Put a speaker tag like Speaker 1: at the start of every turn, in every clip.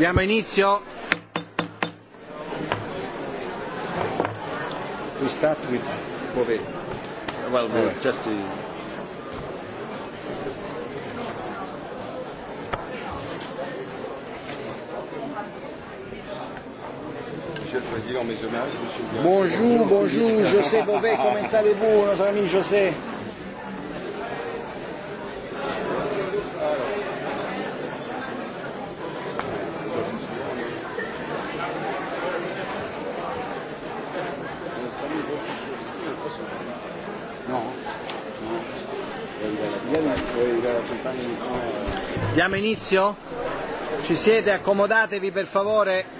Speaker 1: Diamo inizio.
Speaker 2: We start with Bove. Well, Bove. just to...
Speaker 3: Monsieur le Président, mes
Speaker 1: hommages, Monsieur le Bonjour, bonjour, José Bové, comment allez-vous, notre ami José
Speaker 3: inizio? Ci siete? Accomodatevi per favore.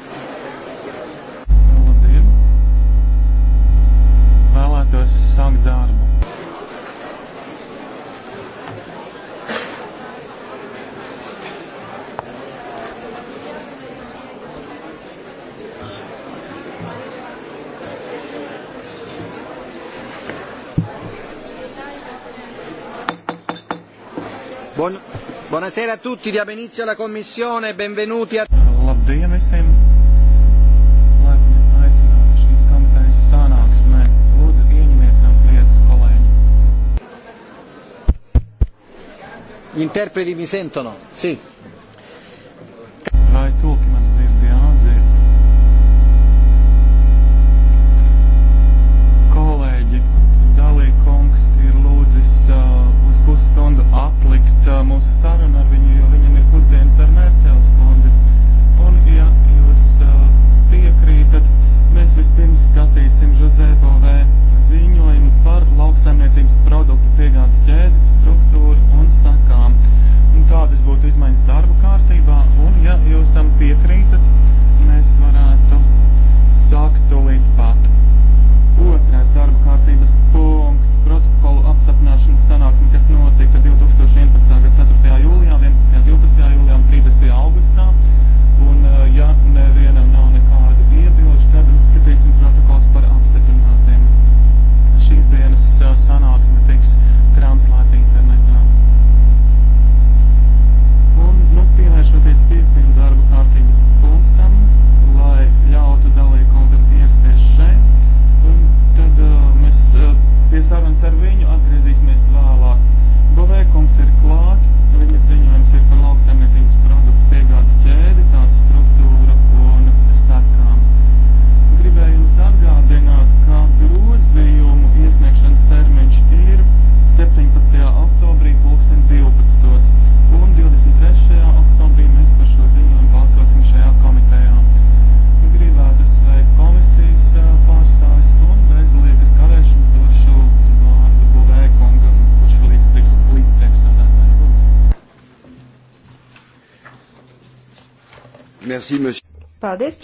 Speaker 1: Buonasera a tutti, diamo inizio alla commissione, benvenuti a... Labdien visiem! Laipni aicināti šīs komitejas sanāksmē. Lūdzu, ieņemiet savas vietas, kolēģi. Gli interpreti mi sentono, sì. Si.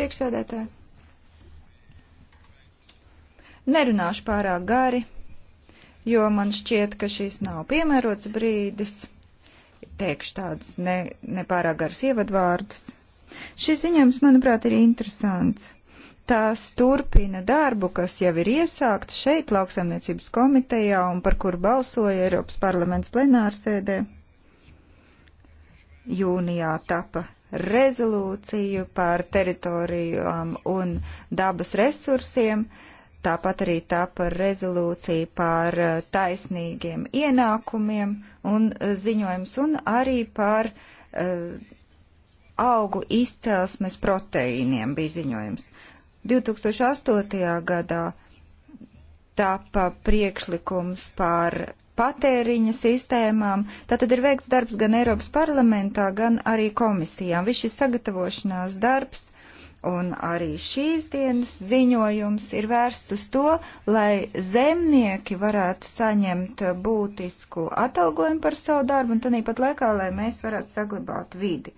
Speaker 2: priekšsēdētāji. Nerunāšu pārāk gari, jo man šķiet, ka šis nav piemērots brīdis. Teikšu tādus ne, nepārāk garus ievadvārdus. Šis ziņojums, manuprāt, ir interesants tās turpina darbu, kas jau ir iesākts šeit lauksaimniecības komitejā un par kur balsoja Eiropas parlaments plenārsēdē. Jūnijā tapa rezolūciju par teritorijām un dabas resursiem, tāpat arī tā par rezolūciju par eh, taisnīgiem ienākumiem un eh, ziņojums un arī par uh, augu izcelsmes proteīniem bija ziņojums. 2008. gadā tapa priekšlikums par patēriņa sistēmām. Tātad ir veikts darbs gan Eiropas parlamentā, gan arī komisijām. Viss šis sagatavošanās darbs un arī šīs dienas ziņojums ir vērsts uz to, lai zemnieki varētu saņemt būtisku atalgojumu par savu darbu un tanīpat laikā, lai mēs varētu saglabāt vidi.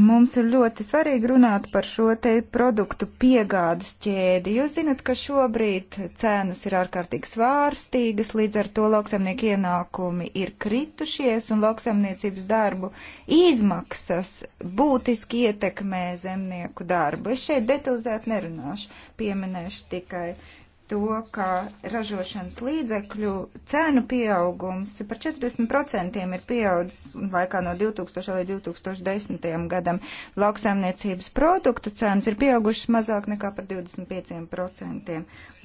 Speaker 2: Mums ir ļoti svarīgi runāt par šo te produktu piegādes ķēdi. Jūs zinat, ka šobrīd cenas ir ārkārtīgi svārstīgas, līdz ar to lauksaimnieku ienākumi ir kritušies un lauksaimniecības darbu izmaksas būtiski ietekmē zemnieku darbu. Es šeit detalizēti nerunāšu, pieminēšu tikai uh, to, ka ražošanas līdzekļu cēnu pieaugums par 40% ir pieaudzis laikā no 2000 līdz 2010. gadam. Lauksaimniecības produktu cenas ir pieaugušas mazāk nekā par 25%.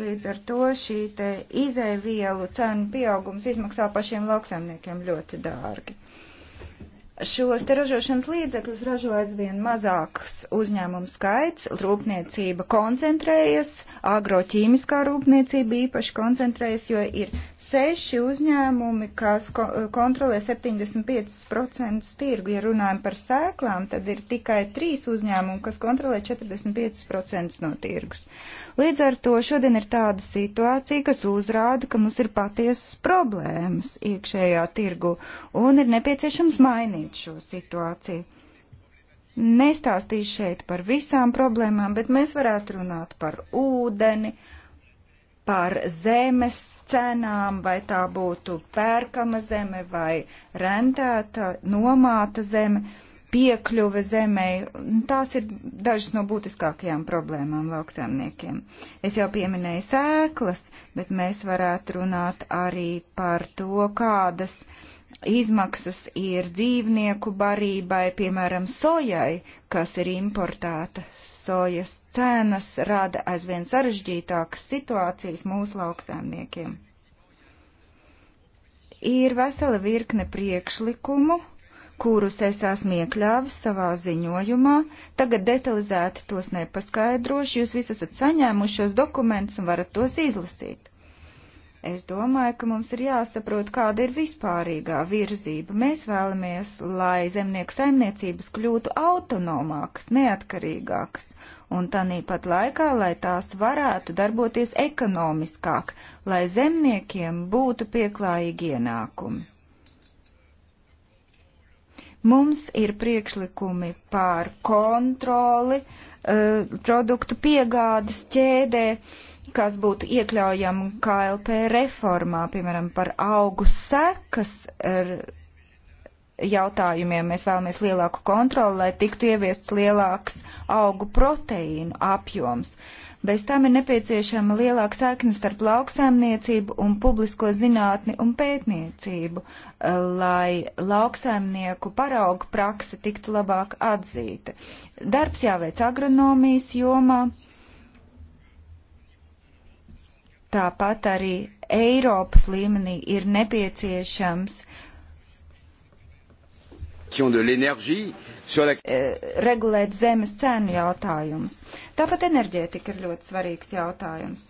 Speaker 2: Līdz ar to šī te izēvielu cēnu pieaugums izmaksā pašiem lauksaimniekiem ļoti dārgi. Šos te ražošanas līdzekļus ražo aizvien mazāks uzņēmumu skaits, rūpniecība koncentrējas, agroķīmiskā rūpniecība īpaši koncentrējas, jo ir seši uzņēmumi, kas ko kontrolē 75% tirgu. Ja runājam par sēklām, tad ir tikai trīs uzņēmumi, kas kontrolē 45% no tirgus. Līdz ar to šodien ir tāda situācija, kas uzrāda, ka mums ir patiesas problēmas iekšējā tirgu un ir nepieciešams mainīt risināt šo situāciju. Nestāstīšu šeit par visām problēmām, bet mēs varētu runāt par ūdeni, par zemes cenām, vai tā būtu pērkama zeme vai rentēta, nomāta zeme, piekļuve zemei. Tās ir dažas no būtiskākajām problēmām lauksēmniekiem. Es jau pieminēju sēklas, bet mēs varētu runāt arī par to, kādas Izmaksas ir dzīvnieku barībai, piemēram, sojai, kas ir importēta. Sojas cenas rada aizvien sarežģītākas situācijas mūsu lauksēmniekiem. Ir vesela virkne priekšlikumu, kurus es esmu iekļāvis savā ziņojumā. Tagad detalizēti tos nepaskaidrošu. Jūs visi esat saņēmuši šos dokumentus un varat tos izlasīt. Es domāju, ka mums ir jāsaprot, kāda ir vispārīgā virzība. Mēs vēlamies, lai zemnieku saimniecības kļūtu autonomākas, neatkarīgākas, un tāpat laikā, lai tās varētu darboties ekonomiskāk, lai zemniekiem būtu pieklājīgi ienākumi. Mums ir priekšlikumi pār kontroli, uh, produktu piegādes ķēdē, uh, kas būtu iekļaujama KLP reformā, piemēram, par augu sekas er, jautājumiem. Mēs vēlamies lielāku kontroli, lai tiktu ieviests lielāks augu proteīnu apjoms. Bez tam ir nepieciešama lielāka sakne starp lauksaimniecību un publisko zinātni un pētniecību, lai lauksaimnieku paraugu prakse tiktu labāk atzīta. Darbs jāveic agronomijas jomā. Jo Tāpat arī Eiropas līmenī ir nepieciešams eh, regulēt zemes cēnu jautājumus. Tāpat enerģētika ir ļoti svarīgs jautājums,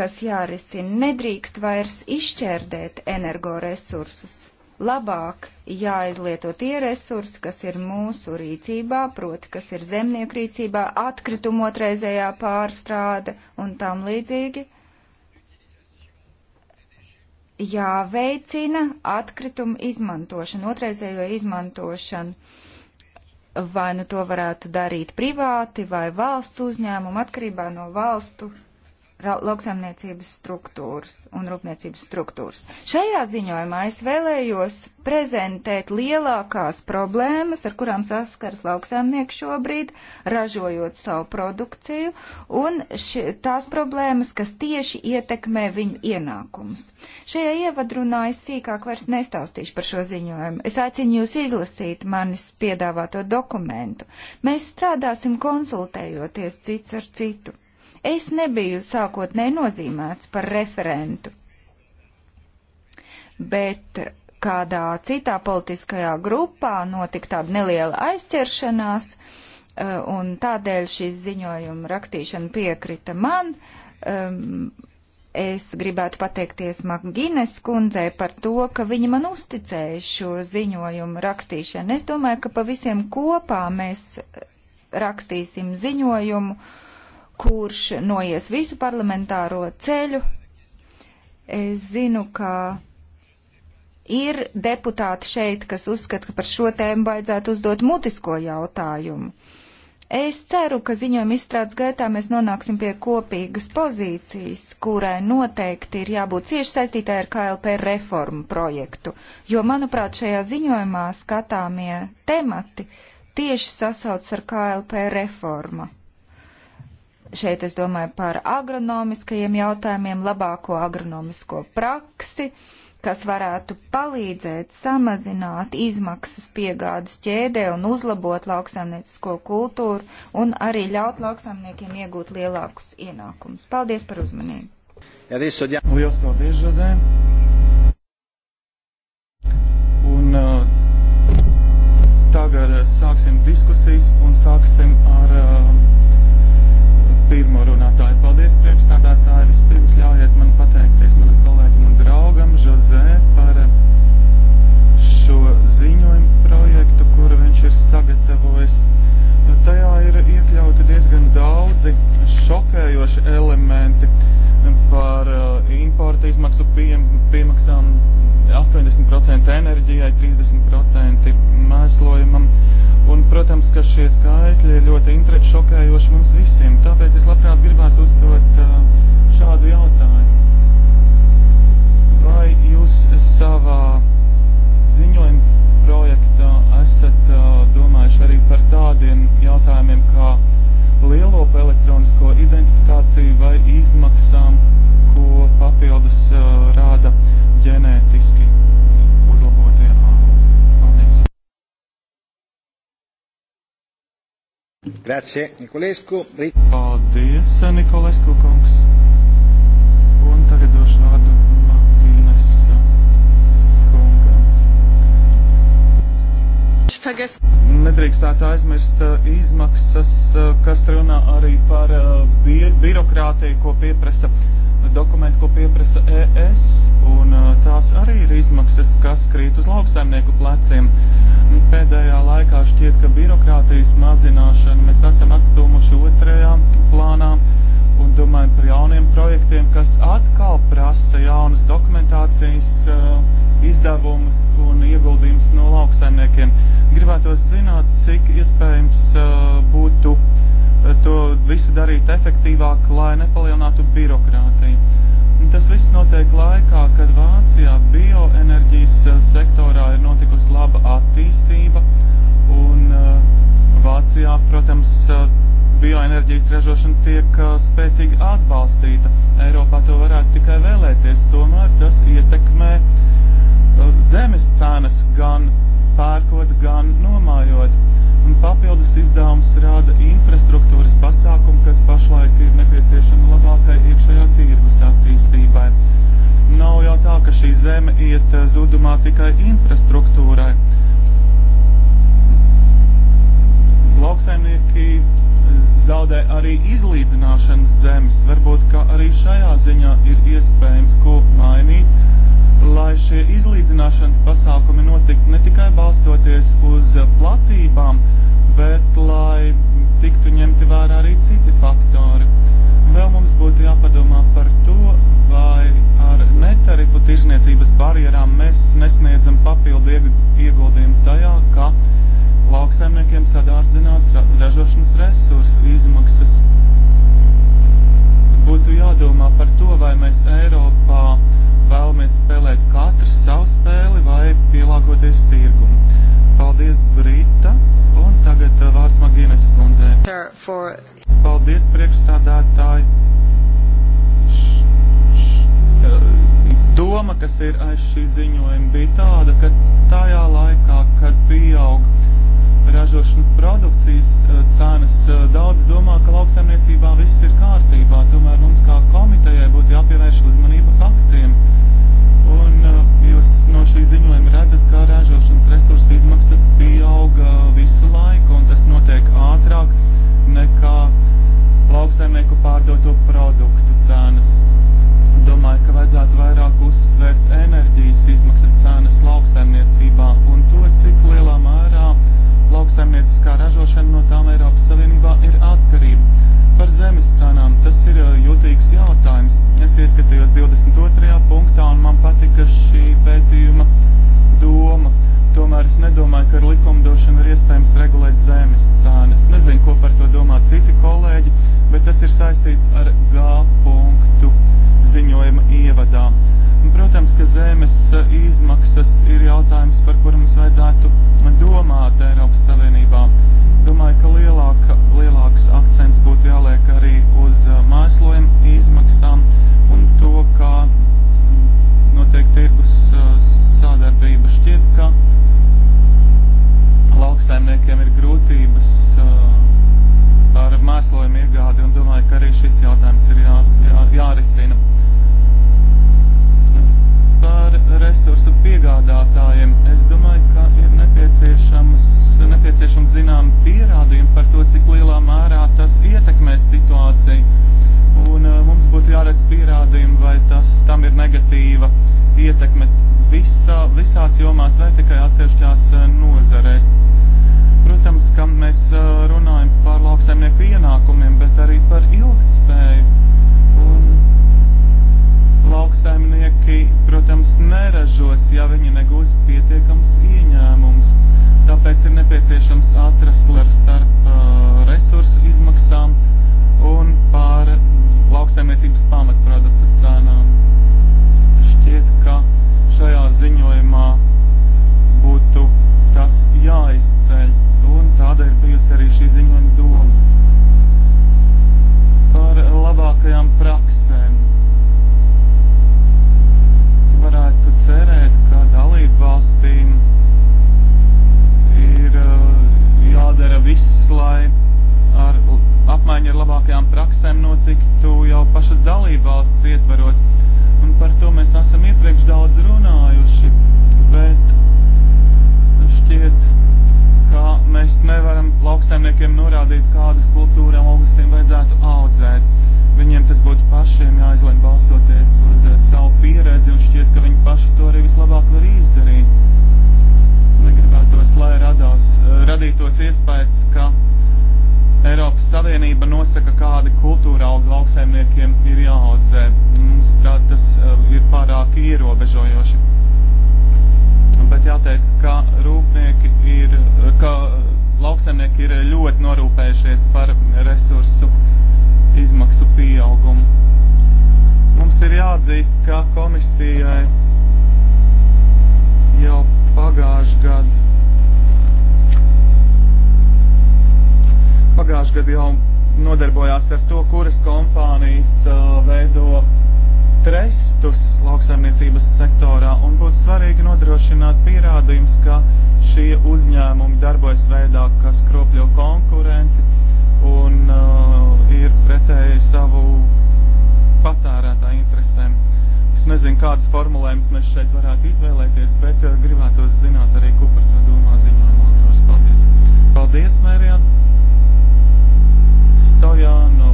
Speaker 2: kas jārisina. Nedrīkst vairs izšķērdēt energoresursus labāk jāizlieto tie resursi, kas ir mūsu rīcībā, proti, kas ir zemnieku rīcībā, atkritumu otrreizējā pārstrāde un tam līdzīgi. Jāveicina atkritumu izmantošanu, otrreizējo izmantošanu. Vai nu to varētu darīt privāti vai valsts uzņēmumu atkarībā no valstu lauksaimniecības struktūras un rūpniecības struktūras. Šajā ziņojumā es vēlējos prezentēt lielākās problēmas, ar kurām saskaras lauksaimnieki šobrīd, ražojot savu produkciju, un ši, tās problēmas, kas tieši ietekmē viņu ienākumus. Šajā ievadrunā es sīkāk vairs nestāstīšu par šo ziņojumu. Es aicinu jūs izlasīt manis piedāvāto dokumentu. Mēs strādāsim konsultējoties cits ar citu. Es nebiju sākotnēji nozīmēts par referentu, bet kādā citā politiskajā grupā notika tāda neliela aizķeršanās, eh, un tādēļ šīs ziņojuma rakstīšana piekrita man. Um, es gribētu pateikties Magines kundzei par to, ka viņa man uzticēja šo ziņojumu rakstīšanu. Es domāju, ka pa visiem kopā mēs rakstīsim ziņojumu, uh, kurš noies visu parlamentāro ceļu. Es zinu, ka ir deputāti šeit, kas uzskata, ka par šo tēmu vajadzētu uzdot mutisko jautājumu. Es ceru, ka ziņojuma izstrādes gaitā mēs nonāksim pie kopīgas pozīcijas, kurai noteikti ir jābūt cieši saistītē ar KLP reformu projektu, jo, manuprāt, šajā ziņojumā skatāmie temati tieši sasauc ar KLP reformu. Šeit es domāju par agronomiskajiem jautājumiem, labāko agronomisko praksi, kas varētu palīdzēt samazināt izmaksas piegādes ķēdē un uzlabot lauksaimniecisko kultūru un arī ļaut lauksaimniekiem iegūt lielākus ienākumus. Paldies par uzmanību!
Speaker 1: Lielas paldies, Žozē! Un uh, tagad uh, sāksim diskusijas un sāksim ar. Uh, pirmo runātāju. Paldies, priekšstādātāji. Vispirms ļaujiet man pateikties manam kolēģim un draugam Žozē par eh, šo ziņojumu projektu, kuru viņš ir sagatavojis. Tajā ir iekļauti diezgan daudzi šokējoši elementi par eh, importu izmaksu pie, piemaksām 80% enerģijai, 30% mēslojumam. Un, protams, ka šie skaitļi ir ļoti interesi šokējoši mums visiem. Tāpēc es labprāt gribētu uzdot uh, šādu jautājumu. Vai jūs savā ziņojuma projektā esat uh, domājuši arī par tādiem jautājumiem kā lielopu elektronisko identifikāciju vai izmaksām ko papildus uh, rāda ģenētiski uzlabotie augi. Paldies! Grazie, Nikolēsku. Paldies, Nikolēsku kungs. Nedrīkstētu aizmirst eh, izmaksas, eh, kas runā arī par eh, bi birokrātiju, ko pieprasa dokumenti, ko pieprasa ES, un tās arī ir izmaksas, kas krīt uz lauksaimnieku pleciem. Pēdējā laikā šķiet, ka birokrātijas mazināšanu mēs esam atstūmuši otrajā plānā un domājam par jauniem projektiem, kas atkal prasa jaunas dokumentācijas uh, izdevumus un ieguldījumus no lauksaimniekiem. Gribētos zināt, cik iespējams uh, būtu eh, to visu darīt efektīvāk, lai nepalielinātu birokrātiju. Tas viss notiek laikā, kad Vācijā bioenerģijas sektorā ir notikusi laba attīstība, un Vācijā, protams, bioenerģijas ražošana tiek uh, spēcīgi atbalstīta. Eiropā to varētu tikai vēlēties, tomēr tas ietekmē uh, zemes cenas gan pērkot, gan nomājot. Un papildus izdevums rāda infrastruktūras pasākumu, kas pašlaik ir nepieciešama labākai iekšējā tirgus attīstībai. Nav jau tā, ka šī zeme iet uh, zudumā tikai infrastruktūrai lauksaimnieki zaudē arī izlīdzināšanas zemes. Varbūt, ka arī šajā ziņā ir iespējams ko mainīt, lai šie izlīdzināšanas pasākumi notiktu ne tikai balstoties uz platībām, bet lai tiktu ņemti vērā arī citi faktori. Vēl mums būtu jāpadomā par to, vai ar netarifu tirzniecības barjerām mēs nesniedzam papildu ieguldījumu tajā, ka uh, lauksaimniekiem sadārdzinās ražošanas resursu izmaksas. Būtu jādomā par to, vai mēs Eiropā vēlamies spēlēt katrs savu spēli vai pielāgoties tirgumu. Paldies, Brita, un tagad uh, vārds Magīnes skundzē. For... Paldies, priekšsādātāji. Š, š, uh, doma, kas ir aiz šī ziņojuma, bija tāda, ka tajā laikā, kad pieaug ražošanas produkcijas eh, cenas. Eh, daudz domā, ka lauksaimniecībā viss ir kārtībā, tomēr mums kā komitejai būtu jāpievērš uzmanība faktiem. Un eh, jūs no šī ziņojuma redzat, ka ražošanas resursu izmaksas pieauga visu laiku, un tas notiek ātrāk nekā lauksaimnieku pārdoto produktu cenas. Domāju, ka vajadzētu vairāk uzsvērt enerģijas izmaksas cenas lauksaimniecībā un to, cik lielā mērā lauksaimnieciskā ražošana no tām Eiropas Savienībā ir atkarība. Par zemes cenām tas ir eh, jutīgs jautājums. Es ieskatījos 22. punktā un man patika šī pētījuma doma. Tomēr es nedomāju, ka ar likumdošanu ir iespējams regulēt zemes cenas. Nezinu, ko par to domā citi kolēģi, bet tas ir saistīts ar G punktu ziņojuma ievadā. Protams, ka zemes izmaksas ir jautājums, par kuru mums vajadzētu domāt Eiropas Savienībā. Domāju, ka lielāka, lielāks akcents būtu jāliek arī uz uh, mēslojuma izmaksām un to, kā notiek tirgus uh, sādarbība. Šķiet, ka lauksaimniekiem ir grūtības uh, par mēslojumu iegādi un domāju, ka arī šis jautājums ir jā, jā, jārisina. Par resursu piegādātājiem es domāju, ka ir nepieciešams zinām pierādījumi par to, cik lielā mērā tas ietekmēs situāciju. Un uh, mums būtu jāredz pierādījumi, vai tas tam ir negatīva ietekme visā, visās jomās vai tikai atsevišķās uh, nozarēs. Uh, Protams, ka mēs runājam par lauksaimnieku ienākumiem, bet arī par ilgtspēju. Un lauksaimnieki, protams, neražos, ja viņi negūs pietiekams ieņēmums. Tāpēc ir nepieciešams atrast starp uh, resursu izmaksām un par lauksaimniecības pamatproduktu cenām. Šķiet, ka šajā ziņojumā būtu tas jāizceļ, un tāda ir bijusi arī šī ziņojuma doma. Par labākajām praksēm varētu cerēt, ka dalību valstīm ir uh, jādara viss, lai ar apmaiņa ar labākajām praksēm notiktu jau pašas dalību valsts ietvaros. Un par to mēs esam iepriekš daudz runājuši, bet šķiet, ka mēs nevaram lauksaimniekiem norādīt, kādas kultūra augustīm vajadzētu audzēt. Viņiem tas būtu pašiem jāizlem balstoties uz uh, savu pieredzi, un šķiet, ka viņi paši to arī vislabāk var izdarīt. Negribētos, lai radās, uh, radītos iespējas, ka Eiropas Savienība nosaka, kādi kultūra augi lauksaimniekiem ir jāaudzē. Mums, prāt, tas uh, ir pārāk ierobežojoši bet jāteic, ka rūpnieki ir, ka lauksaimnieki ir ļoti norūpējušies par resursu izmaksu pieaugumu. Mums ir jāatzīst, ka komisijai jau pagājuši gadu pagājuši gadu jau nodarbojās ar to, kuras kompānijas uh, veido trestus lauksaimniecības sektorā un būtu svarīgi nodrošināt pierādījums, ka šie uzņēmumi darbojas veidā, kas kropļo konkurenci un uh, ir pretēji savu patērētāju interesēm. Es nezinu, kādas formulējumus mēs šeit varētu izvēlēties, bet uh, gribētos zināt arī, ko par to domā ziņojuma autors. Paldies! Paldies, Mērija Stojāno!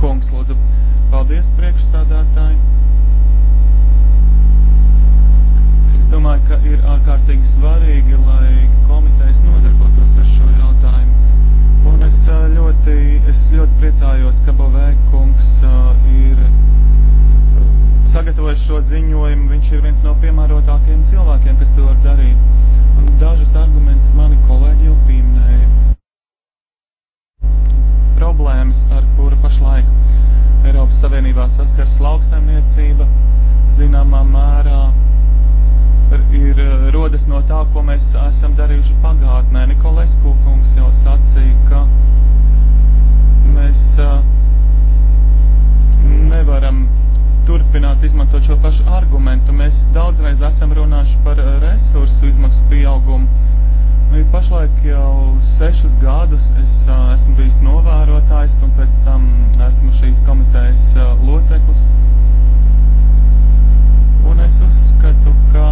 Speaker 1: kungs, lūdzu. Paldies, priekšsādātāji. Es domāju, ka ir ārkārtīgi svarīgi, lai komitejas nodarbotos ar šo jautājumu. Un es ļoti, es ļoti priecājos, ka Bovē kungs ir sagatavojis šo ziņojumu. Viņš ir viens no piemērotākajiem cilvēkiem, kas to var darīt. Un dažus argumentus mani kolēģi jau pieminēja problēmas, ar kuru pašlaik Eiropas Savienībā saskars lauksaimniecība, zināmā mērā ir eh, rodas no tā, ko mēs esam darījuši pagātnē. Nikolais Kūkungs jau sacīja, ka mēs eh, nevaram turpināt izmantot šo pašu argumentu. Mēs daudzreiz esam runājuši par eh, resursu izmaksu pieaugumu Nu, pašlaik jau sešus gadus es uh, esmu bijis novērotājs un pēc tam esmu šīs komitejas uh, loceklis. Un es uzskatu, ka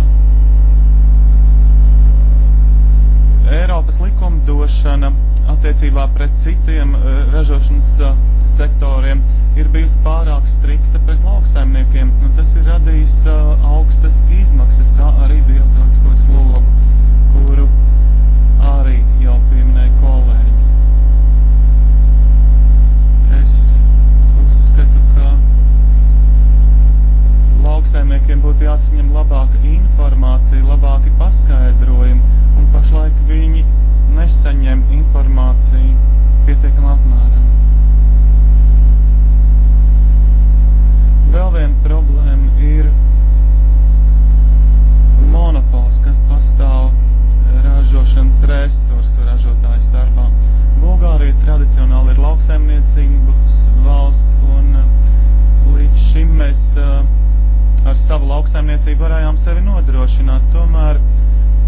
Speaker 1: Eiropas likumdošana attiecībā pret citiem ražošanas sektoriem ir bijusi pārāk strikta pret lauksaimniekiem, un tas ir radījis augstas izmaksas, kā arī birokrātisko slogu, kuru arī jau pieminēja kolēģi. Es uzskatu, ka lauksaimniekiem būtu jāsaņem labāka informācija, labāki paskaidrojumi, un pašlaik viņi nesaņem informāciju pietiekamā apmērā. Vēl viena problēma ir monopols, kas pastāv ražošanas resursu ražotāju starpā. Bulgārija tradicionāli ir lauksaimniecības valsts, un uh, līdz šim mēs uh, ar savu lauksaimniecību varējām sevi nodrošināt. Tomēr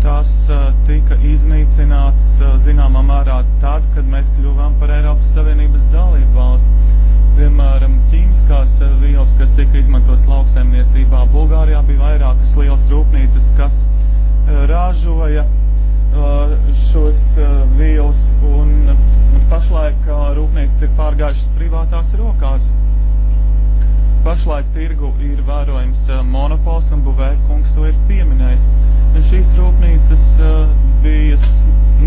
Speaker 1: tas uh, tika iznīcināts zināmā mērā tad, kad mēs kļuvām par Eiropas Savienības dalību valsti. Piemēram, ķīmiskās vielas, kas tika izmantotas lauksaimniecībā, Bulgārijā bija vairākas lielas rūpnīcas, kas ražoja uh, Uh, šos uh, vīlus, un uh, pašlaik rūpnīcas ir pārgājušas privātās rokās. Pašlaik tirgu ir vērojams monopols, un Buvēkungs to ir pieminējis. Šīs rūpnīcas bija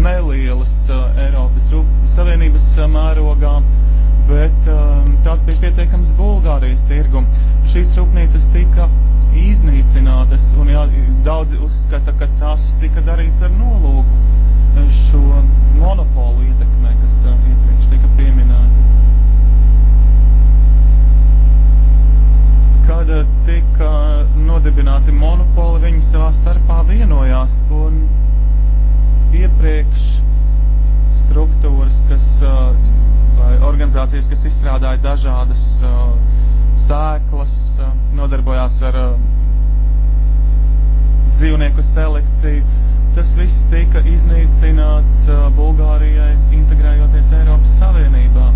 Speaker 1: nelielas Eiropas Savienības mērogā bet um, tās bija pietiekams Bulgārijas tirgu. Šīs rūpnīcas tika iznīcinātas, un jā, daudzi uzskata, ka tas tika darīts ar nolūku uh, šo monopolu ietekmē, kas uh, iepriekš tika pieminēta. Kad uh, tika nodibināti monopoli, viņi savā starpā vienojās, un iepriekš struktūras, kas uh, vai organizācijas, kas izstrādāja dažādas uh, sēklas, uh, nodarbojās ar uh, dzīvnieku selekciju. Tas viss tika iznīcināts uh, Bulgārijai, integrējoties Eiropas Savienībā.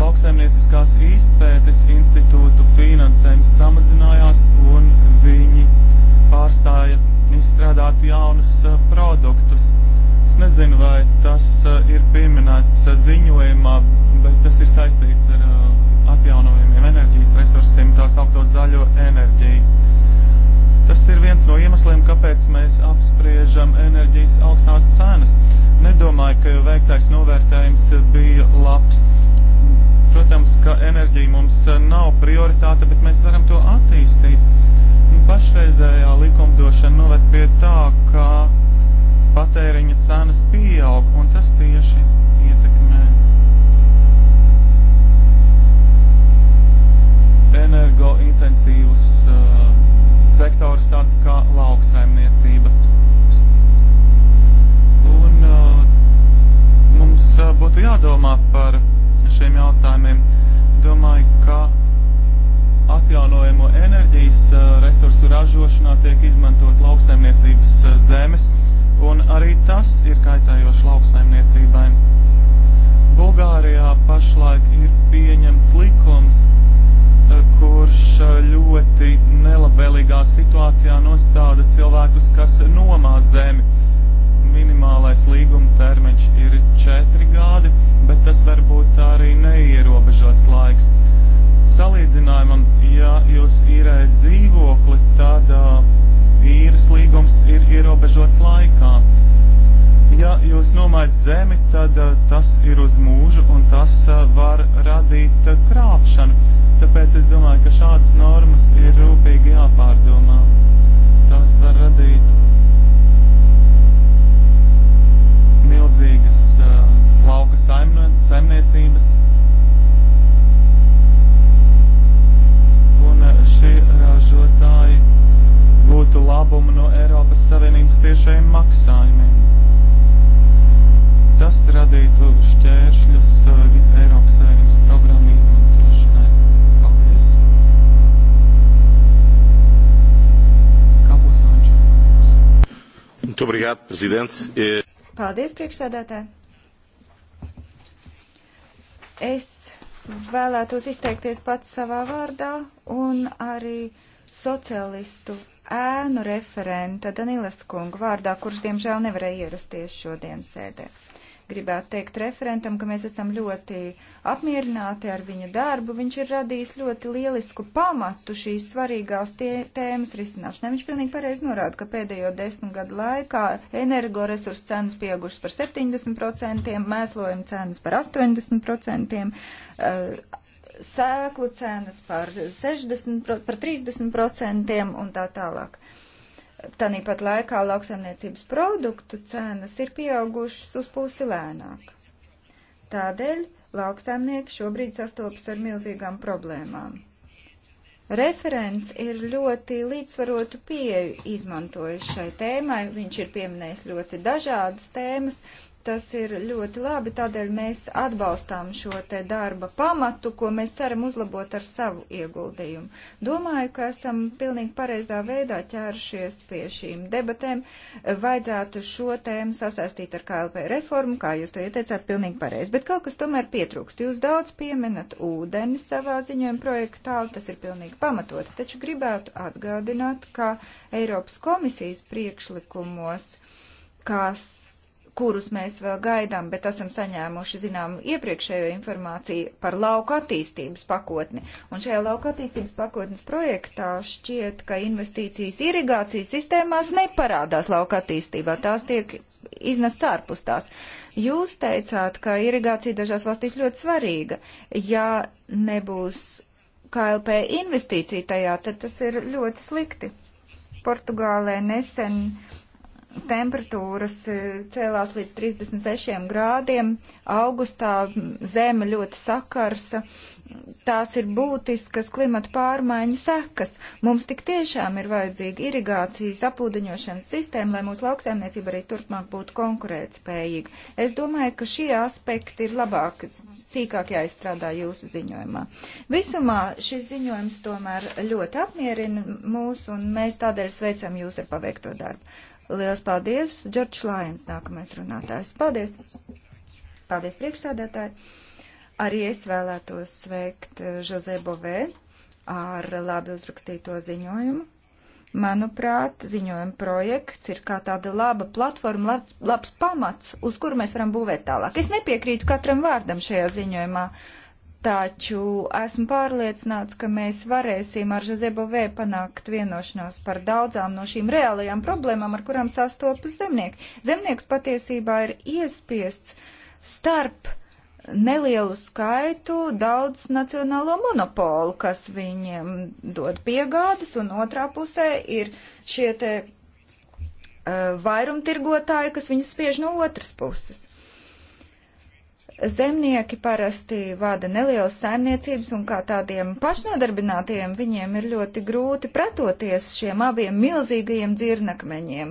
Speaker 1: Lauksaimnieciskās izpētes institūtu finansējums samazinājās un viņi pārstāja izstrādāt jaunus uh, produktus. Uh, Es nezinu, vai tas eh, ir pieminēts eh, ziņojumā, bet tas ir saistīts ar eh, atjaunojumiem enerģijas resursiem, tā saukto zaļo enerģiju. Tas ir viens no iemesliem, kāpēc mēs apspriežam enerģijas augstās cenas. Nedomāju, ka veiktais novērtējums bija labs. Protams, ka enerģija mums nav prioritāte, bet mēs varam to attīstīt. Pašreizējā likumdošana noved pie tā, ka patēriņa cenas pieaug, un tas tieši ietekmē energointensīvus uh, sektors tāds kā lauksaimniecība. Un uh, mums uh, būtu jādomā par šiem jautājumiem. Domāju, ka atjaunojamo enerģijas uh, resursu ražošanā tiek izmantot lauksaimniecības uh, zemes, uh, un arī tas ir kaitējoši lauksaimniecībai. Bulgārijā pašlaik ir pieņemts likums, eh, kurš eh, ļoti nelabvēlīgā situācijā nostāda cilvēkus, kas nomā zemi. Minimālais līguma termiņš ir četri gadi, bet tas var būt arī neierobežots laiks. Salīdzinājumam, ja jūs īrējat dzīvokli, tad uh, īres līgums ir ierobežots laikā. Ja jūs nomaidat zemi, tad uh, tas ir uz mūžu un tas uh, var radīt uh, krāpšanu. Tāpēc es domāju, ka šādas normas ir rūpīgi jāpārdomā. Tas var radīt milzīgas uh, lauka saimne, saimniecības. Un uh, šie ražotāji. Uh, gūtu labumu no Eiropas Savienības tiešajiem maksājumiem. Tas radītu šķēršļus uh, Eiropas Savienības programmu izmantošanai. Paldies! Kaplis Ančes kungs. Muito obrigado, presidente. E-
Speaker 2: Paldies, priekšsēdētāji. Es vēlētos izteikties pats savā vārdā un arī sociālistu ēnu referenta Danilas kungu vārdā, kurš diemžēl nevarēja ierasties šodien sēdē. Gribētu teikt referentam, ka mēs esam ļoti apmierināti ar viņa darbu. Viņš ir radījis ļoti lielisku pamatu šīs svarīgās tie, tēmas risināšanai. Viņš pilnīgi pareizi norāda, ka pēdējo desmit gadu laikā energoresursu cenas pieaugušas par 70%, mēslojuma cenas par 80%, uh, sēklu cenas par 60, par 30% un tā tālāk. Tanīpat laikā lauksaimniecības produktu cenas ir pieaugušas uz pusi lēnāk. Tādēļ lauksaimnieki šobrīd sastopas ar milzīgām problēmām. Referents ir ļoti līdzsvarotu pieeju izmantojis šai tēmai. Viņš ir pieminējis ļoti dažādas tēmas, uh, Tas ir ļoti labi, tādēļ mēs atbalstām šo te darba pamatu, ko mēs ceram uzlabot ar savu ieguldījumu. Domāju, ka esam pilnīgi pareizā veidā ķēršies pie šīm debatēm. Vajadzētu šo tēmu sasaistīt ar KLP reformu, kā jūs to ieteicāt, pilnīgi pareizi. Bet kaut kas tomēr pietrūkst. Jūs daudz pieminat ūdeni savā ziņojuma projektā, tas ir pilnīgi pamatot. Taču gribētu atgādināt, ka Eiropas komisijas priekšlikumos kas kurus mēs vēl gaidām, bet esam saņēmuši, zinām, iepriekšējo informāciju par lauka attīstības pakotni. Un šajā lauka attīstības pakotnes projektā šķiet, ka investīcijas irigācijas sistēmās neparādās lauka attīstībā, tās tiek iznests ārpus tās. Jūs teicāt, ka irigācija dažās valstīs ļoti svarīga. Ja nebūs KLP investīcija tajā, tad tas ir ļoti slikti. Portugālē nesen uh, temperatūras eh, cēlās līdz 36 grādiem, augustā zeme ļoti sakarsa, tās ir būtiskas klimata pārmaiņu sekas. Mums tik tiešām ir vajadzīga irigācijas apūdeņošanas sistēma, lai mūsu lauksēmniecība arī turpmāk būtu konkurētspējīga. Es domāju, ka šie aspekti ir labāk, sīkāk jāizstrādā jūsu ziņojumā. Visumā šis ziņojums tomēr ļoti apmierina mūs, un mēs tādēļ sveicam jūs ar paveikto darbu. Lielas paldies! Džordžs Lajens nākamais runātājs. Paldies! Paldies priekšsādātāji! Arī es vēlētos sveikt Žozē eh, Bovē ar labi uzrakstīto ziņojumu. Manuprāt, ziņojuma projekts ir kā tāda laba platforma, labs, labs pamats, uz kuru mēs varam būvēt tālāk. Es nepiekrītu katram vārdam šajā ziņojumā. Uh, taču esmu pārliecināts, ka mēs varēsim ar Žozebovē panākt vienošanos par daudzām no šīm reālajām problēmām, ar kurām sastopas zemnieki. Zemnieks patiesībā ir iespiests starp nelielu skaitu daudz nacionālo monopolu, kas viņiem dod piegādes, un otrā pusē ir šie te uh, vairumtirgotāji, kas viņus spiež no otras puses. Zemnieki parasti vada nelielas saimniecības, un kā tādiem pašnodarbinātiem viņiem ir ļoti grūti pretoties šiem abiem milzīgajiem dzirnakmeņiem,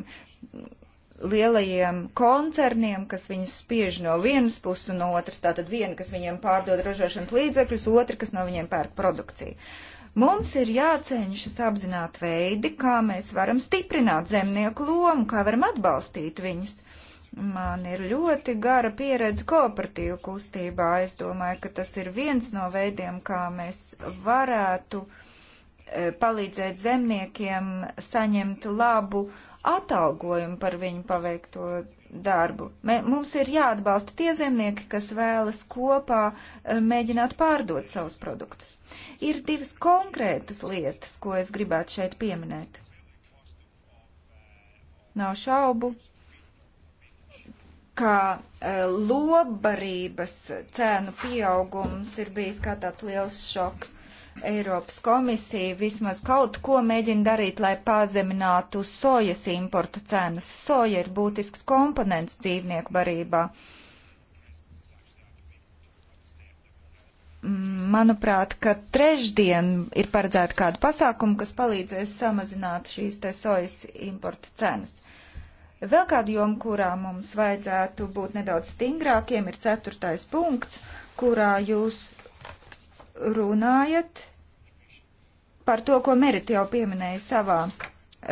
Speaker 2: lielajiem koncerniem, kas viņus spiež no vienas puses un no otras. Tātad viena, kas viņiem pārdod ražošanas līdzekļus, otra, kas no viņiem pērk produkciju. Mums ir jāceņšas apzināt veidi, kā mēs varam stiprināt zemnieku lomu, kā varam atbalstīt viņus. Man ir ļoti gara pieredze kooperatīvu kustībā. Es domāju, ka tas ir viens no veidiem, kā mēs varētu e, palīdzēt zemniekiem saņemt labu atalgojumu par viņu paveikto darbu. Mē, mums ir jāatbalsta tie zemnieki, kas vēlas kopā e, mēģināt pārdot savus produktus. Ir divas konkrētas lietas, ko es gribētu šeit pieminēt. Nav šaubu, ka e, lobarības cēnu pieaugums ir bijis kā tāds liels šoks. Eiropas komisija vismaz kaut ko mēģina darīt, lai pazeminātu sojas importu cenas. Soja ir būtisks komponents dzīvnieku barībā. Manuprāt, ka trešdien ir paredzēta kāda pasākuma, kas palīdzēs samazināt šīs te sojas importu cenas. Vēl kāda joma, kurā mums vajadzētu būt nedaudz stingrākiem, ir ceturtais punkts, kurā jūs runājat par to, ko Merit jau pieminēja savā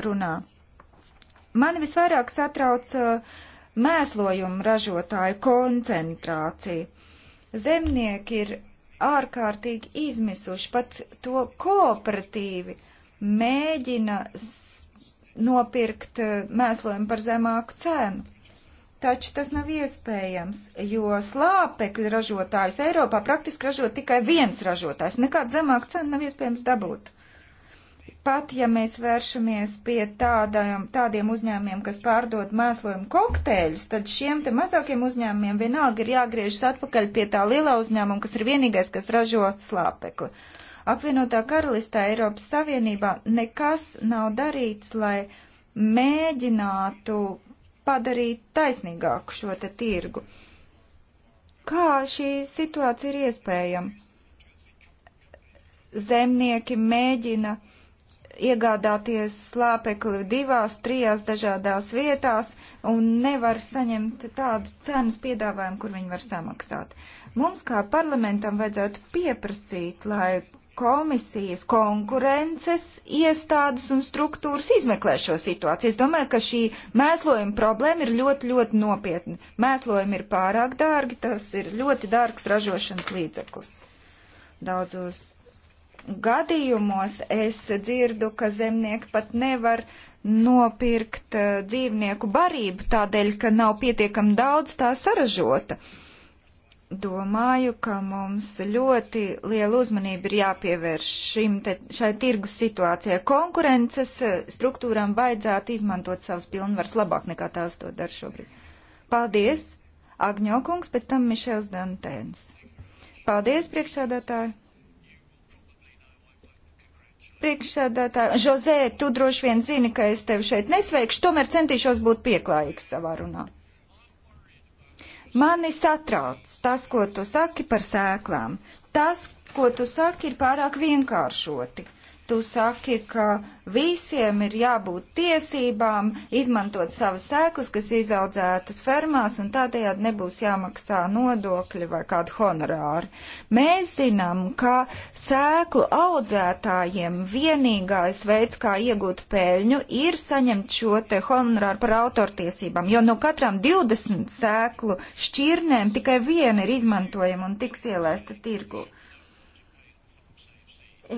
Speaker 2: runā. Mani visvairāk satrauc uh, mēslojumu ražotāju koncentrācija. Zemnieki ir ārkārtīgi izmisuši, pat to kooperatīvi mēģina nopirkt eh, mēslojumu par zemāku cenu. Taču tas nav iespējams, jo slāpekļu ražotājus Eiropā praktiski ražo tikai viens ražotājs. Nekādu zemāku cenu nav iespējams dabūt. Pat ja mēs vēršamies pie tādām, tādiem uzņēmumiem, kas pārdod mēslojumu kokteļus, tad šiem te mazākiem uzņēmumiem vienalga ir jāgriežas atpakaļ pie tā lielā uzņēmuma, kas ir vienīgais, kas ražo slāpekli. Apvienotā karalistā Eiropas Savienībā nekas nav darīts, lai mēģinātu padarīt taisnīgāku šo te tirgu. Kā šī situācija ir iespējama? Zemnieki mēģina iegādāties slāpekli divās, trijās dažādās vietās un nevar saņemt tādu cenas piedāvājumu, kur viņi var samaksāt. Mums kā parlamentam vajadzētu pieprasīt, lai komisijas konkurences iestādes un struktūras izmeklē šo situāciju. Es domāju, ka šī mēslojuma problēma ir ļoti, ļoti nopietna. Mēslojumi ir pārāk dārgi, tas ir ļoti dārgs ražošanas līdzeklis. Daudzos gadījumos es dzirdu, ka zemnieki pat nevar nopirkt eh, dzīvnieku barību tādēļ, ka nav pietiekami daudz tā saražota. Uh, domāju, ka mums ļoti liela uzmanība ir jāpievērš šim te, šai tirgus situācijai. Konkurences eh, struktūram vajadzētu izmantot savus pilnvars labāk nekā tās to dara šobrīd. Paldies, Agņokungs, pēc tam Mišels Dantēns. Paldies, priekšsādātāji. Priekšsādātāji, Žozē, tu droši vien zini, ka es tevi šeit nesveikšu, tomēr centīšos būt pieklājīgs savā runā. Mani satrauc tas, ko tu saki par sēklām. Tas, ko tu saki, ir pārāk vienkāršoti tu saki, ka visiem ir jābūt tiesībām izmantot savas sēklas, kas izaudzētas fermās, un tādējādi nebūs jāmaksā nodokļi vai kādu honorāru. Mēs zinām, ka sēklu audzētājiem vienīgais veids, kā iegūt peļņu, ir saņemt šo te honorāru par autortiesībām, jo no katram 20 sēklu šķirnēm tikai viena ir izmantojama un tiks ielaista tirgu. E,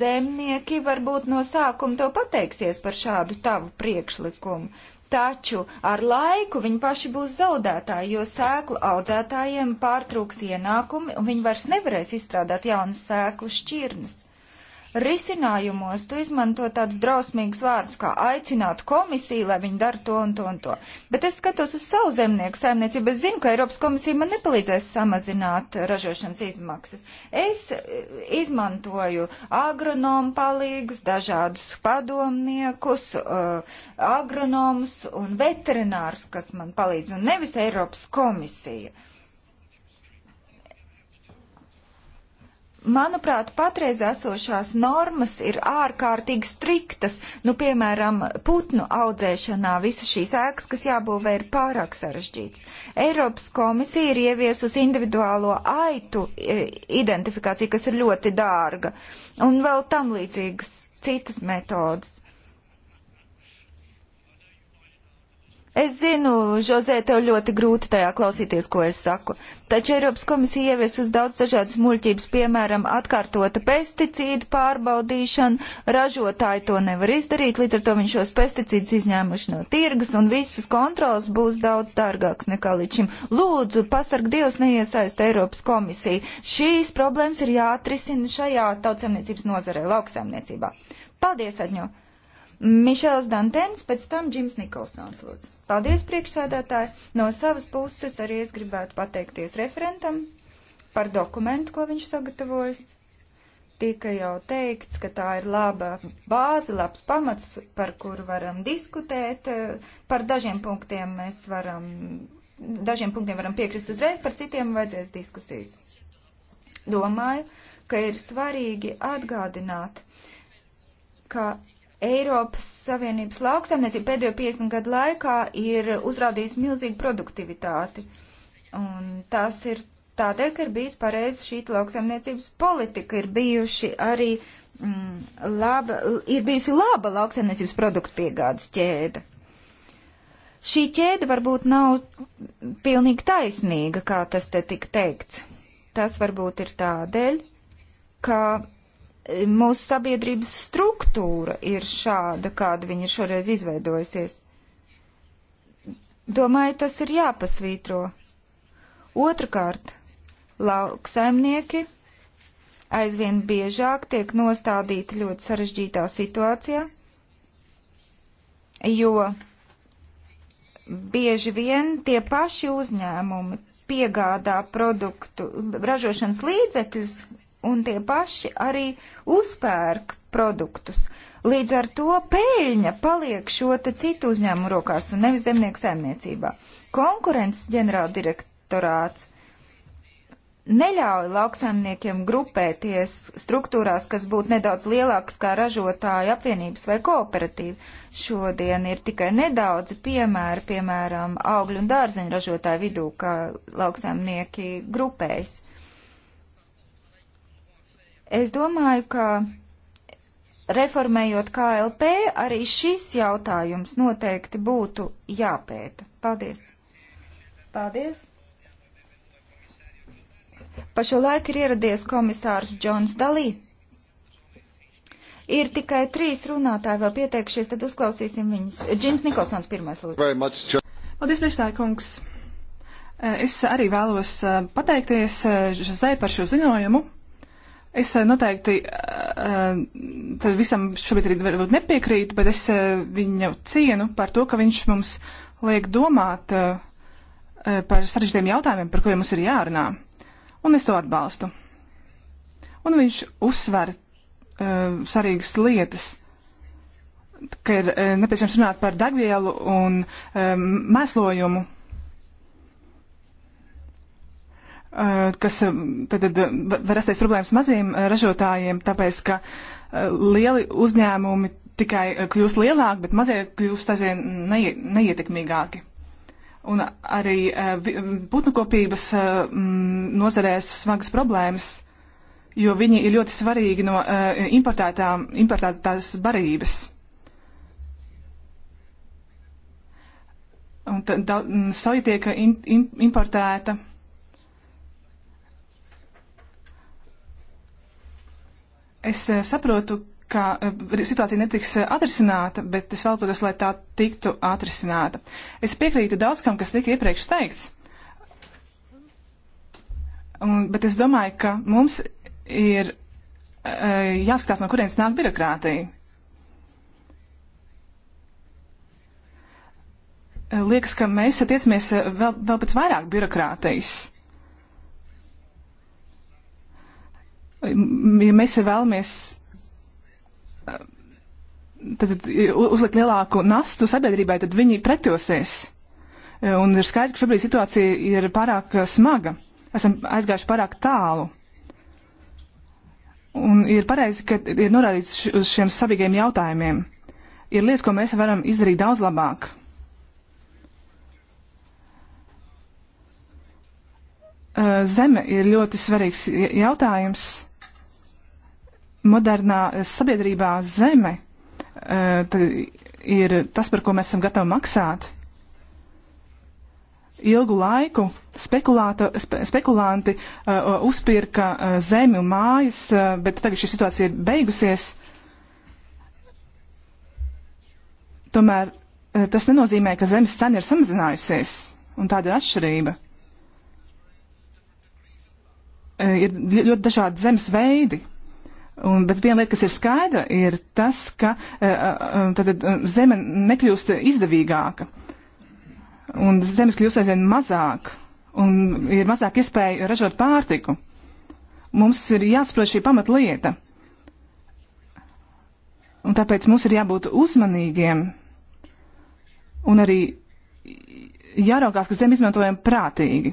Speaker 2: zemnieki varbūt no sākuma to pateiksies par šādu tavu priekšlikumu. Taču ar laiku viņi paši būs zaudētāji, jo sēklu audzētājiem pārtrūks ienākumi un viņi vairs nevarēs izstrādāt jaunas sēklu šķirnes risinājumos tu izmanto tādus drausmīgus vārdus, kā aicināt komisiju, lai viņi dara to un to un to. Bet es skatos uz savu zemnieku saimniecību, es zinu, ka Eiropas komisija man nepalīdzēs samazināt ražošanas izmaksas. Es e, izmantoju agronomu palīgus, dažādus padomniekus, uh, agronomus un veterinārus, kas man palīdz, un nevis Eiropas komisija. Uh, Manuprāt, patreiz esošās normas ir ārkārtīgi striktas. Nu, piemēram, putnu audzēšanā visas šīs ēkas, kas jābūvē, ir pārāk sarežģītas. Eiropas komisija ir ieviesusi individuālo aitu e, identifikāciju, kas ir ļoti dārga, un vēl tam līdzīgas citas metodas. Es zinu, Žozē, tev ļoti grūti tajā klausīties, ko es saku. Taču Eiropas komisija ievies uz daudz dažādas muļķības, piemēram, atkārtota pesticīdu pārbaudīšana, ražotāji to nevar izdarīt, līdz ar to viņš šos pesticīdus izņēmuši no tirgus, un visas kontrols būs daudz dārgāks nekā līdz šim. Lūdzu, pasarg Dievs neiesaist Eiropas komisiju. Šīs problēmas ir jāatrisina šajā tautsemniecības nozarē, lauksemniecībā. Paldies, Aņo! Mišels Dantens, pēc tam Džims Nikolsons, lūdzu. Paldies, priekšsēdētāji! No savas puses arī es gribētu pateikties referentam par dokumentu, ko viņš sagatavojas. Tika jau teikts, ka tā ir laba bāze, labs pamats, par kuru varam diskutēt. Par dažiem punktiem mēs varam, dažiem punktiem varam piekrist uzreiz, par citiem vajadzēs diskusijas. Domāju, ka ir svarīgi atgādināt, ka Eiropas Savienības lauksaimniecība pēdējo 50 gadu laikā ir uzrādījusi milzīgu produktivitāti. Un tas ir tādēļ, ka ir bijis pareizi šī lauksaimniecības politika, ir bijuši arī mm, laba, ir bijusi laba lauksaimniecības produktu piegādes ķēde. Šī ķēde varbūt nav pilnīgi taisnīga, kā tas te tika teikts. Tas varbūt ir tādēļ, ka mūsu sabiedrības struktūra ir šāda, kāda viņa ir šoreiz izveidojusies. Domāju, tas ir jāpasvītro. Otrakārt, lauksaimnieki aizvien biežāk tiek nostādīti ļoti sarežģītā situācijā, jo bieži vien tie paši uzņēmumi piegādā produktu, ražošanas līdzekļus un tie paši arī uzpērk produktus. Līdz ar to peļņa paliek šo te citu uzņēmumu rokās un nevis zemnieku saimniecībā. Konkurences ģenerāldirektorāts neļauj lauksaimniekiem grupēties struktūrās, kas būtu nedaudz lielākas kā ražotāja apvienības vai kooperatīva. Šodien ir tikai nedaudzi piemēri, piemēram, augļu un dārzeņu ražotāju vidū, kā lauksaimnieki grupējas. Es domāju, ka reformējot KLP, arī šis jautājums noteikti būtu jāpēta. Paldies! Paldies! Pa šo laiku ir ieradies komisārs Džons Dalī. Ir tikai trīs runātāji vēl pieteikušies, tad uzklausīsim viņus. Džims Nikolsons pirmais
Speaker 3: lūdzu.
Speaker 2: Paldies, priekšstāja kungs!
Speaker 3: Eh, es arī vēlos eh, pateikties eh, Žazē par šo ziņojumu. Es eh, noteikti uh, visam šobrīd varbūt nepiekrītu, bet es uh, viņu cienu par to, ka viņš mums liek domāt uh, par sarežģītiem jautājumiem, par kuriem mums ir jārunā. Un es to atbalstu. Un viņš uzsver svarīgas lietas, ka ir nepieciešams runāt par degvielu un mēslojumu Eh, kas eh, tad, tad eh, var rasties problēmas maziem ražotājiem, tāpēc ka lieli uzņēmumi tikai kļūst lielāki, bet mazie kļūst aizvien neie, neietekmīgāki. Un arī putnukopības nozarēs smagas problēmas, jo viņi ir ļoti svarīgi no importētās barības. Un tā, tā soja tiek in, in, importēta Es eh, saprotu, ka eh, situācija netiks eh, atrisināta, bet es vēlētos, lai tā tiktu atrisināta. Es piekrītu daudz kam, kas tika iepriekš teikts. Un, bet es domāju, ka mums ir jāskatās, no kurienes nāk birokrātija. Liekas, ka mēs tiecamies vēl, vēl pēc vairāk birokrātijas. ja mēs vēlamies eh, tad, uzlikt lielāku nastu sabiedrībai, tad viņi pretosies. Eh, un ir skaidrs, ka šobrīd situācija ir pārāk eh, smaga. Esam aizgājuši pārāk tālu. Un ir pareizi, ka ir norādīts uz šiem savīgiem jautājumiem. Ir lietas, ko mēs varam izdarīt daudz labāk. Zeme ir ļoti svarīgs jautājums modernā eh, sabiedrībā zeme eh, ir tas, par ko mēs esam gatavi maksāt. Ilgu laiku spe, spekulanti uh, uzpirka uh, zemi un mājas, uh, bet tagad šī situācija ir beigusies. Tomēr uh, tas nenozīmē, ka zemes cena ir samazinājusies, un tāda ir atšķirība. Uh, ir ļoti dažādi zemes veidi Un, bet viena lieta, kas ir skaidra, ir tas, ka tātad, eh, eh, eh, zeme nekļūst izdevīgāka. Un zemes kļūst aizvien mazāk. Un ir mazāk iespēja ražot pārtiku. Mums ir jāsaprot šī pamatlieta. Un tāpēc mums ir jābūt uzmanīgiem. Un arī jāraugās, ka zemi izmantojam prātīgi.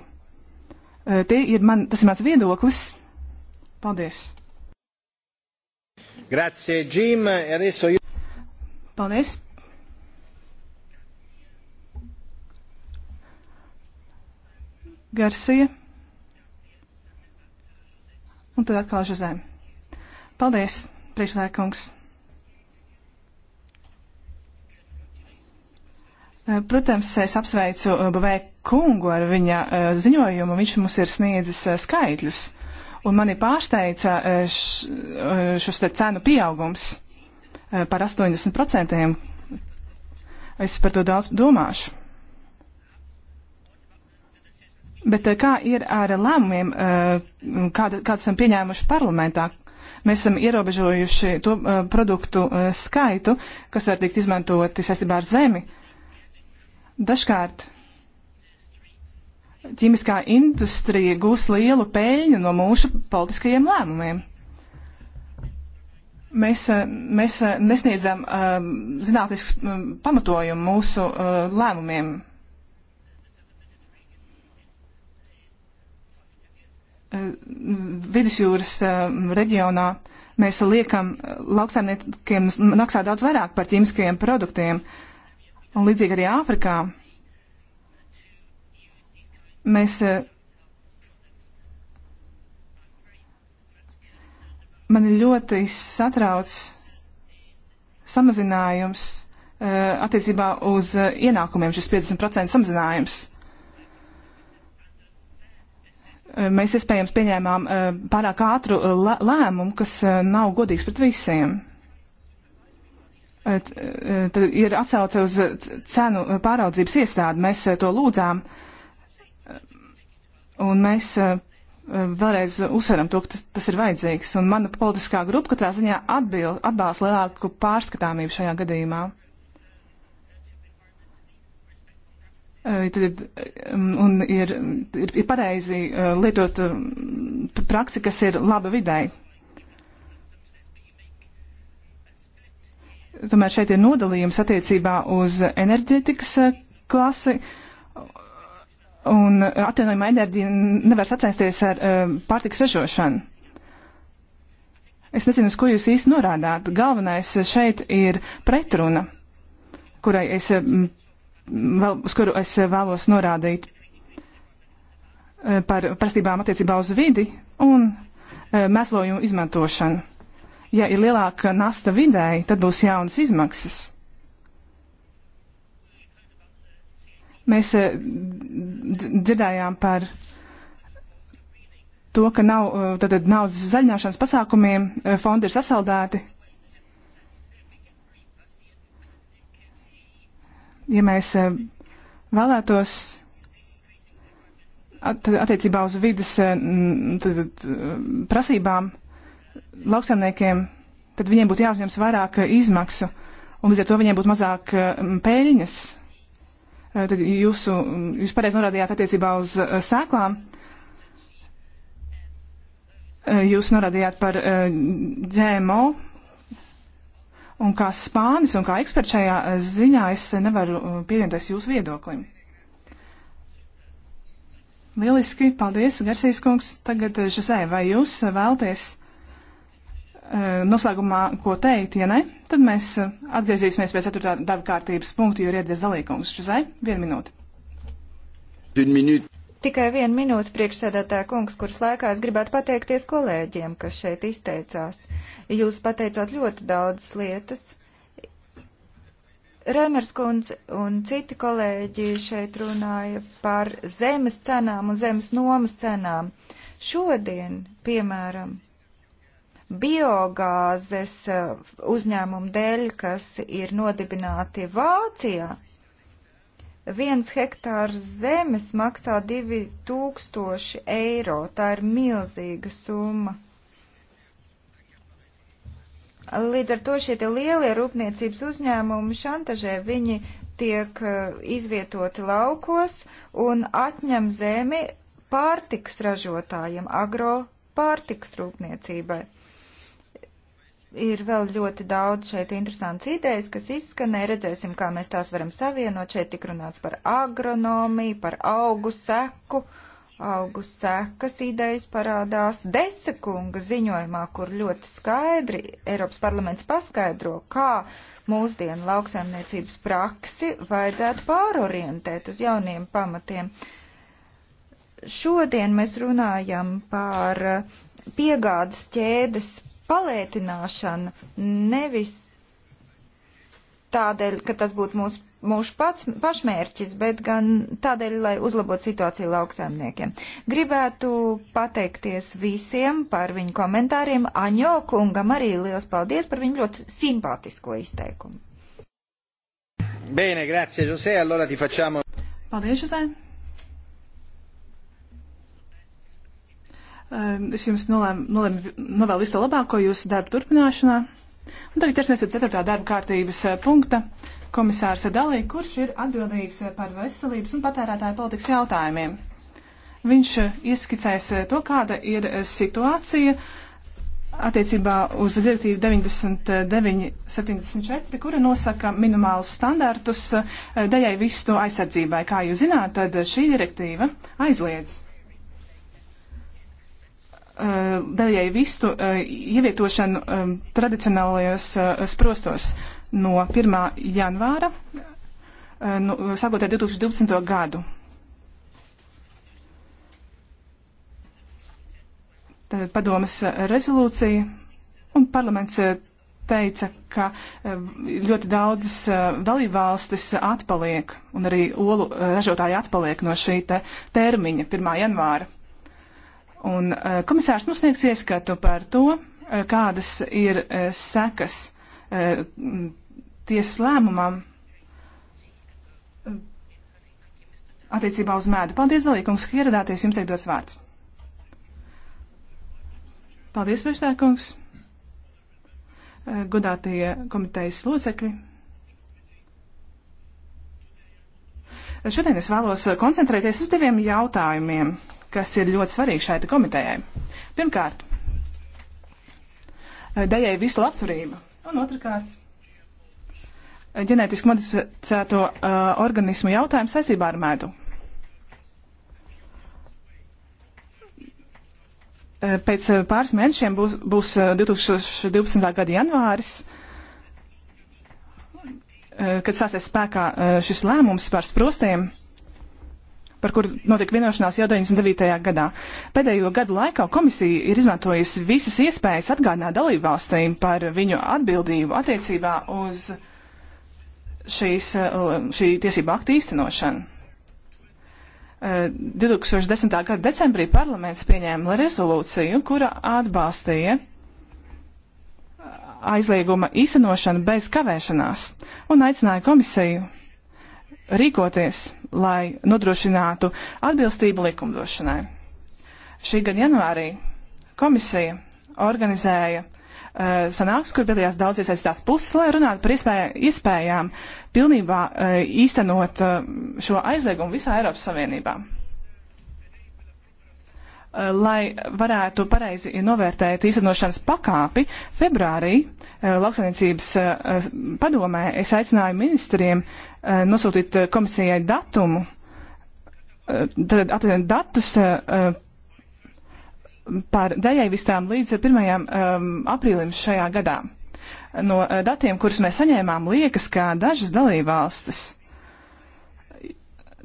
Speaker 3: Tie ir man, tas ir mans viedoklis. Paldies! Grazie, Jim. E adesso io... Paldies. Garsija. Un tad atkal Žazē. Paldies, priekšlēkungs. Eh, protams, es apsveicu eh, Bavē kungu ar viņa eh, ziņojumu. Viņš mums ir sniedzis skaidrus. Un mani pārsteidza e, š, e, šis cenu pieaugums e, par 80%. Es par to daudz domāšu. Bet kā ir ar lēmumiem, kādu, kādus esam pieņēmuši parlamentā? Mēs esam ierobežojuši to produktu skaitu, kas var tikt izmantoti saistībā ar zemi. Dažkārt ķīmiskā industrija gūs lielu peļņu no mūsu politiskajiem lēmumiem. Mēs, eh, mēs eh, nesniedzam eh, zinātnisku mm, pamatojumu mūsu lēmumiem. Vidusjūras reģionā mēs liekam lauksaimniekiem maksā daudz vairāk par ķīmiskajiem produktiem, un līdzīgi arī Āfrikā Mēs eh, man ir ļoti satrauc samazinājums eh, attiecībā uz eh, ienākumiem, šis 50% samazinājums. Mēs iespējams pieņēmām pārāk ātru lēmumu, kas nav godīgs pret visiem. Tad ir atsauce uz cenu pāraudzības iestādi, mēs to lūdzām. Uh, Un mēs eh, eh, vēlreiz uzsveram to, ka tas, tas ir vajadzīgs. Un mana politiskā grupa katrā ziņā atbil, atbalsta lielāku pārskatāmību šajā gadījumā. Eh, tad ir, mm, un ir, ir, ir pareizi lietot praksi, kas ir laba vidai. Tomēr šeit ir nodalījums attiecībā uz enerģetikas klasi, uh, un eh, atjaunojama enerģija nevar sacensties ar uh, pārtiks ražošanu. Es nezinu, uz ko jūs īsti norādāt. Galvenais eh, šeit ir pretruna, kurai es, vēl, uz kuru es vēlos norādīt par prasībām attiecībā uz vidi un mēslojumu izmantošanu. Ja ir lielāka nasta vidēji, tad būs jaunas izmaksas. Mēs eh, dzirdējām par to, ka nav tātad, eh, naudas zaļināšanas pasākumiem, eh, fondi ir sasaldēti. Ja mēs vēlētos at, attiecībā uz vidas tad, prasībām lauksaimniekiem, tad viņiem būtu jāuzņems vairāk izmaksu, un līdz ar to viņiem būtu mazāk peļņas Eh, tad jūsu, jūs pareizi norādījāt attiecībā uz eh, sēklām. Eh, jūs norādījāt par GMO. Un kā spānis un kā eksperts šajā ziņā es nevaru pievienoties jūsu viedoklim. Lieliski, paldies, Garsīs kungs. Tagad, Žazē, vai jūs vēlties Eh, noslēgumā ko teikt, ja ne, tad mēs eh, atgriezīsimies pie 4. darba kārtības punkta, jo ir ieradies dalīgums. Šuzai, vienu minūti.
Speaker 2: Vienu minūti. Tikai vienu minūti priekšsēdētāja kungs, kuras laikā es gribētu pateikties kolēģiem, kas šeit izteicās. Jūs pateicāt ļoti daudzas lietas. Remers kundz un citi kolēģi šeit runāja par zemes cenām un zemes nomas cenām. Šodien, piemēram, biogāzes eh, uzņēmumu dēļ, kas ir nodibināti Vācijā, viens hektārs zemes maksā 2000 eiro. Tā ir milzīga summa. Līdz ar to šie lielie rūpniecības uzņēmumi šantažē viņi tiek eh, izvietoti laukos un atņem zemi pārtiks ražotājiem, agro pārtiks rūpniecībai ir vēl ļoti daudz šeit interesants idejas, kas izskanē. Redzēsim, kā mēs tās varam savienot. Šeit tik runāts par agronomiju, par augu seku. Augu sekas idejas parādās Desekunga ziņojumā, kur ļoti skaidri Eiropas parlaments paskaidro, kā mūsdienu lauksaimniecības praksi vajadzētu pārorientēt uz jauniem pamatiem. Šodien mēs runājam par piegādas ķēdes palētināšana nevis tādēļ, ka tas būtu mūsu, mūsu pats, pašmērķis, bet gan tādēļ, lai uzlabotu situāciju lauksaimniekiem. Gribētu pateikties visiem par viņu komentāriem. Aņo kungam arī liels paldies par viņu ļoti simpātisko izteikumu. Bene, grazie, José. Allora ti facciamo. Paldies, José.
Speaker 3: Ehm, es jums nolēmu, nolēmu novēlu visu labāko jūsu darbu turpināšanā. Un tagad ķersimies pie ceturtā darba kārtības eh, punkta. Komisārs Dalī, kurš ir atbildīgs eh, par veselības un patērētāju politikas jautājumiem. Viņš eh, ieskicēs to, kāda ir situācija attiecībā uz direktīvu 9974, kura nosaka minimālus standartus dejai visu to aizsardzībai. Kā jūs zināt, tad šī direktīva aizliedz Uh, daļai vistu uh, ievietošanu um, tradicionālajos uh, sprostos no 1. janvāra, no, nu, sākot ar 2012. gadu. Tad padomas rezolūcija un parlaments teica, ka ļoti daudzas dalībvalstis atpaliek, un arī olu ražotāji atpaliek no šī te termiņa 1. janvāra. Un eh, komisārs mums nu, sniegs ieskatu par to, eh, kādas ir eh, sekas tiesas lēmumam attiecībā uz mēdu. Paldies, dalīkums, ka ieradāties, jums tiek dots vārds. Paldies, priekšstākungs, godātie komitejas locekļi. Šodien es vēlos koncentrēties uz diviem jautājumiem kas ir ļoti svarīgi šai komitejai. Pirmkārt, dejai visu labturību, un otrkārt, ģenētiski modificēto uh, organismu jautājumu saistībā ar medu. Pēc pāris mēnešiem būs, būs 2012. gada janvāris, kad sāksies spēkā šis lēmums par sprostiem par kur notika vienošanās jau 99. gadā. Pēdējo gadu laikā komisija ir izmantojusi visas iespējas atgādināt dalībvalstīm par viņu atbildību attiecībā uz šīs, šī tiesība akta īstenošanu. 2010. Eh, gada decembrī parlaments pieņēma rezolūciju, kura atbalstīja aizlieguma īstenošanu bez kavēšanās un aicināja komisiju rīkoties lai nodrošinātu atbilstību likumdošanai. Šī gada janvārī komisija organizēja uh, eh, sanāks, kur piedalījās daudz iesaistītās puses, lai runātu par iespēj, iespējām pilnībā uh, īstenot uh, šo aizliegumu visā Eiropas Savienībā. Uh, lai varētu pareizi novērtēt īstenošanas pakāpi, februārī uh, lauksainiecības uh, padomē es aicināju ministriem uh, Eh, nosūtīt eh, komisijai datumu, eh, tad atradīt datus par dejavistām līdz 1. aprīlim šajā gadā. No datiem, kurus mēs saņēmām, liekas, ka dažas dalībvalstis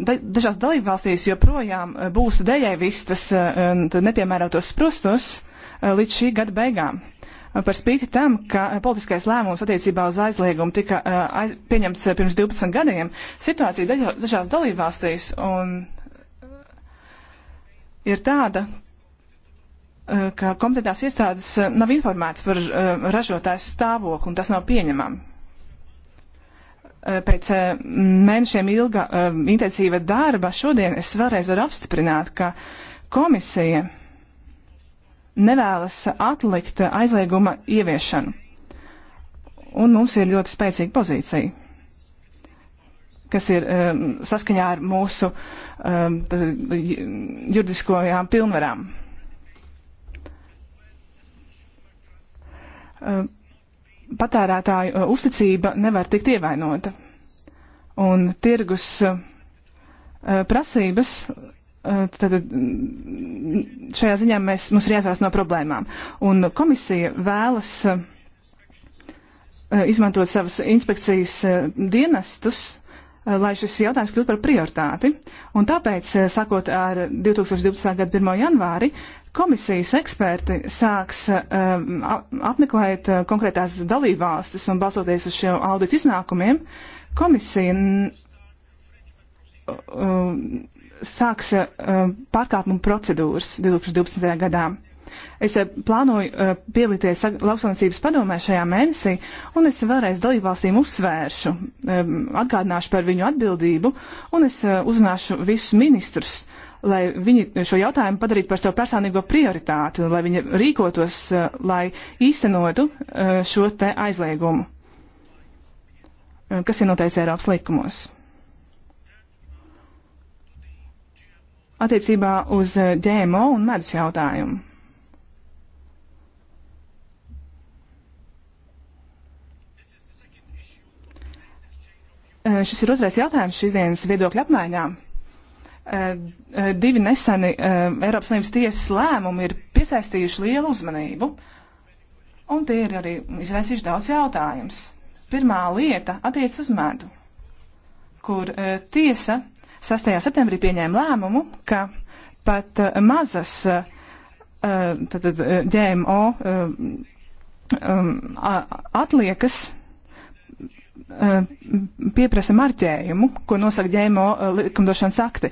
Speaker 3: dažās dalībvalstīs joprojām būs dejaivistas nepiemērotos sprostos līdz šī gada beigām. Par spīti tam, ka eh, politiskais lēmums attiecībā uz aizliegumu tika eh, aiz, pieņemts eh, pirms 12 gadiem, situācija dažā, dažās dalībvalstīs ir tāda, ka kompetentās iestādes nav informētas par uh, ražotāju stāvokli, un tas nav pieņemami. Uh, pēc uh, mēnešiem ilga intensīva darba šodien es vēlreiz varu apstiprināt, ka komisija nevēlas atlikt aizlieguma ieviešanu. Un mums ir ļoti spēcīga pozīcija, kas ir um, saskaņā ar mūsu um, juridiskajām pilnvarām. Um, patērētāju uh, uzticība nevar tikt ievainota. Un tirgus uh, prasības Tad šajā ziņā mēs, mums ir jāizvērst no problēmām. Un komisija vēlas eh, izmantot savas inspekcijas eh, dienestus, eh, lai šis jautājums kļūtu par prioritāti. Un tāpēc, sākot ar 2020. gada 1. janvāri, komisijas eksperti sāks um, apmeklēt konkrētās dalībvalstis un balsoties uz šiem auditu iznākumiem, komisija um, sāks eh, pārkāpuma procedūras 2012. gadā. Es eh, plānoju eh, piedalīties lauksaimniecības padomē šajā mēnesī, un es vēlreiz dalībvalstīm uzsvēršu, atgādināšu par viņu atbildību, un es uzrunāšu visus ministrus, lai viņi šo jautājumu padarītu par savu personīgo prioritāti, lai viņi rīkotos, lai īstenotu šo te aizliegumu, kas ir noteikts Eiropas likumos. attiecībā uz eh, ģēmo un medus jautājumu. Eh, šis ir otrais jautājums šīs dienas viedokļa apmaiņā. Eh, divi neseni Eiropas Savienības tiesas lēmumi ir piesaistījuši lielu uzmanību, un tie ir arī izraisījuši daudz jautājumus. Pirmā lieta attiec uz medu, kur tiesa 6. septembrī pieņēma lēmumu, ka pat eh, mazas eh, tad, eh, GMO um, atliekas pieprasa marķējumu, ko nosaka ģēmo likumdošanas akti.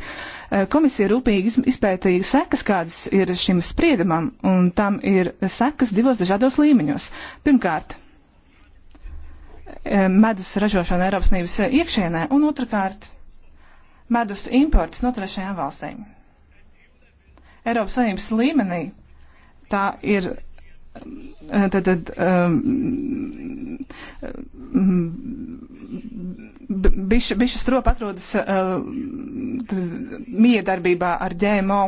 Speaker 3: Komisija rūpīgi izpētīja sekas, kādas ir šim spriedumam, un tam ir sekas divos dažādos līmeņos. Pirmkārt, medus ražošana Eiropas Savienības iekšēnē, un otrkārt, medus imports no trešajām valstīm. Eiropas Savienības līmenī tā ir eh, tad, tad, um, ehm, mm, biša, biša stropa atrodas uh, miedarbībā ar ģēmo.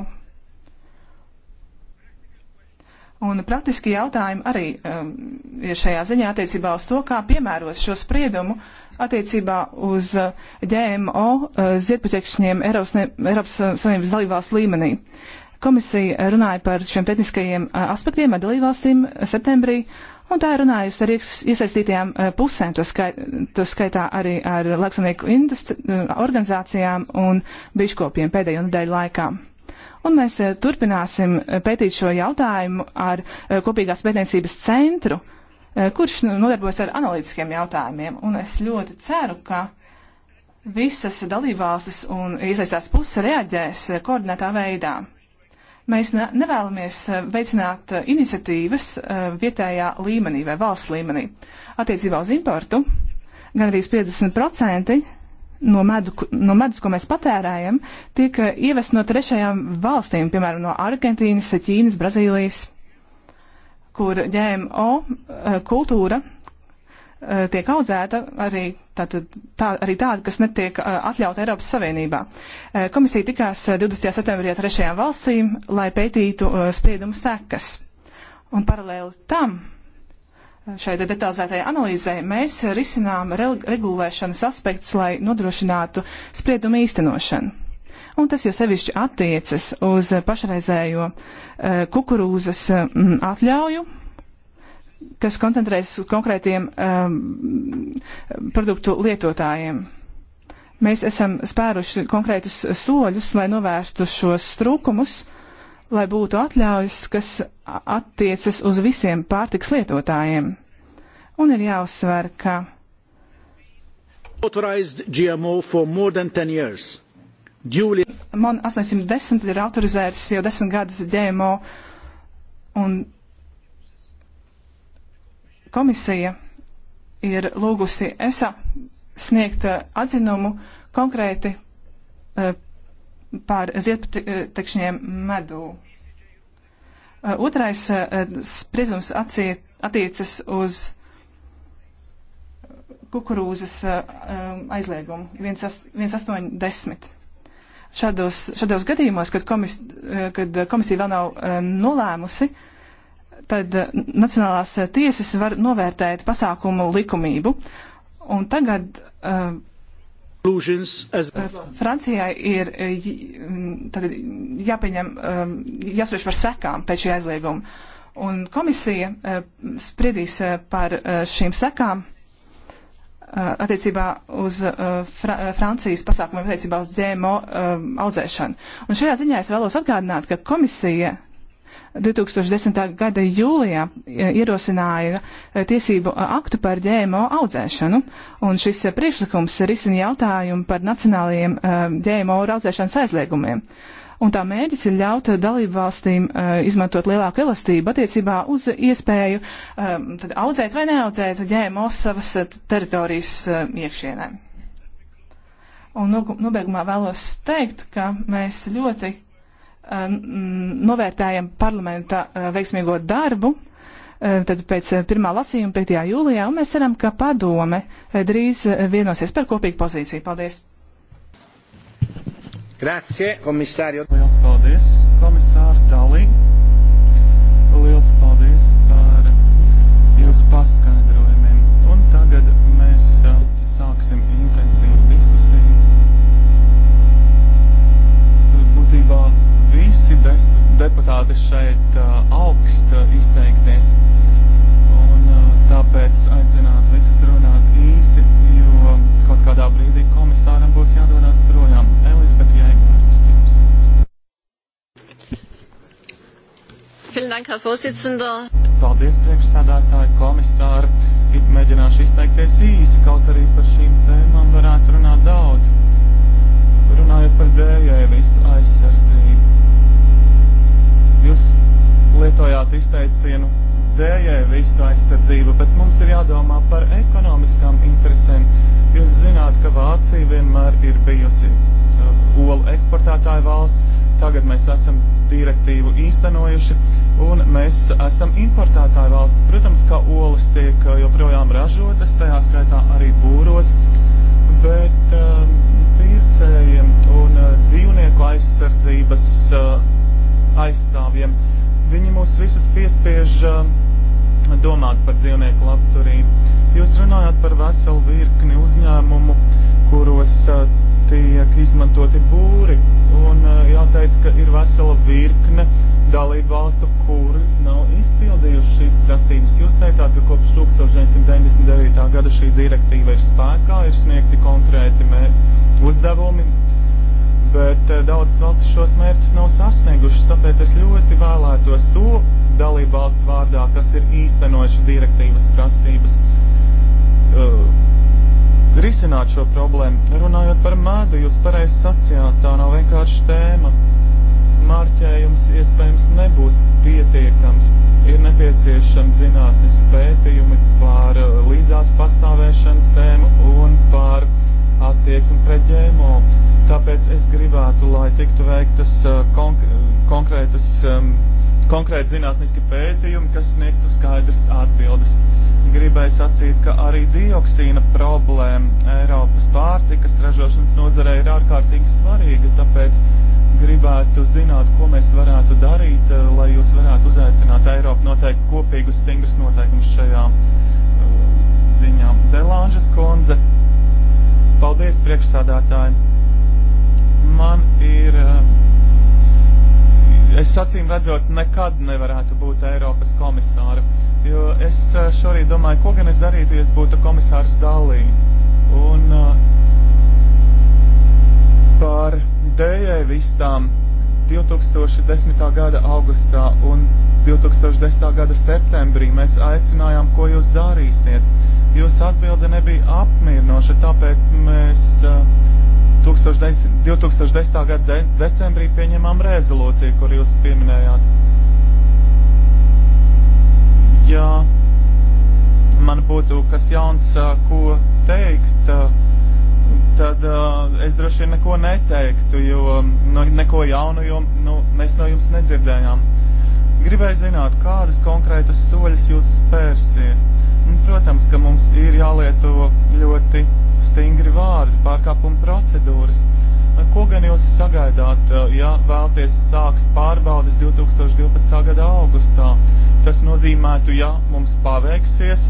Speaker 3: Un praktiski jautājumi arī um, ir šajā ziņā attiecībā uz to, kā piemēros šo spriedumu uh, attiecībā uz uh, GMO uh, ziedputekšņiem Eiropas, ne, Eiropas uh, Savienības dalībās līmenī. Komisija runāja par šiem tehniskajiem aspektiem ar dalībvalstīm septembrī, un tā ir runājusi ar iesaistītajām pusēm, to, skait, to skaitā arī ar lauksaimnieku organizācijām un biškopiem pēdējo nedēļu laikā. Un mēs turpināsim pētīt šo jautājumu ar kopīgās pētniecības centru, uh, Eh, kurš nu, nodarbojas ar analītiskiem jautājumiem. Un es ļoti ceru, ka visas dalībvalstis un iesaistās puses reaģēs eh, koordinētā veidā. Mēs ne, nevēlamies eh, veicināt iniciatīvas vietējā līmenī vai valsts līmenī. Attiecībā uz importu gan arī 50% no, medu, no medus, ko mēs patērējam, tiek ievest no trešajām valstīm, piemēram, no Argentīnas, Ķīnas, Brazīlijas kur ģēmo eh, kultūra eh, tiek audzēta arī, tātad, tā, arī tāda, kas netiek eh, atļauta Eiropas Savienībā. Komisija tikās 20. septembrī ar trešajām valstīm, lai pētītu spriedumu sekas. Un paralēli tam šai detalizētajai analīzē mēs risinām regulēšanas aspektus, lai nodrošinātu spriedumu īstenošanu un tas jau sevišķi attiecas uz pašreizējo eh, kukurūzas mm, atļauju, kas koncentrējas uz konkrētiem mm, produktu lietotājiem. Mēs esam spēruši konkrētus soļus, lai novērstu šos trūkumus, lai būtu atļaujas, kas attiecas uz visiem pārtiks lietotājiem. Un ir jāuzsver, ka authorized GMO for more than 10 years. Julie. Man 810 ir autorizēts jau desmit gadus GMO, un komisija ir lūgusi ESA sniegt eh, atzinumu konkrēti eh, par ziedputekšņiem medū. Eh, otrais spriedums attiecas uz kukurūzas aizliegumu 1,810 šādos, šādos gadījumos, kad, komis, eh, kad komisija vēl nav eh, nolēmusi, tad eh, Nacionālās tiesas var novērtēt pasākumu likumību. Un tagad uh, Francijai ir mm, tad, jāpieņem, um, jāspriež par sekām pēc šī aizlieguma. Un komisija uh, spriedīs uh, par uh, šīm sekām Uh, attiecībā uz uh, Fra uh, Francijas pasākumiem attiecībā uz ģēmo um, audzēšanu. Un šajā ziņā es vēlos atgādināt, ka komisija 2010. gada jūlijā ierosināja tiesību aktu par ģēmo audzēšanu, un šis priekšlikums risina jautājumu par nacionālajiem ģēmo audzēšanas aizliegumiem. Uh, Un tā mērķis ir ļaut dalību valstīm uh, izmantot lielāku elastību attiecībā uz iespēju um, audzēt vai neaudzēt ģēmo savas eh, teritorijas uh, iekšienē. Un nu, nobeigumā vēlos teikt, ka mēs ļoti uh, novērtējam parlamenta uh, veiksmīgo darbu. Uh, tad pēc pirmā lasījuma 5. jūlijā, un mēs ceram, ka padome drīz vienosies par kopīgu pozīciju. Paldies!
Speaker 1: Grazie, komisāri. Liels paldies, komisāri Dalī. Liels paldies par jūsu paskaidrojumiem. Un tagad mēs uh, sāksim intensīvu diskusiju. Būtībā visi deputāti šeit uh, augst izteikties. Un uh, tāpēc aicinātu visus runāt īsi, jo kaut kādā brīdī komisāram būs jādodas projām. Elizabete Vielen Dank, Herr Vorsitzender. Paldies, priekšsādātāji komisāri. Mēģināšu izteikties īsi, kaut arī par šīm tēmām varētu runāt daudz. Runājot par dējēvistu aizsardzību. Jūs lietojāt izteicienu dējēvistu aizsardzību, bet mums ir jādomā par ekonomiskām interesēm. Jūs zināt, ka Vācija vienmēr ir bijusi uh, olu eksportētāja valsts Tagad mēs esam direktīvu īstenojuši, un mēs esam importētāja valsts. Protams, ka olas tiek eh, joprojām ražotas, tajā skaitā arī būros, bet um, pircējiem un uh, dzīvnieku aizsardzības uh, aizstāvjiem viņi mūs visus piespiež uh, domāt par dzīvnieku labturību. Jūs runājāt par veselu virkni uzņēmumu, kuros uh, tiek izmantoti būri, un uh, jāteic, ka ir vesela virkne dalību valstu, kuri nav izpildījuši šīs prasības. Jūs teicāt, ka kopš 1999. gada šī direktīva ir spēkā, ir sniegti konkrēti mērķi uzdevumi, bet uh, daudzas valstis šos mērķus nav sasniegušas, tāpēc es ļoti vēlētos to dalību valstu vārdā, kas ir īstenojuši direktīvas prasības. Uh, risināt šo problēmu. Runājot par medu, jūs pareizi sacījāt, tā nav vienkārši tēma. Mārķējums iespējams nebūs pietiekams. Ir nepieciešami zinātniski pētījumi par uh, līdzās pastāvēšanas tēmu un par attieksmi pret ģēmo. Tāpēc es gribētu, lai tiktu veiktas uh, konk konkrētas um, konkrēti zinātniski pētījumi, kas sniegtu skaidrs atbildes. Gribēju sacīt, ka arī dioksīna problēma Eiropas pārtikas ražošanas nozarē ir ārkārtīgi svarīga, tāpēc gribētu zināt, ko mēs varētu darīt, eh, lai jūs varētu uzaicināt Eiropu noteikti kopīgus stingrus noteikumus šajā eh, ziņā. Delāžas konze, paldies priekšsādātāji! Man ir uh, es acīm redzot nekad nevarētu būt Eiropas komisāra, jo es eh, šorīt domāju, ko gan es darītu, ja es būtu komisārs Dalī. Un uh, par dējai vistām 2010. gada augustā un 2010. gada septembrī mēs aicinājām, ko jūs darīsiet. Jūsu atbilde nebija apmierinoša, tāpēc mēs uh, 2010, 2010. gada de, decembrī pieņemām rezolūciju, kur jūs pieminējāt. Ja man būtu kas jauns, ko teikt, tad es droši vien neko neteiktu, jo neko jaunu jo, nu, mēs no jums nedzirdējām. Gribēju zināt, kādus konkrētus soļus jūs spērsiet Protams, ka mums ir jālieto ļoti stingri vārdi, pārkāpuma procedūras. Ko gan jūs sagaidāt, eh, ja vēlties sākt pārbaudas 2012. gada augustā? Tas nozīmētu, ja mums paveiksies,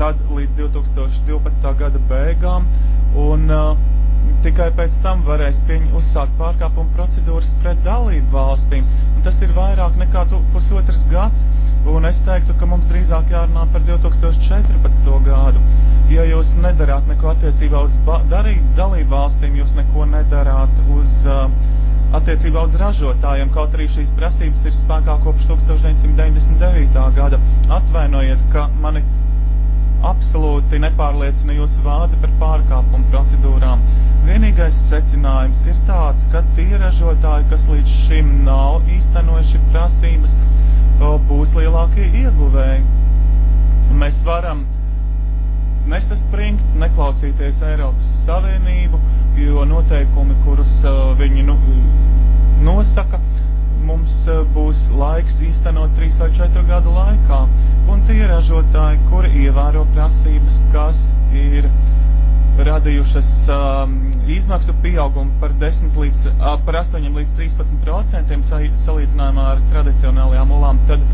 Speaker 1: tad līdz 2012. gada beigām un uh, tikai pēc tam varēs uzsākt pārkāpumu procedūras pret dalību valstīm. Un tas ir vairāk nekā tu, pusotrs gads, un es teiktu, ka mums drīzāk jārunā par 2014. gadu. Ja jūs nedarāt neko attiecībā uz darīt dalību valstīm, jūs neko nedarāt uz uh, attiecībā uz ražotājiem, kaut arī šīs prasības ir spēkā kopš 1999. gada. Atvainojiet, ka mani absolūti nepārliecina jūsu vārdi par pārkāpumu procedūrām. Vienīgais secinājums ir tāds, ka tie ražotāji, kas līdz šim nav īstenojuši prasības, būs lielākie ieguvēji. Mēs varam nesaspringt, neklausīties Eiropas Savienību, jo noteikumi, kurus uh, viņi nu, nosaka, uh, mums eh, būs laiks īstenot 3 vai 4 gadu laikā. Un tie ražotāji, kuri ievēro prasības, kas ir radījušas um, izmaksu pieaugumu par, 10 līdz, uh, par 8 līdz 13 procentiem sa salīdzinājumā ar tradicionālajām olām, tad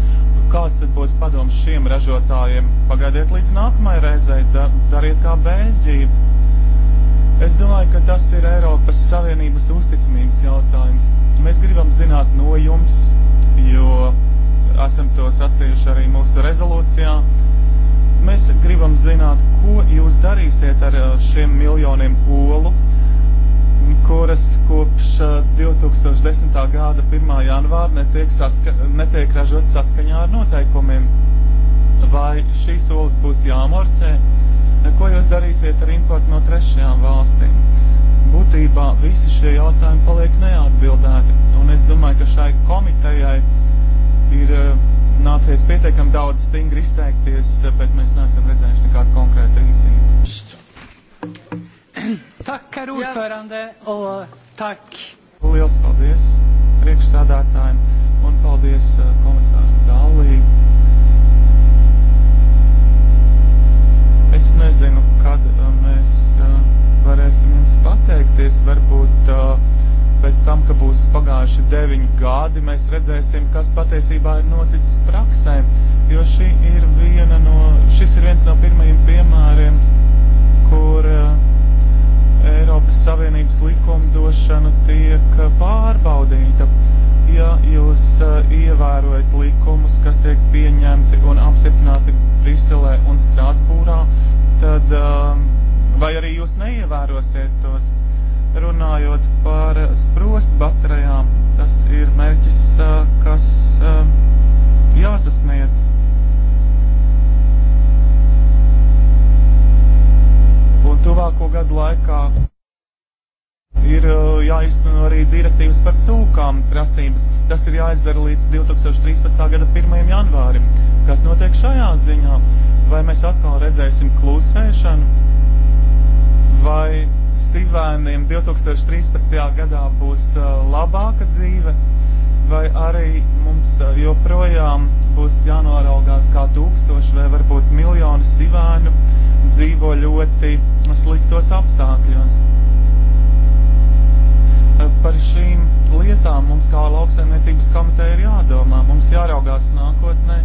Speaker 1: kāds tad būtu padoms šiem ražotājiem? Pagaidiet līdz nākamajai reizei, da dariet kā Bēļģija, Es domāju, ka tas ir Eiropas Savienības uzticamības jautājums. Mēs gribam zināt no jums, jo esam to sacījuši arī mūsu rezolūcijā. Mēs gribam zināt, ko jūs darīsiet ar uh, šiem miljoniem olu, kuras kopš 2010. Uh, gada 1. janvāra netiek, saska netiek ražot saskaņā ar noteikumiem. Vai šīs olas būs jāmortē? Ko jūs darīsiet ar importu no trešajām valstīm? Būtībā visi šie jautājumi paliek neatbildēti, un es domāju, ka šai komitejai ir eh, nācies pietiekami daudz stingri izteikties, eh, bet mēs neesam redzējuši nekādu konkrētu rīcību. Tak, herr ordförande, og tak. Liels paldies priekšsādātājiem un paldies eh, komisāram Dallī. Es nezinu, kad uh, mēs uh, varēsim jums pateikties. Varbūt uh, pēc tam, ka būs pagājuši deviņi gadi, mēs redzēsim, kas patiesībā ir noticis praksē. Jo šī ir viena no, šis ir viens no pirmajiem piemēriem, kur Eiropas Savienības likumdošana tiek pārbaudīta ja jūs eh, ievērojat likumus, kas tiek pieņemti un apstiprināti Briselē un Strasbūrā, tad ehm, vai arī jūs neievērosiet tos? Runājot par sprostbaterijām, tas ir mērķis, eh, kas ehm, jāsasniedz. Un tuvāko gadu laikā Ir uh, jāizteno arī direktīvas par cūkām prasības. Tas ir jāizdara līdz 2013. gada 1. janvārim. Kas notiek šajā ziņā? Vai mēs atkal redzēsim klusēšanu? Vai sivēniem 2013. gadā būs uh, labāka dzīve? vai arī mums uh, joprojām būs jānoraugās, kā tūkstoši vai varbūt miljoni sivēnu dzīvo ļoti sliktos apstākļos. Eh, par šīm lietām mums kā lauksaimniecības komiteja ir jādomā, mums jāraugās nākotnē,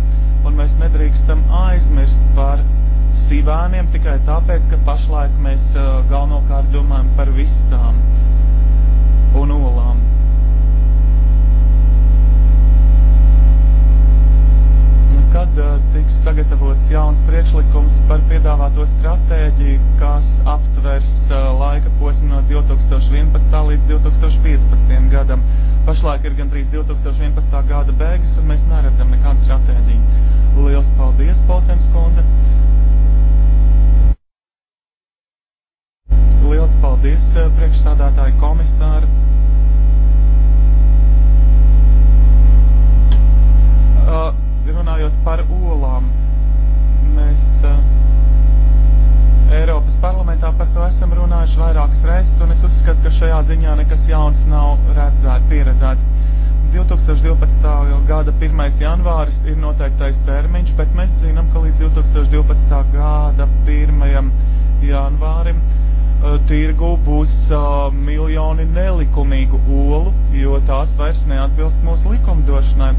Speaker 1: un mēs nedrīkstam aizmirst par sīvēniem tikai tāpēc, ka pašlaik mēs eh, galvenokārt domājam par vistām un olām. kad eh, tiks sagatavots jauns priekšlikums par piedāvāto stratēģiju, kas aptvers eh, laika posmu no 2011. līdz 2015. gadam. Pašlaik ir gandrīz 2011. gada beigas, un mēs neredzam nekādu stratēģiju. Lielas paldies, Polsēns Kunde! Lielas paldies, eh, priekšsādātāji komisāri! Uh, runājot par olām, mēs uh, Eiropas parlamentā par to esam runājuši vairākas reizes, un es uzskatu, ka šajā ziņā nekas jauns nav redzēt, pieredzēts. 2012. gada 1. janvāris ir noteiktais termiņš, bet mēs zinām, ka līdz 2012. gada 1. janvārim Eh, tirgu būs uh, miljoni nelikumīgu olu, jo tās vairs neatbilst mūsu likumdošanai.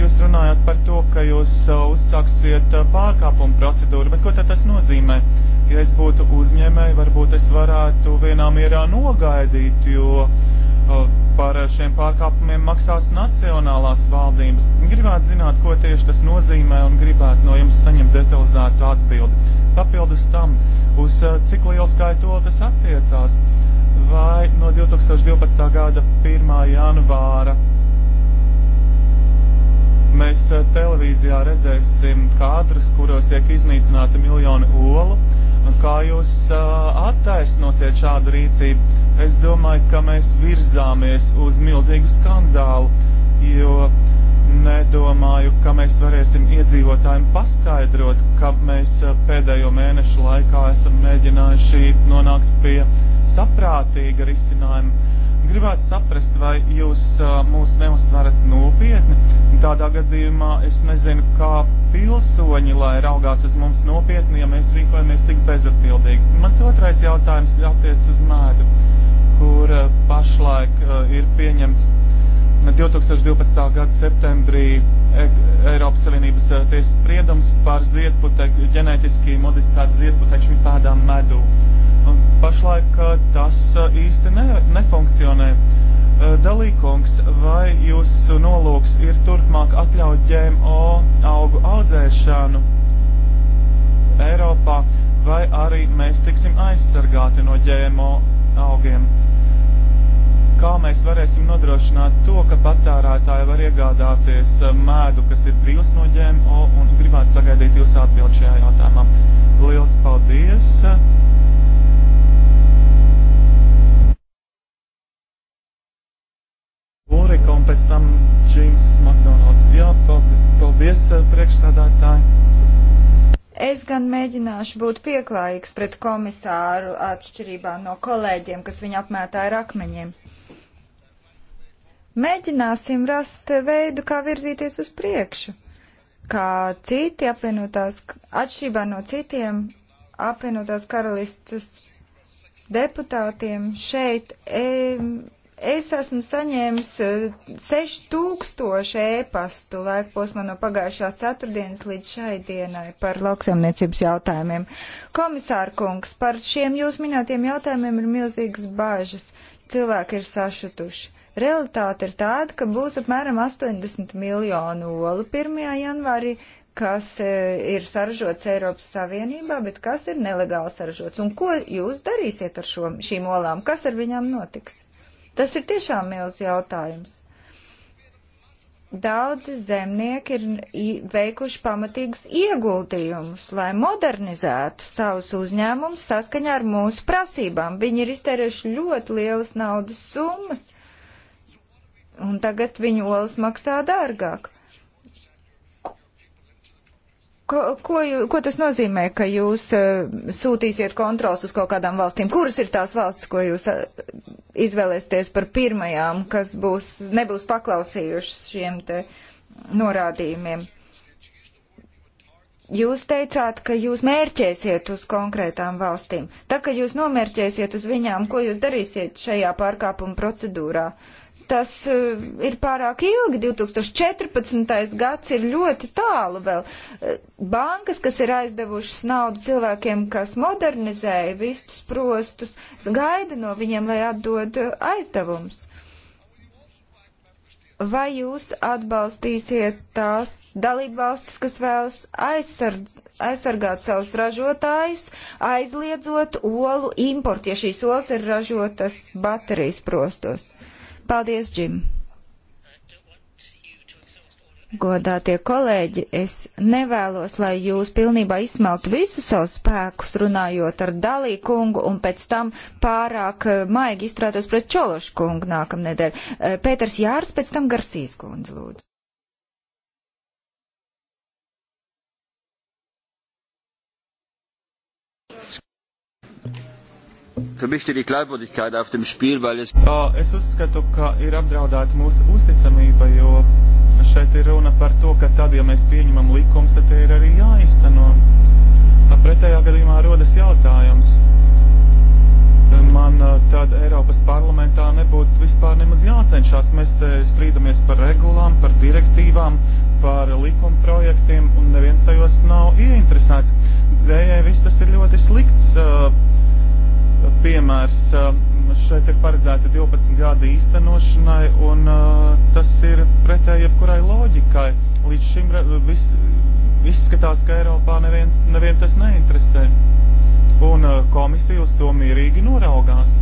Speaker 1: Jūs runājat par to, ka jūs uh, uzsāksiet uh, pārkāpumu procedūru, bet ko tad tas nozīmē? Ja es būtu uzņēmēji, varbūt es varētu vienā mierā nogaidīt, jo uh, par eh, šiem pārkāpumiem maksās nacionālās valdības. Gribētu zināt, ko tieši tas nozīmē un gribētu no jums saņemt detalizētu atbildi. Papildus tam, uz eh, cik lielu skaitu tas attiecās, vai no 2012. gada 1. janvāra mēs eh, televīzijā redzēsim kadrus, kuros tiek iznīcināti miljoni olu Kā jūs attaisnosiet šādu rīcību? Es domāju, ka mēs virzāmies uz milzīgu skandālu, jo nedomāju, ka mēs varēsim iedzīvotājiem paskaidrot, ka mēs pēdējo mēnešu laikā esam mēģinājuši nonākt pie saprātīga risinājuma Gribētu saprast, vai jūs mūs neuztverat nopietni. Tādā gadījumā es nezinu, kā pilsoņi, lai raugās uz mums nopietni, ja mēs rīkojamies tik bezatbildīgi. Mans otrais jautājums attiec uz mēdu, kur pašlaik ir pieņemts 2012. gada septembrī e Eiropas Savienības e, tiesas spriedums par ziedputeku, ģenētiski modificētu ziedputekšņu pēdām medū. Pašlaik e, tas e, īsti ne, nefunkcionē. Dalīkungs, vai jūsu nolūks ir turpmāk atļaut GMO augu audzēšanu Eiropā, vai arī mēs tiksim aizsargāti no GMO augiem? kā mēs varēsim nodrošināt to, ka patērētāji var iegādāties eh, mēdu, kas ir brīvs no ģēmo, un gribētu sagaidīt jūsu atbildi šajā jautājumā. Liels paldies! Ulrika un pēc tam Džims McDonalds. Jā, paldies eh, priekšstādātāji!
Speaker 2: Es gan mēģināšu būt pieklājīgs pret komisāru atšķirībā no kolēģiem, kas viņu apmētāja ar akmeņiem. Mēģināsim rast veidu, kā virzīties uz priekšu, kā citi apvienotās, atšķirībā no citiem apvienotās karalistas deputātiem šeit. E, es esmu saņēmis 6000 eh, ēpastu laikposmā no pagājušās ceturtdienas līdz šai dienai par lauksaimniecības jautājumiem. Komisāra kungs, par šiem jūs minētiem jautājumiem ir milzīgas bāžas. Cilvēki ir sašutuši. Realitāte ir tāda, ka būs apmēram 80 miljonu olu 1. janvārī, kas e, ir saražots Eiropas Savienībā, bet kas ir nelegāli saražots. Un ko jūs darīsiet ar šo, šīm olām? Kas ar viņām notiks? Tas ir tiešām milz jautājums. Daudzi zemnieki ir veikuši pamatīgus ieguldījumus, lai modernizētu savus uzņēmumus saskaņā ar mūsu prasībām. Viņi ir iztērējuši ļoti lielas naudas summas un tagad viņu olas maksā dārgāk. Ko, ko, ko tas nozīmē, ka jūs uh, sūtīsiet kontrols uz kaut kādām valstīm? Kuras ir tās valstis, ko jūs uh, izvēlēsieties par pirmajām, kas būs, nebūs paklausījušas šiem te norādījumiem? Jūs teicāt, ka jūs mērķēsiet uz konkrētām valstīm. Tā, ka jūs nomērķēsiet uz viņām, ko jūs darīsiet šajā pārkāpuma procedūrā? Uh, tas uh, ir pārāk ilgi. 2014. gads ir ļoti tālu vēl. E, bankas, kas ir aizdevušas naudu cilvēkiem, kas modernizēja vistus prostus, gaida no viņiem, lai atdod aizdevums. Vai jūs atbalstīsiet tās dalībvalstis, kas vēlas aizsardz, aizsargāt savus ražotājus, aizliedzot olu importu, ja šīs olas ir ražotas baterijas prostos? Uh, Paldies, Džim! Godātie kolēģi, es nevēlos, lai jūs pilnībā izsmeltu visu savus spēkus, runājot ar Dalī kungu un pēc tam pārāk eh, maigi izturētos pret Čološu kungu nākamnedēļ. Eh, Pēters Jārs, pēc tam Garsīs kundze,
Speaker 1: lūdzu. Jā, es uzskatu, ka ir apdraudēta mūsu uzticamība, jo šeit ir runa par to, ka tad, ja mēs pieņemam likums, tad tie ir arī jāizteno. Pretējā gadījumā rodas jautājums. Man tad Eiropas parlamentā nebūtu vispār nemaz jācenšas. Mēs te strīdamies par regulām, par direktīvām, par likuma projektiem, un neviens tajos nav ieinteresēts. Dējai viss tas ir ļoti slikts. Uh, piemērs. Um, šeit ir paredzēta 12 gadi īstenošanai, un uh, tas ir pretēji jebkurai loģikai. Līdz šim viss izskatās, ka Eiropā neviens, nevien tas neinteresē. Un uh, komisija uz to mierīgi noraugās.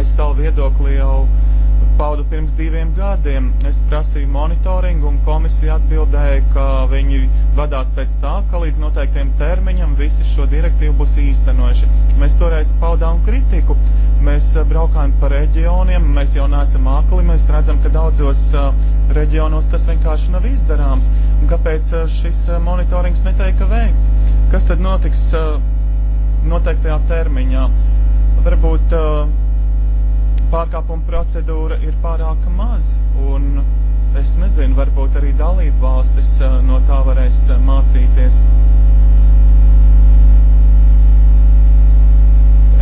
Speaker 1: Es savu viedokli jau uh, paudu pirms diviem gadiem. Es prasīju monitoringu, un komisija atbildēja, ka viņi vadās pēc tā, ka līdz noteiktiem termiņam visi šo direktīvu būs īstenojuši. Mēs toreiz paudām kritiku. Mēs eh, braukājam pa reģioniem, mēs jau neesam akli, mēs redzam, ka daudzos eh, reģionos tas vienkārši nav izdarāms. Kāpēc eh, šis monitorings neteika veikts? Kas tad notiks noteiktajā termiņā? Varbūt uh, pārkāpuma procedūra ir pārāk maz, un es nezinu, varbūt arī dalību valstis eh, no tā varēs eh, mācīties.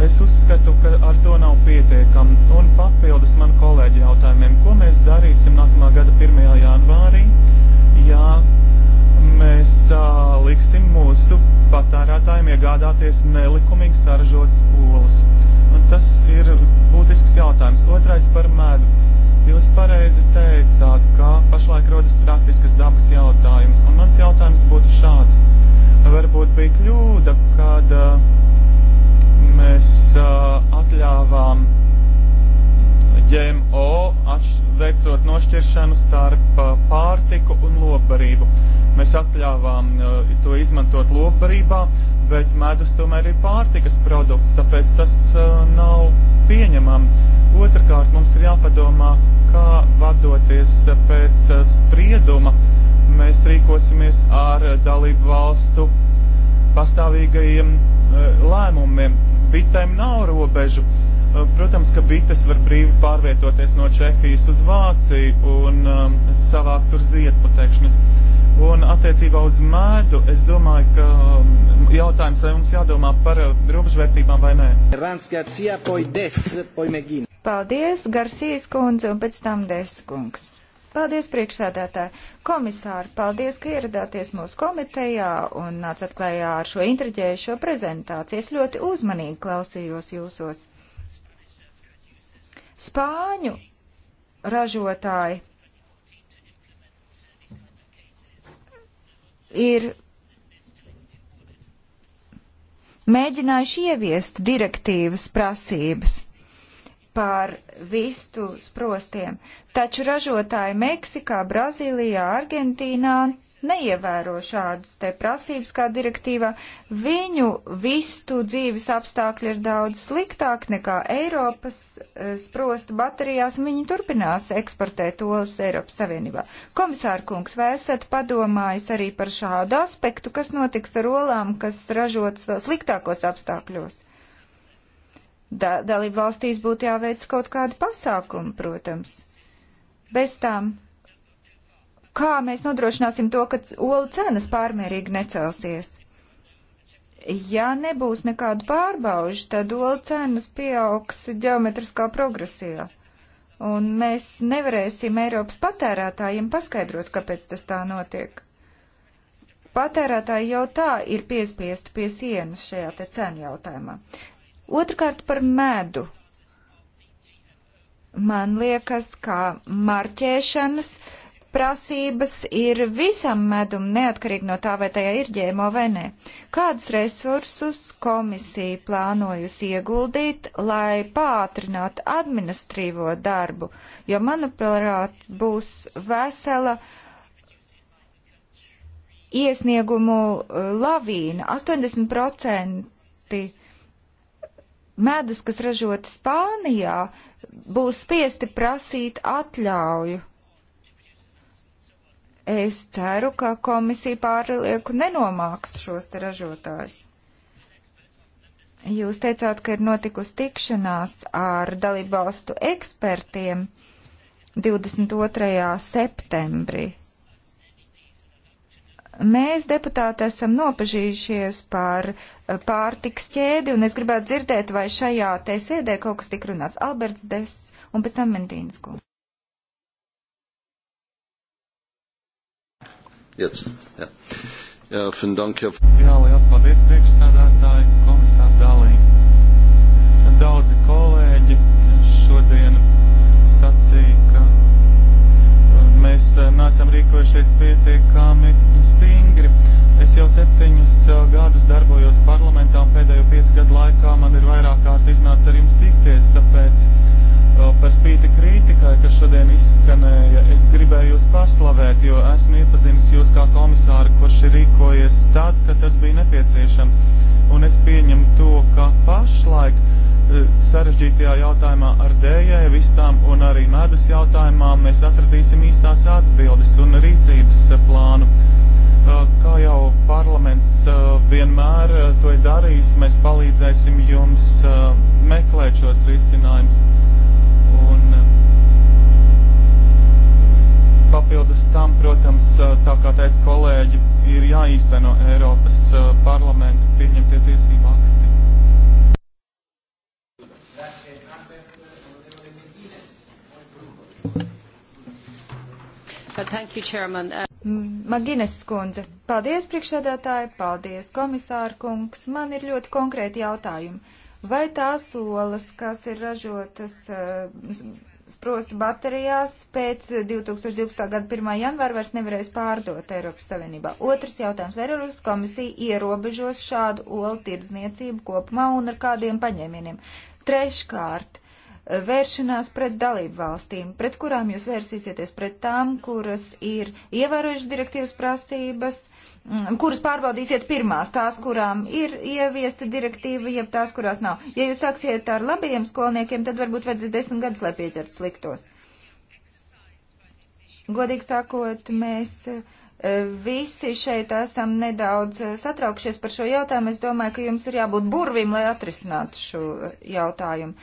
Speaker 1: Es uzskatu, ka ar to nav pietiekami. Un papildus man kolēģi jautājumiem, ko mēs darīsim nākamā gada 1. janvārī, ja mēs uh, liksim mūsu patērētājiem iegādāties nelikumīgi saražotas olas. Un tas ir būtisks jautājums. Otrais par medu. Jūs pareizi teicāt, ka pašlaik rodas praktiskas dabas jautājumi. Un mans jautājums būtu šāds. Varbūt bija kļūda, kad uh, mēs uh, atļāvām uh, ģēmo veicot nošķiršanu starp pārtiku un lopbarību. Mēs atļāvām to izmantot lopbarībā, bet medus tomēr ir pārtikas produkts, tāpēc tas nav pieņemam. Otrakārt mums ir jāpadomā, kā vadoties pēc sprieduma mēs rīkosimies ar dalību valstu pastāvīgajiem lēmumiem. Bitēm nav robežu. Uh, Eh, protams, ka bites var brīvi pārvietoties no Čehijas uz Vāciju un um, savākt tur ziedputekšņus. Un attiecībā uz mēdu, es domāju, ka um, jautājums, vai mums jādomā par eh, robežvērtībām vai nē.
Speaker 2: Paldies, Garcijas kundze, un pēc tam Deskungs. Paldies, priekšsēdētāji! Komisāri, paldies, ka ieradāties mūsu komitejā un nācat klējā ar šo intriģējušo prezentāciju. Es ļoti uzmanīgi klausījos jūsos. Spāņu ražotāji ir mēģinājuši ieviest direktīvas prasības par vistu sprostiem, taču ražotāji Meksikā, Brazīlijā, Argentīnā neievēro šādas te prasības kā direktīvā, viņu vistu dzīves apstākļi ir daudz sliktāk nekā Eiropas eh, sprosta baterijās, un viņi turpinās eksportēt olas Eiropas Savienībā. Komisāra kungs, vai esat padomājis arī par šādu aspektu, kas notiks ar olām, kas ražotas vēl sliktākos apstākļos? Da, dalību valstīs būtu jāveic kaut kādi pasākumi, protams. Bez tām kā mēs nodrošināsim to, ka olu cenas pārmērīgi necelsies? Ja nebūs nekādu pārbaužu, tad olu cenas pieaugs ģeometriskā progresijā. Un mēs nevarēsim Eiropas patērētājiem paskaidrot, kāpēc tas tā notiek. Patērētāji jau tā ir piespiesti pie sienas šajā te cenu jautājumā. Otrakārt par medu. Man liekas, ka marķēšanas uh, prasības ir visam medum, neatkarīgi no tā, vai tajā ir ģēmo vai nē. Kādus resursus komisija plānojusi ieguldīt, lai pātrinātu administrīvo darbu, jo, manuprāt, būs vesela iesniegumu uh, lavīna 80% medus, kas ražota Spānijā, būs spiesti prasīt atļauju Es ceru, ka komisija pārlieku nenomāks šos te ražotājus. Jūs teicāt, ka ir notikusi tikšanās ar dalībvalstu ekspertiem 22. septembrī. Mēs, deputāti, esam nopažījušies par eh, pārtiks ķēdi, un es gribētu dzirdēt, vai šajā te sēdē kaut kas tik runāts Alberts Des un pēc tam Mendīnsku.
Speaker 1: Jetzt. Ja. Ja, vielen Dank, Herr. Jā, liels paldies priekšsādātāji, komisār Dalī. Daudzi kolēģi šodien sacīja, ka uh, mēs uh, neesam rīkojušies pietiekami stingri. Es jau septiņus uh, gadus darbojos parlamentā un pēdējo piecu gadu laikā man ir vairāk kārt iznācis ar jums tikties, tāpēc Vēl par spīti kritikai, kas šodien izskanēja, es gribēju jūs paslavēt, jo esmu iepazinis jūs kā komisāru, kurš ir rīkojies tad, kad tas bija nepieciešams. Un es pieņemu to, ka pašlaik eh, sarežģītajā jautājumā ar dējai, vistām un arī medas jautājumā mēs atradīsim īstās atbildes un rīcības eh, plānu eh, kā jau parlaments vienmēr to ir darījis, mēs palīdzēsim jums meklēt šos risinājumus. Un papildus tam, protams, tā kā teica kolēģi, ir jāīsteno Eiropas parlamenta pieņemtie tiesību akti.
Speaker 3: Thank you, Chairman.
Speaker 2: Uh, Magines skundze, paldies priekšsēdētāji, paldies komisāra kungs. Man ir ļoti konkrēti jautājumi. Vai tās olas, kas ir ražotas eh, sprostu baterijās pēc 2012. gada 1. janvāra vairs nevarēs pārdot Eiropas Savienībā. Otrs jautājums. Vai Eiropas komisija ierobežos šādu olu tirdzniecību kopumā un ar kādiem paņēmieniem? Treškārt. Eh, vēršanās pret dalību valstīm, pret kurām jūs vērsīsieties pret tām, kuras ir ievērojušas direktīvas prasības, uh, Mm, kuras pārbaudīsiet pirmās, tās, kurām ir ieviesta direktīva, jeb tās, kurās nav. Ja jūs sāksiet ar labajiem skolniekiem, tad varbūt vajadzēs desmit gadus, lai pieķertu sliktos. Godīgi sakot, mēs eh, visi šeit esam nedaudz eh, satraukšies par šo jautājumu. Es domāju, ka jums ir jābūt burvim, lai atrisinātu šo eh, jautājumu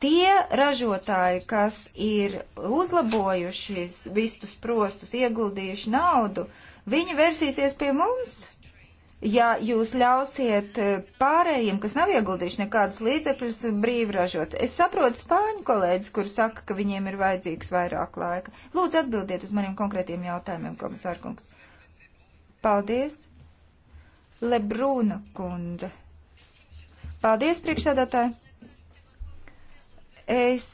Speaker 2: tie ražotāji, kas ir uzlabojuši vistus prostus, ieguldījuši naudu, uh, Viņi versīsies pie mums, ja jūs ļausiet eh, pārējiem, kas nav ieguldījuši nekādus līdzekļus, brīvražot. Es saprotu spāņu kolēģis, kur saka, ka viņiem ir vajadzīgs vairāk laika. Lūdzu atbildiet uz maniem konkrētiem jautājumiem, komisārkungs. Paldies. Lebrūna kundze. Paldies, priekšsēdētāji. Es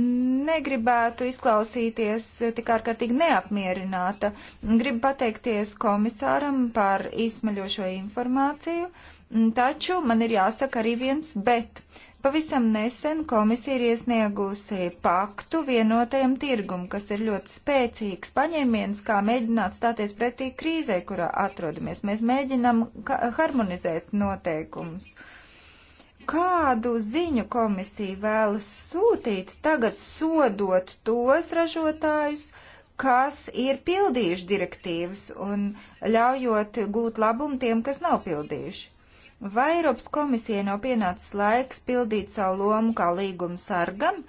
Speaker 2: negribētu izklausīties tik ārkārtīgi neapmierināta. Gribu pateikties komisāram par izsmeļošo informāciju, taču man ir jāsaka arī viens bet. Pavisam nesen komisija ir iesniegusi paktu vienotajam tirgum, kas ir ļoti spēcīgs paņēmiens, kā mēģināt stāties pretī krīzē, kurā atrodamies. Mēs mēģinam harmonizēt noteikumus. Uh, Kādu ziņu komisija vēlas sūtīt tagad sodot tos ražotājus, kas ir pildījuši direktīvas un ļaujot gūt labumu tiem, kas nav pildījuši? Vai Eiropas komisijai nav pienācis laiks pildīt savu lomu kā līguma sargam,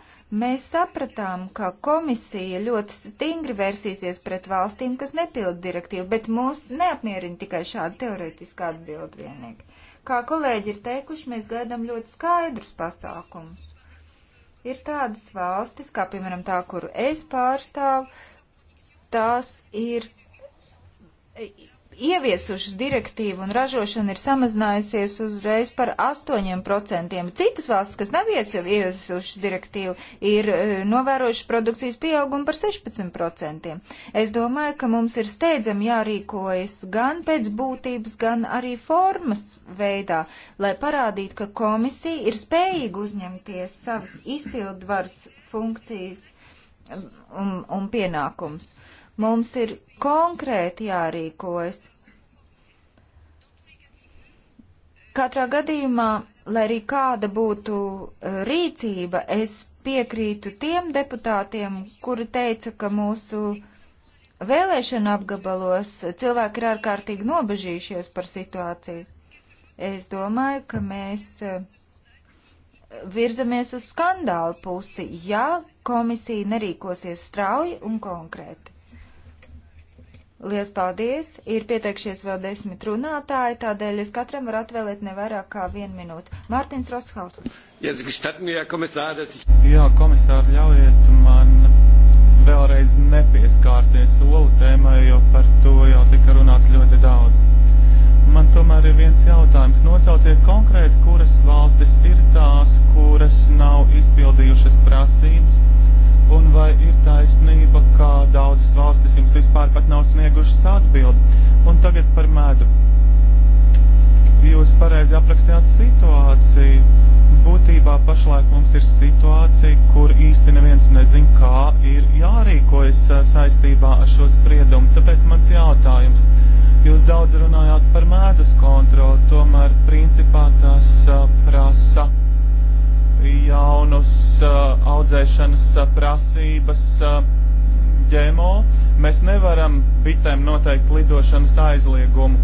Speaker 2: Mēs sapratām, ka komisija ļoti stingri vērsīsies pret valstīm, kas nepilda direktīvu, bet mūs neapmierina tikai šāda teoretiska atbilda vienīgi. Kā kolēģi ir teikuši, mēs gaidām ļoti skaidrus pasākumus. Ir tādas valstis, kā piemēram tā, kuru es pārstāvu, tās ir ieviesušas direktīvu un ražošana ir samazinājusies uzreiz par 8%. Citas valstis, kas nav ieviesušas direktīvu, ir e, novērojušas produkcijas pieaugumu par 16%. Es domāju, ka mums ir steidzami jārīkojas gan pēc būtības, gan arī formas veidā, lai parādītu, ka komisija ir spējīga uzņemties savas izpildvaras funkcijas un, um, um, un pienākums. Mums ir konkrēti jārīkojas. Katrā gadījumā, lai arī kāda būtu e, rīcība, es piekrītu tiem deputātiem, kuri teica, ka mūsu vēlēšana apgabalos cilvēki ir ārkārtīgi nobežījušies par situāciju. Es domāju, ka mēs e, virzamies uz skandālu pusi, ja komisija nerīkosies strauji un konkrēti. Lielas paldies! Ir pieteikšies vēl desmit runātāji, tādēļ es katram varu atvēlēt ne vairāk kā vienu minūtu. Mārtiņš Rosthaus.
Speaker 1: Jā, komisār, ļaujiet man vēlreiz nepieskārties olu tēmai, jo par to jau tika runāts ļoti daudz. Man tomēr ir viens jautājums. Nosauciet konkrēti, kuras valstis ir tās, kuras nav izpildījušas prasības un vai ir taisnība, ka daudzas valstis jums vispār pat nav sniegušas atbildi. Un tagad par medu. Jūs pareizi aprakstījāt situāciju. Būtībā pašlaik mums ir situācija, kur īsti neviens nezin, kā ir jārīkojas saistībā ar šo spriedumu. Tāpēc mans jautājums. Jūs daudz runājāt par mēdus kontroli, tomēr principā tas prasa. Uh, jaunus audzēšanas prasības ģēmo. Mēs nevaram bitēm noteikt lidošanas aizliegumu.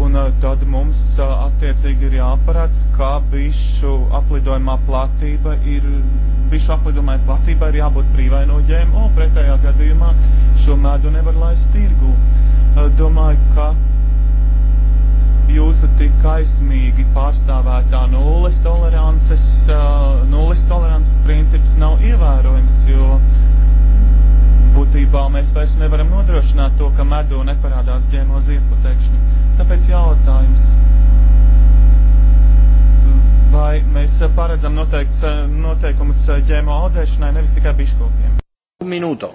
Speaker 1: Un tad mums attiecīgi ir jāparāds, kā bišu aplidojumā platība ir, bišu aplidojumā platība ir jābūt brīvai no ģēmo, pretējā gadījumā šo medu nevar laist tirgu. Domāju, ka jūsu tik kaismīgi pārstāvētā nulles tolerances, nulles tolerances princips nav ievērojams, jo būtībā mēs vairs nevaram nodrošināt to, ka medū neparādās ģēmo zirgu pēkšņi. Tāpēc jautājums, vai mēs paredzam noteikts noteikumus ģēmo audzēšanai, nevis tikai biškopiem? Minūto.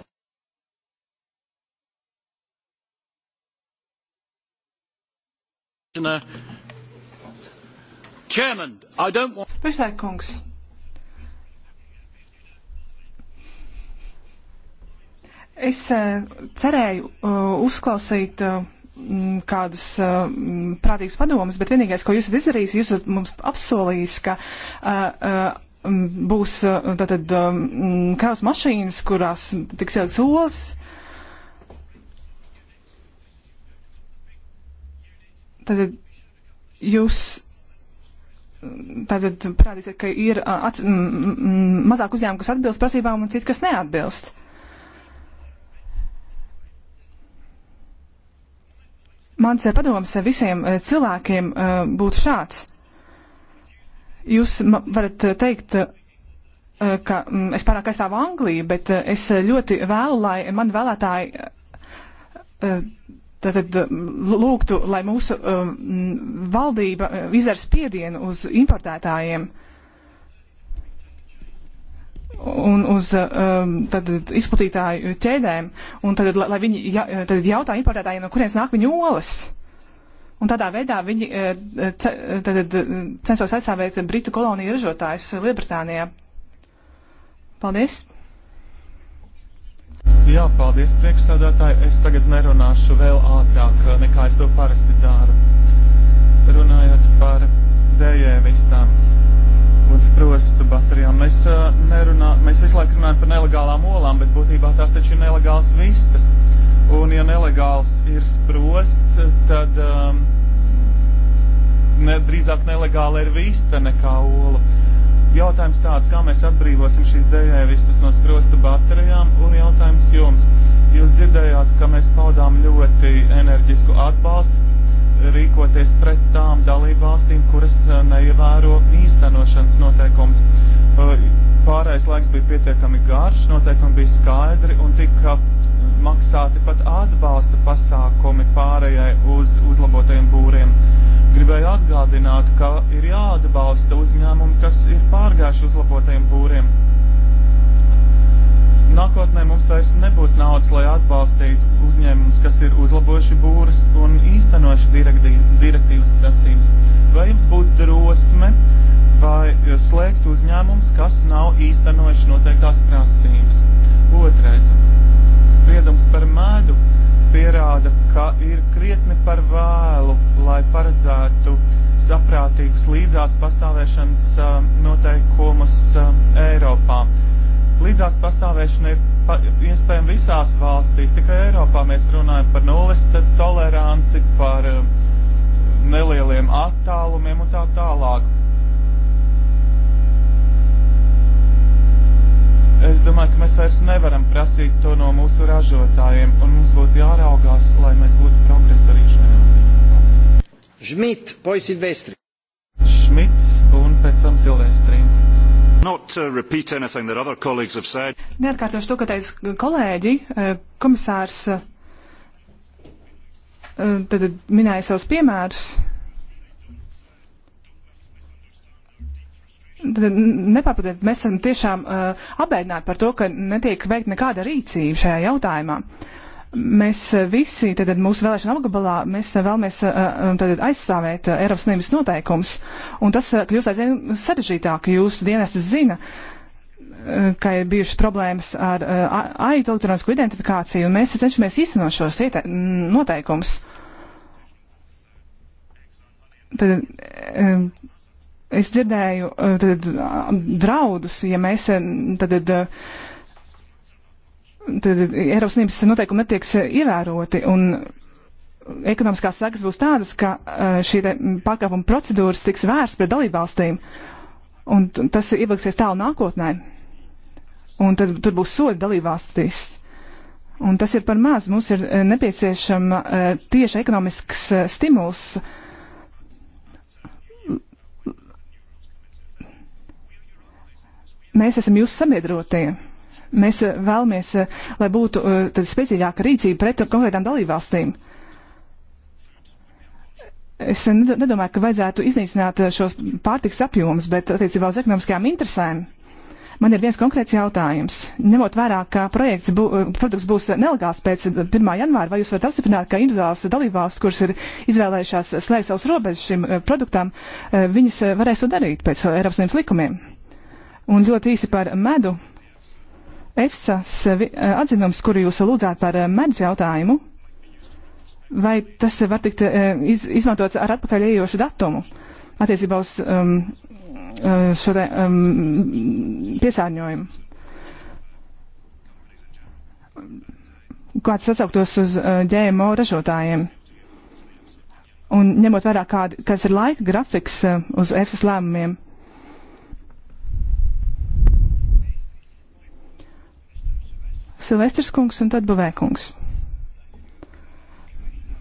Speaker 3: Priekšsēkungs. Es eh, cerēju eh, uzklausīt eh, kādus prātīgus padomus, bet vienīgais, ko jūs esat izdarījis, jūs esat mums apsolījis, ka būs tātad kravas mašīnas, kurās tiks ielikt solis Tātad jūs tātad parādīsiet, ka ir ats, m, mazāk uzņēmumu, kas atbilst prasībām un citi, kas neatbilst. Mans padoms visiem e, cilvēkiem e, būtu šāds. Jūs varat teikt, e, ka es pārāk aizstāvu Angliju, bet es ļoti vēlu, lai man vēlētāji Tātad um, lūgtu, lai mūsu um, valdība uh, izdara spiedienu uz importētājiem un uz um, tad, izplatītāju ķēdēm, un tad, lai viņi ja, tad jautā importētājiem, no kurienes nāk viņu olas. Un tādā veidā viņi uh, tad, uh, censos aizstāvēt Britu koloniju ražotājus Lielbritānijā. Paldies!
Speaker 1: Jā, paldies priekšsādātāji. Es tagad nerunāšu vēl ātrāk, eh, nekā es to parasti daru. Runājot par dējēvistām un sprostu baterijām, mēs, uh, nerunā, mēs visu laiku runājam par nelegālām olām, bet būtībā tās taču ir nelegāls vistas. Un, ja nelegāls ir sprosts, tad um, ne, drīzāk nelegāla ir vista nekā ola. Uh, Jautājums tāds, kā mēs atbrīvosim šīs dējēvistas no sprosta baterijām, un jautājums jums. Jūs dzirdējāt, ka mēs paudām ļoti enerģisku atbalstu rīkoties pret tām dalību valstīm, kuras eh, neievēro īstenošanas noteikums. Eh, pārējais laiks bija pietiekami garš, noteikumi bija skaidri un tika maksāti pat atbalsta pasākumi pārējai uz uzlabotajiem būriem. Gribēju atgādināt, ka ir jāatbalsta uzņēmumi, kas ir pārgājuši uzlabotajiem būriem. Nākotnē mums vairs nebūs naudas, lai atbalstītu uzņēmumus, kas ir uzlabojuši būras un īstenojuši direktīvas prasības. Vai jums būs drosme vai slēgt uzņēmumus, kas nav īstenojuši noteiktās prasības? Otrais spriedums par medu pierāda, ka ir krietni par vēlu, lai paredzētu saprātīgus līdzās pastāvēšanas uh, noteikumus uh, Eiropā. Līdzās pastāvēšana ir pa, iespējama visās valstīs, tikai Eiropā mēs runājam par nulles toleranci, par uh, nelieliem attālumiem un tā tālāk Es domāju, ka mēs vairs nevaram prasīt to no mūsu ražotājiem, un mums būtu jāraugās, lai mēs būtu progresa arī šajā ziņā. Šmit, poi Silvestri. Šmits un pēc tam Silvestri. Neatkārtošu
Speaker 3: to, ka teica kolēģi, eh, komisārs eh, tad minēja savus piemērus. nepārprotiet, mēs esam tiešām uh, apbēdināti par to, ka netiek veikta nekāda rīcība šajā jautājumā. Mēs visi, tad mūsu vēlēšana apgabalā, mēs vēlamies tātad, aizstāvēt Eiropas Savienības noteikumus, un tas kļūst aizvien sarežģītāk, jūsu dienesti zina, ka ir bijušas problēmas ar aitu elektronisko identifikāciju, un mēs cenšamies īstenot šos noteikumus. Tad, es dzirdēju eh, tad, draudus, ja mēs eh, tad, eh, tad, tad Eiropas Savienības noteikumi netiek ievēroti. Un ekonomiskās sekas būs tādas, ka šī pārkāpuma procedūras tiks vērsts pret dalībvalstīm. Un tas ievilksies tālu nākotnē. Un tad tur būs sodi dalībvalstīs. Un tas ir par maz. Mums ir nepieciešama tieši ekonomisks stimuls. Uh, mēs esam jūsu sabiedrotie. Mēs eh, vēlamies, eh, lai būtu eh, tad spēcīgāka rīcība pret konkrētām dalībvalstīm. Es nedomāju, ka vajadzētu iznīcināt šos pārtiks apjomus, bet attiecībā uz ekonomiskajām interesēm. Man ir viens konkrēts jautājums. Ņemot vērā, ka projekts bū, produkts būs nelegāls pēc 1. janvāra, vai jūs varat apstiprināt, ka individuāls dalībvalsts, kuras ir izvēlējušās slēgt savus robežas šim produktam, viņas varēs to darīt pēc Eiropas likumiem? Un ļoti īsi par medu. EFSAS eh, atzinums, kuru jūs lūdzāt par eh, medus jautājumu, vai tas var tikt eh, iz, izmantots ar atpakaļ ejošu datumu attiecībā uz um, šo te, um, piesārņojumu? Kāds atsauktos uz ģēmo ražotājiem? Un ņemot vērā, kādi, kas ir laika grafiks uz EFSAS lēmumiem, Silvestris kungs un tad Buvēkungs.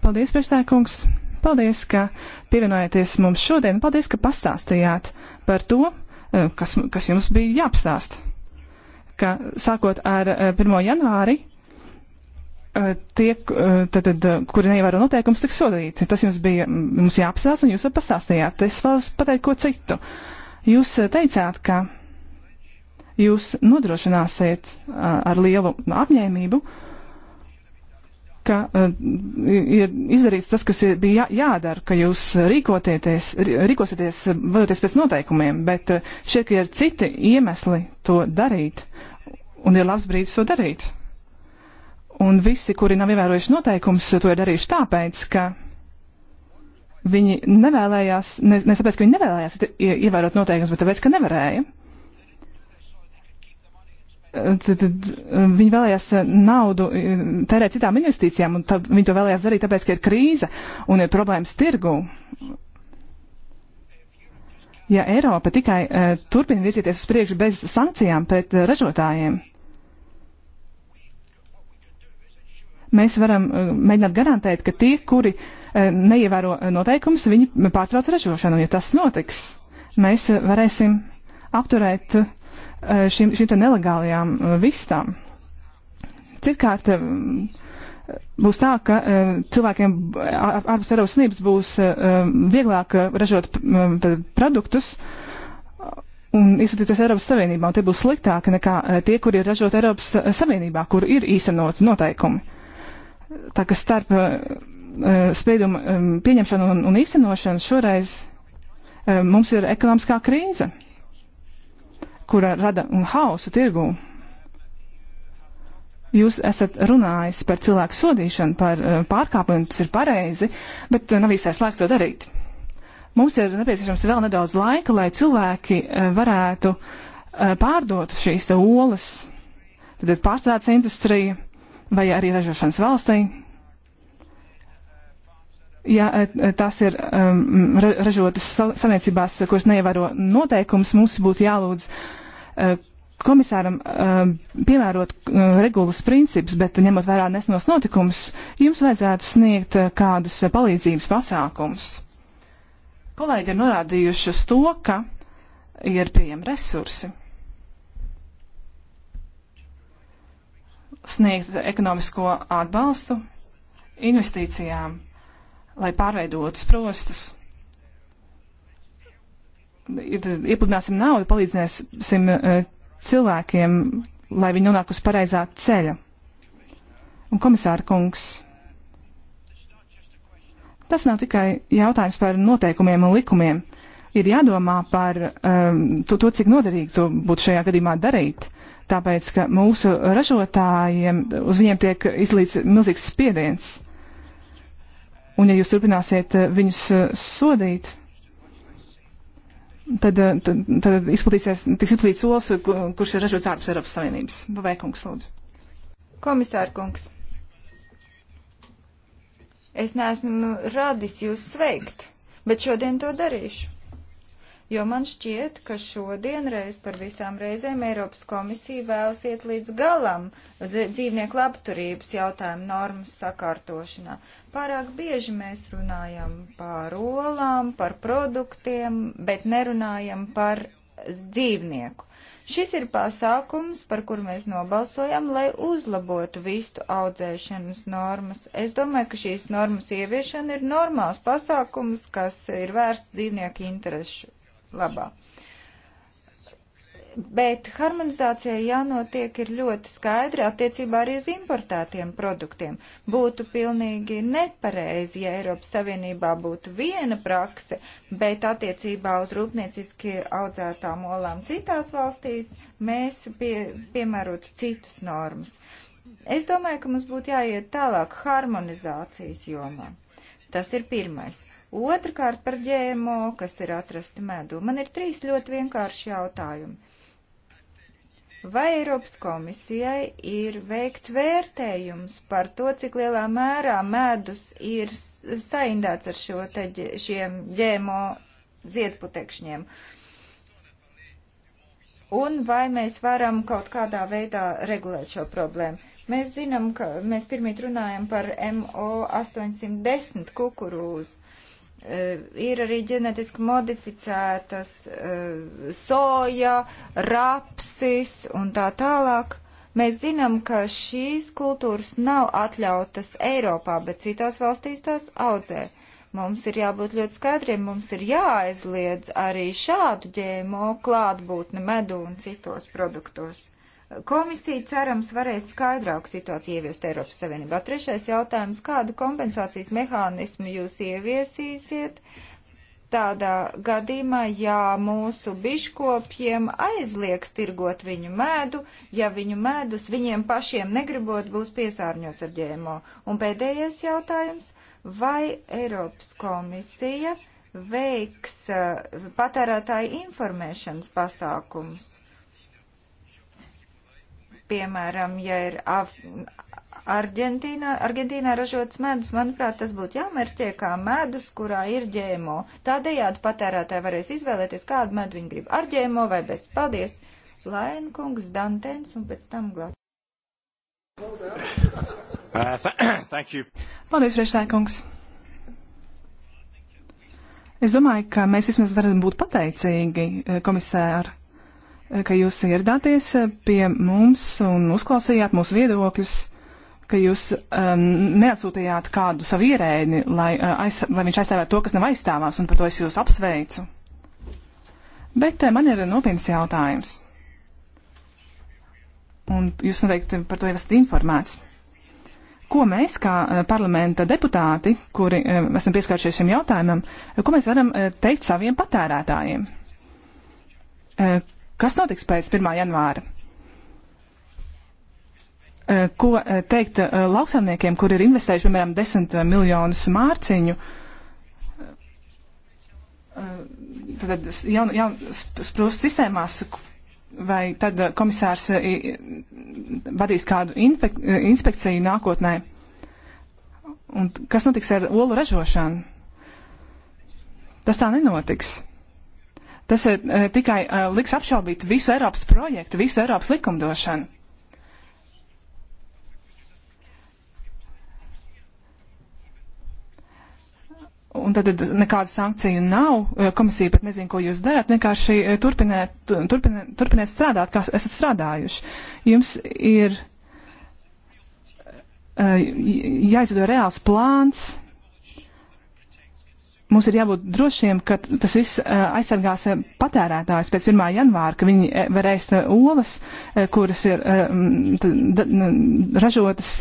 Speaker 3: Paldies, priekšstākungs! Paldies, ka pievienojāties mums šodien. Paldies, ka pastāstījāt par to, eh, kas, kas jums bija jāapstāst. Ka sākot ar 1. Eh, janvāri eh, tie, tad, tad, kuri neievēro noteikumus, tiks sodīti. Tas jums bija mums jāapstāsta, un jūs to pastāstījāt. Es vēlos pateikt ko citu. Jūs teicāt, ka jūs nodrošināsiet ar lielu apņēmību, ka ir izdarīts tas, kas ir, bija jādara, ka jūs rīkosieties vadoties pēc noteikumiem, bet šeit ir citi iemesli to darīt, un ir labs brīdis to darīt. Un visi, kuri nav ievērojuši noteikums, to ir darījuši tāpēc, ka viņi nevēlējās, ne, ne tāpēc, ka viņi nevēlējās ievērot noteikumus, bet tāpēc, ka nevarēja tad, tad eh, viņi vēlējās eh, naudu eh, tērēt citām investīcijām, un tad viņi to vēlējās darīt tāpēc, ka ir krīze un ir problēmas tirgu. Ja Eiropa tikai uh, turpina virzīties uz priekšu bez sankcijām pret uh, ražotājiem, mēs varam uh, mēģināt garantēt, ka tie, kuri uh, neievēro noteikumus, viņi pārtrauc ražošanu, un ja tas notiks, mēs uh, varēsim apturēt uh, Eh, šīm, šīm te nelegālajām eh, vistām. Citkārt eh, būs tā, ka cilvēkiem ārpus Eiropas Savienības būs vieglāk ražot produktus un izskatīties Eiropas Savienībā, un tie būs sliktāki nekā tie, kuri ir ražot Eiropas Savienībā, kur ir īstenots noteikumi. Tā ka starp spriedumu pieņemšanu un, un īstenošanu šoreiz mums ir ekonomiskā krīze kura rada hausu tirgū. Jūs esat runājis par cilvēku sodīšanu, par eh, pārkāpumiem, tas ir pareizi, bet eh, nav īstais laiks to darīt. Mums ir nepieciešams vēl nedaudz laika, lai cilvēki eh, varētu pārdot šīs te olas, tad ir pārstrādes industrija vai arī ražošanas valstī ja e, tās ir um, ražotas saimniecībās, kuras neievēro noteikumus, mums būtu jālūdz uh, komisāram uh, piemērot uh, regulas principus, bet ņemot vērā nesenos notikumus, jums vajadzētu sniegt uh, kādus uh, palīdzības pasākums. Kolēģi ir norādījuši uz to, ka ir pieejami resursi. Sniegt ekonomisko atbalstu investīcijām lai pārveidotu sprostus. Iepludināsim naudu, palīdzēsim e, cilvēkiem, lai viņi nonāk uz pareizā ceļa. Un komisāra kungs, tas nav tikai jautājums par noteikumiem un likumiem. Ir jādomā par um, to, to, cik noderīgi to būtu šajā gadījumā darīt. Tāpēc, ka mūsu ražotājiem uz viņiem tiek izlīdz milzīgs spiediens. Un ja jūs turpināsiet eh, viņus eh, sodīt, tad, eh, tad, tad izplatīsies, tiks izplatīts solis, kur, kurš ir
Speaker 2: ražots ārpus Eiropas Savienības. Pavēkums, lūdzu. Komisārkungs, es neesmu nu, radis jūs sveikt, bet šodien to darīšu jo man šķiet, ka šodien reiz par visām reizēm Eiropas komisija vēlas iet līdz galam dzīvnieku labturības jautājumu normas sakārtošanā. Pārāk bieži mēs runājam par olām, par produktiem, bet nerunājam par dzīvnieku. Šis ir pasākums, par kur mēs nobalsojam, lai uzlabotu vistu audzēšanas normas. Es domāju, ka šīs normas ieviešana ir normāls pasākums, kas ir vērsts dzīvnieku interesu labā. Bet harmonizācijai jānotiek ir ļoti skaidri attiecībā arī uz importētiem produktiem. Būtu pilnīgi nepareizi, ja Eiropas Savienībā būtu viena prakse, bet attiecībā uz rūpnieciski audzētām olām citās valstīs mēs pie, piemērotu citas normas. Es domāju, ka mums būtu jāiet tālāk harmonizācijas jomā. Tas ir pirmais. Otrakārt par ģēmo, kas ir atrasti medū. Man ir trīs ļoti vienkārši jautājumi. Vai Eiropas komisijai ir veikts vērtējums par to, cik lielā mērā medus ir saindēts ar šo te, šiem ģēmo ziedputekšņiem? Un vai mēs varam kaut kādā veidā regulēt šo problēmu? Mēs zinām, ka mēs pirmīt runājam par MO 810 kukurūzu. Eh, ir arī ģenetiski modificētas eh, soja, rapsis un tā tālāk. Mēs zinām, ka šīs kultūras nav atļautas Eiropā, bet citās valstīs tās audzē. Mums ir jābūt ļoti skaidriem, mums ir jāaizliedz arī šādu ģēmo klātbūtne medu un citos produktos. Komisija cerams varēs skaidrāku situāciju ieviest Eiropas Savienībā. Trešais jautājums - kādu kompensācijas mehānismu jūs ieviesīsiet tādā gadījumā, ja mūsu biškopiem aizliegs tirgot viņu medu, ja viņu medus viņiem pašiem negribot būs piesārņots ar ģēmo? Un pēdējais jautājums - vai Eiropas komisija veiks uh, patērētāju informēšanas pasākumus? Piemēram, ja ir Argentīnā, Argentīnā ražots medus, manuprāt, tas būtu jāmērķē kā medus, kurā ir ģēmo. Tādējādi patērētāji varēs izvēlēties, kādu medu viņi grib, ar ģēmo vai bez. Paldies! Lainkungs, Dantens un pēc tam glāt.
Speaker 1: Uh, th
Speaker 2: thank you.
Speaker 3: Paldies, priekšsēkungs. Es domāju, ka mēs vismaz varam būt pateicīgi eh, komisāru ka jūs ieradāties pie mums un uzklausījāt mūsu viedokļus, ka jūs um, neatsūtījāt kādu savu ierēni, lai, uh, aiz, lai viņš aizstāvētu to, kas nav aizstāvās, un par to es jūs apsveicu. Bet uh, man ir nopietns jautājums. Un jūs noteikti par to jau esat informēts. Ko mēs, kā uh, parlamenta deputāti, kuri uh, esam pieskāršies šim jautājumam, ko mēs varam uh, teikt saviem patērētājiem? Uh, Kas notiks pēc 1. janvāra? Eh, ko eh, teikt eh, lauksaimniekiem, kur ir investējuši, piemēram, 10 miljonus mārciņu? Tad jaun, jaun, sprūst sistēmās, vai tad komisārs vadīs kādu inspekciju nākotnē? Un kas notiks ar olu ražošanu? Tas tā nenotiks. Tas uh, tikai uh, liks apšaubīt visu Eiropas projektu, visu Eiropas likumdošanu. Un tad nekādu sankciju nav. Eh, komisija pat nezina, ko jūs darat. Vienkārši turpiniet, turpiniet, turpiniet strādāt, kā esat strādājuši. Jums ir jāizveido reāls plāns, mums ir jābūt drošiem, ka tas viss eh, aizsargās eh, patērētājs pēc 1. janvāra, ka viņi eh, var ēst olas, kuras ir ražotas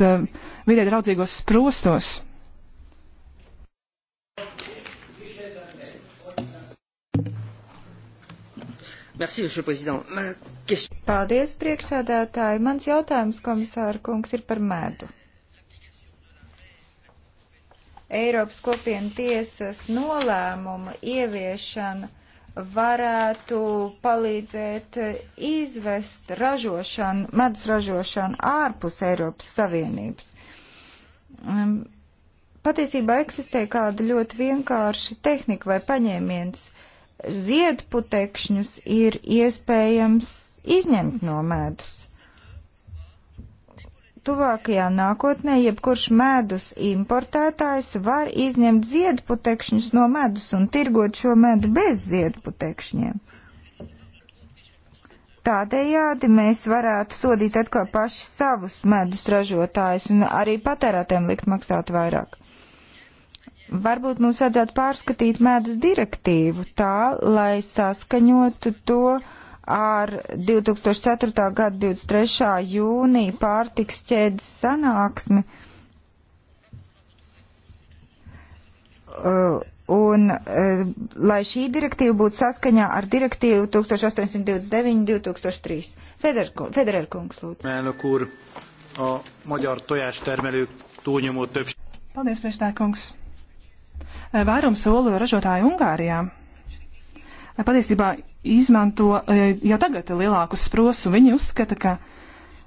Speaker 3: vidē draudzīgos sprostos.
Speaker 2: Merci, monsieur le président. Paldies, priekšsēdētāji. Mans jautājums, komisāra kungs, ir par medu. Eiropas kopienu tiesas nolēmumu ieviešana varētu palīdzēt izvest ražošanu, medus ražošanu ārpus Eiropas Savienības. Um, patiesībā eksistē kāda ļoti vienkārša tehnika vai paņēmiens. Ziedputekšņus ir iespējams izņemt no medus tuvākajā nākotnē jebkurš medus importētājs var izņemt ziedputekšņus no medus un tirgot šo medu bez ziedputekšņiem. Tādējādi mēs varētu sodīt atkal paši savus medus ražotājus un arī patērētēm likt maksāt vairāk. Varbūt mums vajadzētu pārskatīt medus direktīvu tā, lai saskaņotu to, uh, ar 2004. gada 23. jūnija pārtiks ķēdes sanāksmi. Uh, un, uh, lai šī direktīva būtu saskaņā ar direktīvu 1829-2003. Federer kungs, lūdzu.
Speaker 1: Elnök úr, a magyar tojástermelők túlnyomó többség.
Speaker 3: Paldies, priekšstākungs. Vairums olu ražotāju Ungārijā patiesībā izmanto e, jau tagad lielāku sprosu. Viņi uzskata, ka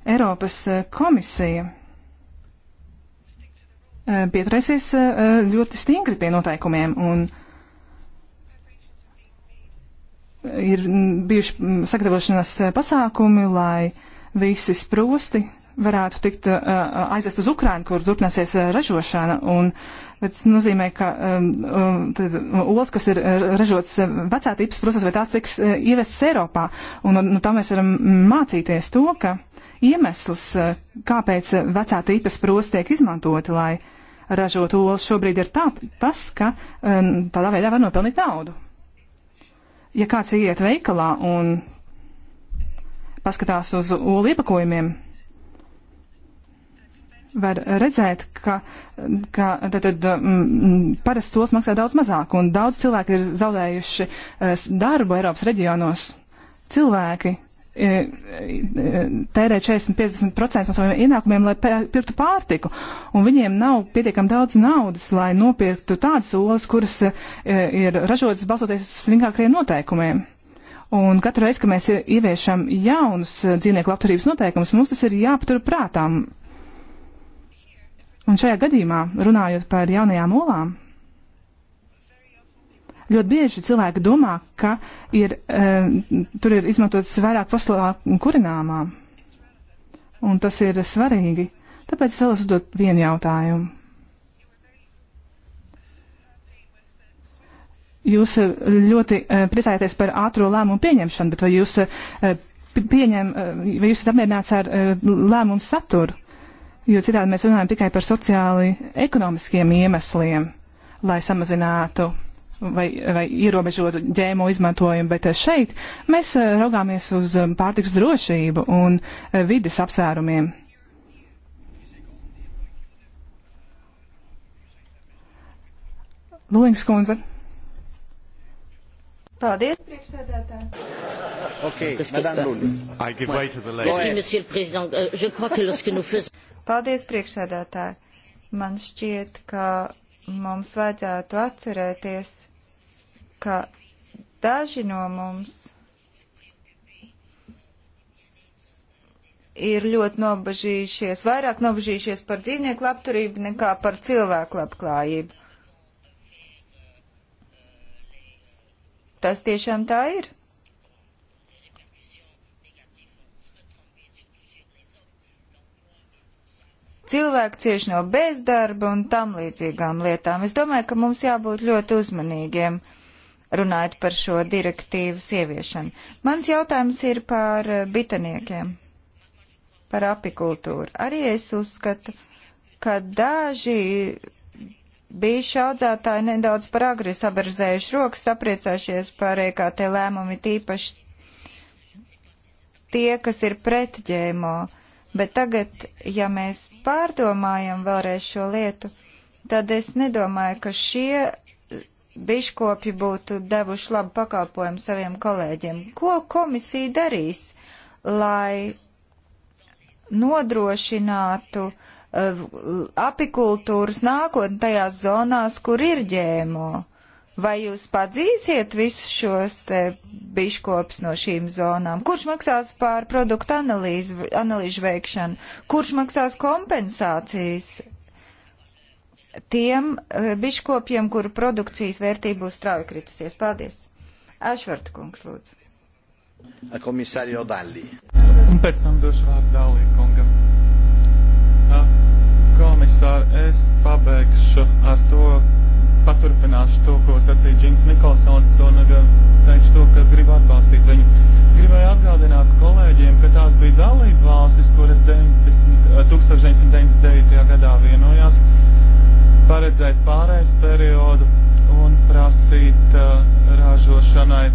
Speaker 3: Eiropas e, komisija e, pieturēsies ļoti stingri pie noteikumiem un ir bijuši sagatavošanās pasākumi, lai visi sprosti varētu tikt uh, uh, aizvest uz Ukrainu, kur turpināsies uh, ražošana. Un, tas nozīmē, ka um, um uh, olas, kas ir uh, ražotas vecā tipas procesos, vai tās tiks uh, ievestas Eiropā. Un nu, tā mēs varam mācīties to, ka iemesls, uh, kāpēc vecā tipas proces tiek izmantoti, lai ražotu olas, šobrīd ir tā, tas, ka um, tādā veidā var nopelnīt naudu. Ja kāds iet veikalā un paskatās uz olu iepakojumiem, var redzēt, ka, ka tad, tad, mm, m, mm, parasts solis maksā daudz mazāk, un daudz cilvēki ir zaudējuši eh, darbu Eiropas reģionos. Cilvēki eh, eh, tērē 40-50% no saviem ienākumiem, lai pirktu pārtiku, un viņiem nav pietiekami daudz naudas, lai nopirktu tādas olas, kuras ir ražotas balsoties uz slinkākajiem noteikumiem. Un katru reizi, kad mēs ieviešam jaunus dzīvnieku labturības noteikumus, mums tas ir jāpatur prātām Un šajā gadījumā, runājot par jaunajām olām, ļoti bieži cilvēki domā, ka ir, e, tur ir izmantotas vairāk fosilā kurināmā. Un tas ir svarīgi. Tāpēc es vēlos uzdot vienu jautājumu. Jūs e, ļoti e, priecājaties par ātro lēmumu pieņemšanu, bet vai jūs, e, pieņem, e, vai jūs esat apmierināts ar e, lēmumu saturu? jo citādi mēs runājam tikai par sociāli ekonomiskiem iemesliem, lai samazinātu vai, vai ierobežotu ģēmo izmantojumu, bet eh, šeit mēs eh, raugāmies uz eh, pārtiks drošību un vides apsvērumiem. Lūlīngas kundze.
Speaker 2: Paldies, priekšsēdētāji.
Speaker 1: Okay, madame Lūlīngas.
Speaker 2: Paldies, priekšsēdētāji! Man šķiet, ka mums vajadzētu atcerēties, ka daži no mums ir ļoti nobažījušies, vairāk nobažījušies par dzīvnieku labturību nekā par cilvēku labklājību. Tas tiešām tā ir. cilvēki cieši no bezdarba un tam līdzīgām lietām. Es domāju, ka mums jābūt ļoti uzmanīgiem runājot par šo direktīvas ieviešanu. Mans jautājums ir par eh, bitaniekiem, par apikultūru. Arī es uzskatu, ka daži bija šaudzētāji nedaudz par agri sabarzējuši rokas, sapriecājušies par EKT lēmumi, tīpaši tie, kas ir pret ģēmo. Bet tagad, ja mēs pārdomājam vēlreiz šo lietu, tad es nedomāju, ka šie biškopi būtu devuši labu pakalpojumu saviem kolēģiem. Ko komisija darīs, lai nodrošinātu uh, apikultūras nākotni tajās zonās, kur ir ģēmo? Vai jūs padzīsiet visus šos te biškops no šīm zonām? Kurš maksās par produktu analīzi, analīžu veikšanu? Kurš maksās kompensācijas tiem eh, biškopiem, kuru produkcijas vērtība būs strauji kritusies? Paldies! Ašvarta kungs, lūdzu. Komisārio Dallī.
Speaker 1: Un pēc tam došu vārdu Dallī kungam. Komisār, es pabeigšu ar to, paturpināšu to, ko sacīja Džims Nikolsons, un uh, teikšu to, ka gribu atbalstīt viņu. Gribēju atgādināt kolēģiem, ka tās bija dalība valstis, kuras 90, 1999. Uh, gadā vienojās paredzēt pārējais periodu un prasīt uh, ražošanai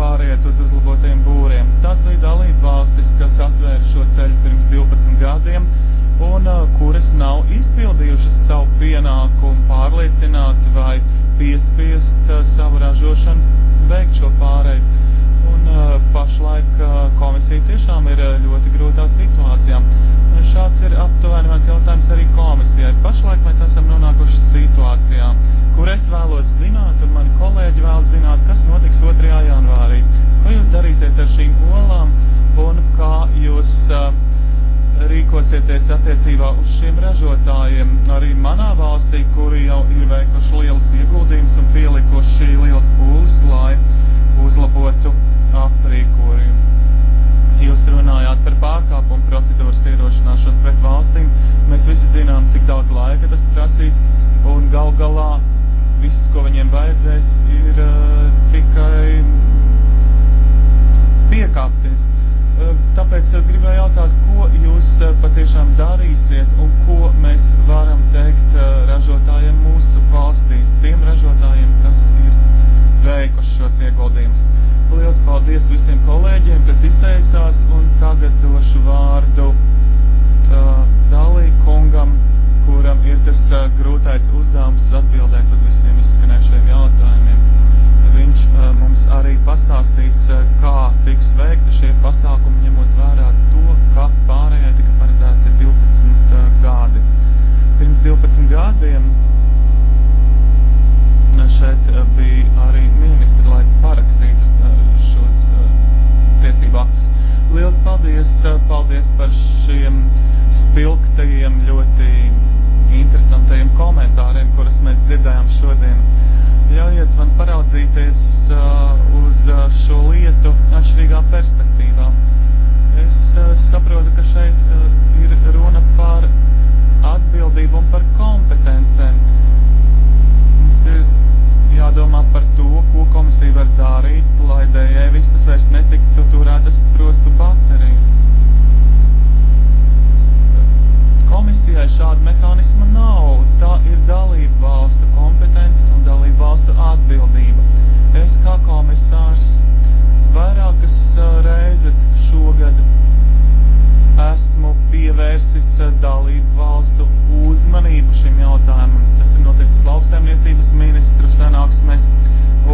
Speaker 1: pāriet uz uzlabotajiem būriem. Tās bija dalība valstis, kas atvēra šo ceļu pirms 12 gadiem un uh, kuras nav izpildījušas savu pienākumu pārliecināt vai piespiest uh, savu ražošanu veikt šo pārēju. Un uh, pašlaik komisija tiešām ir ļoti grūtā situācijā. Šāds ir aptuveni mans jautājums arī komisijai. Pašlaik mēs esam nonākuši situācijā, kur es vēlos zināt, un mani kolēģi vēlas zināt, kas notiks 2. janvārī. Ko jūs darīsiet ar šīm olām un kā jūs uh, rīkosieties attiecībā uz šiem ražotājiem arī manā valstī, kuri jau ir veikuši lielus ieguldījumus un pielikuši liels pūles, lai uzlabotu aprīkojumu? Jūs runājāt par pārkāpumu procedūras ierošināšanu pret valstīm. Mēs visi zinām, cik daudz laika tas prasīs, un gal galā viss, ko viņiem vajadzēs, ir uh, tikai piekāpties. Uh, Ehm, tāpēc eh, gribēju jautāt, ko jūs eh, patiešām darīsiet un ko mēs varam teikt eh, ražotājiem mūsu valstīs, tiem ražotājiem, kas ir veikuši šos ieguldījumus. Lielas paldies visiem kolēģiem, kas izteicās, un tagad došu vārdu uh, Dalī kungam, kuram ir tas uh, grūtais uzdevums atbildēt uz visiem izskanējušajiem jautājumiem viņš eh, mums arī pastāstīs, eh, kā tiks veikti šie pasākumi, ņemot vērā to, ka pārējai tika paredzēti 12 eh, gadi. Pirms 12 gadiem šeit bija arī ministri, lai parakstītu šos tiesību aktus. Liels paldies, paldies par šiem spilgtajiem, ļoti interesantajiem komentāriem, kurus mēs dzirdējām šodien ļaujiet man paraudzīties uh, uz uh, šo lietu atšķirīgā perspektīvā. Es uh, saprotu, ka šeit uh, ir runa par atbildību un par kompetencēm. Mums ir jādomā par to, ko komisija var darīt, lai dēļ e vistas vairs netiktu turētas sprostu baterijas. Komisijai šāda mehānisma nav. Tā ir dalība valstu kompetence un dalība valstu atbildība. Es kā komisārs vairākas reizes šogad esmu pievērsis dalību valstu uzmanību šim jautājumam. Tas ir noticis lauksaimniecības ministru sanāksmēs,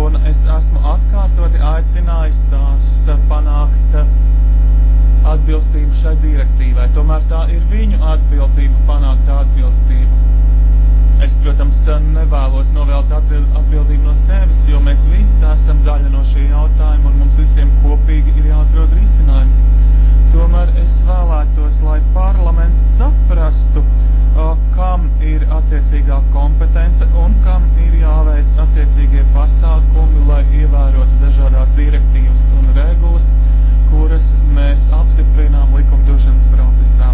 Speaker 1: un es esmu atkārtoti aicinājis tās panākt atbilstību šai direktīvai. Tomēr tā ir viņu atbildība panākt tā atbilstību. Es, protams, nevēlos novēlt atbildību no sevis, jo mēs visi esam daļa no šī jautājuma un mums visiem kopīgi ir jāatrod risinājums. Tomēr es vēlētos, lai parlaments saprastu, kam ir attiecīgā kompetence un kam ir jāveic attiecīgie pasākumi, lai ievērotu dažādās direktīvas un regulas kuras mēs apstiprinām likumdošanas procesā.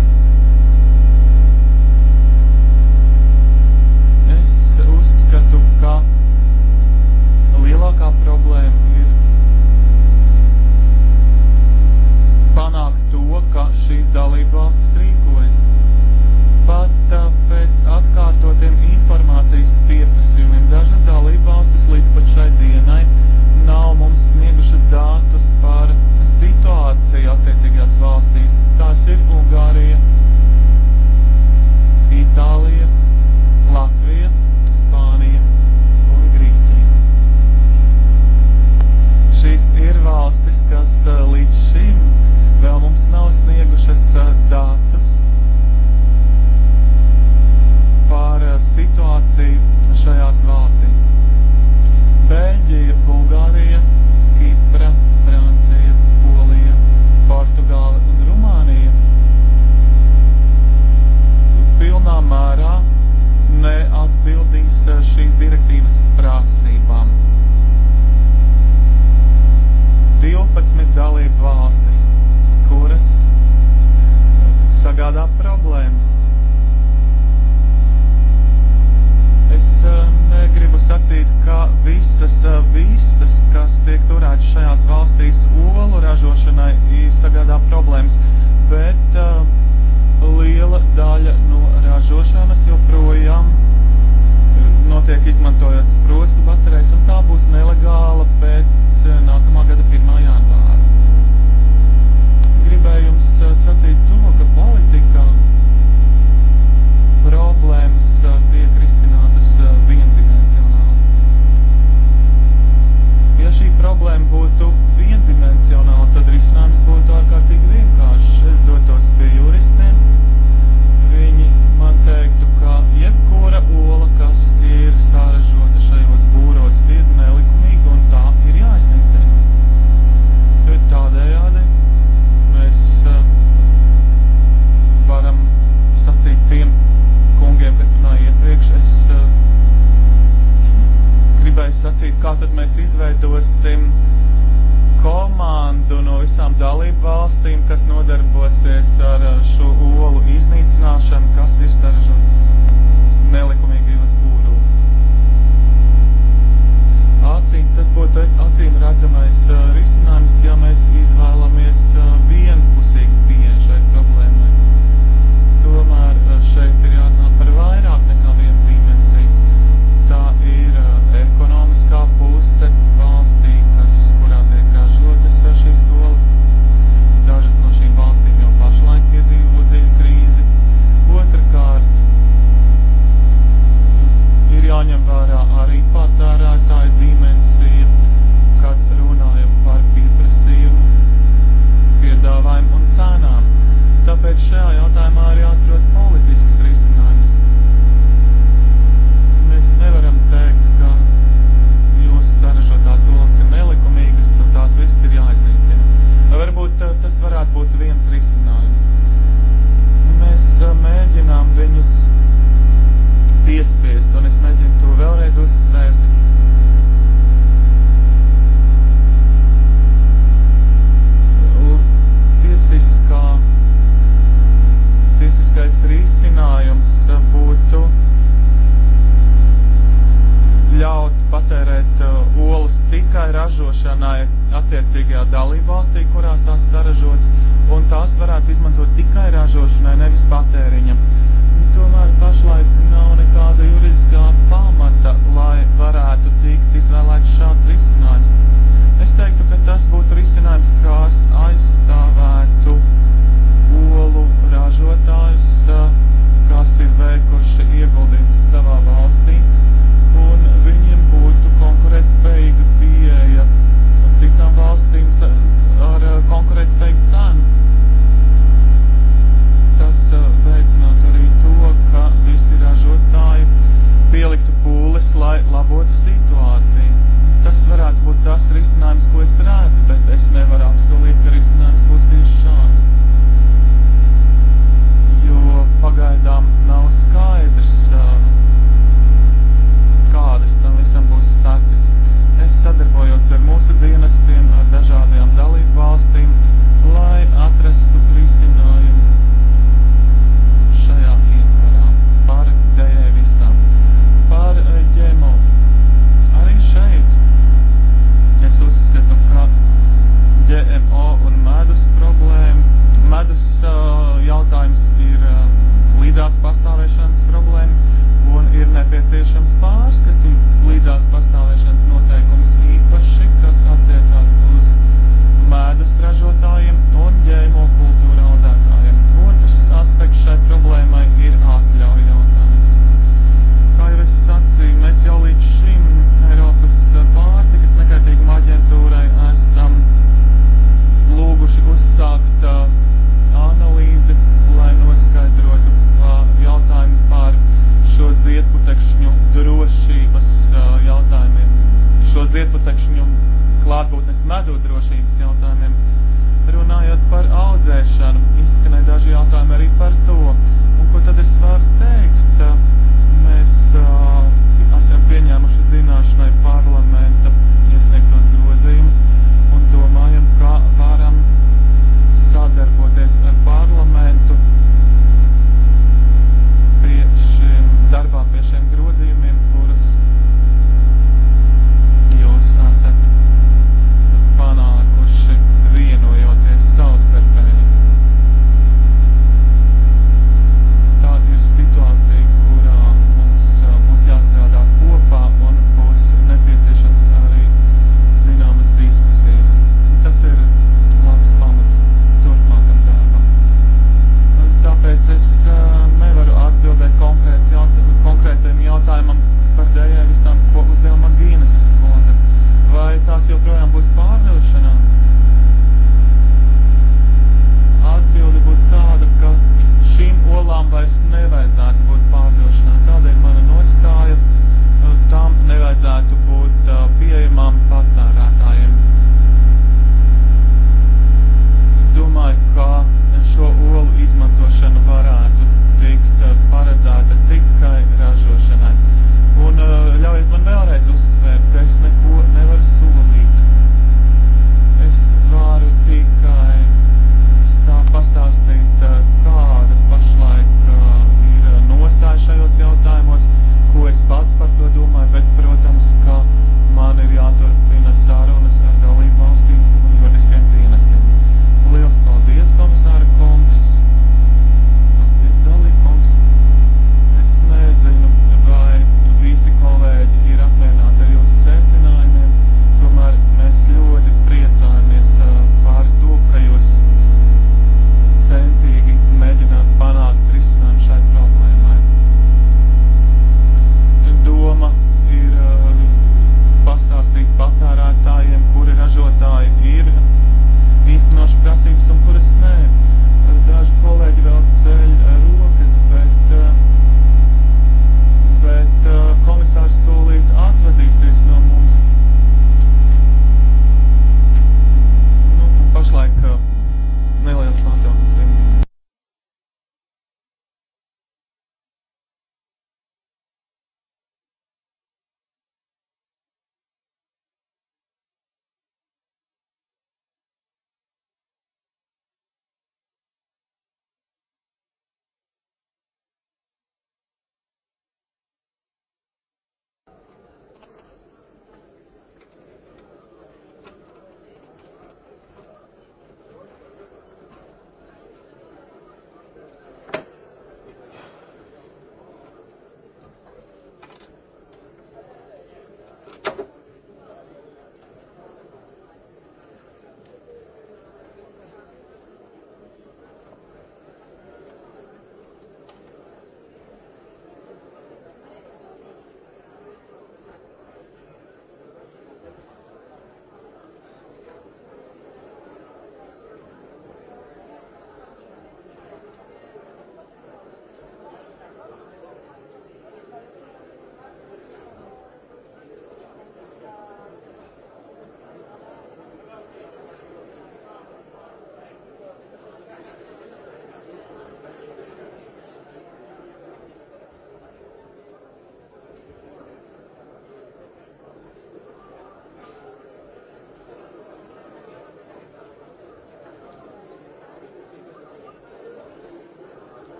Speaker 1: Es uzskatu, ka lielākā problēma ir panākt to, ka šīs dalībvalstis rīkojas. Pat pēc atkārtot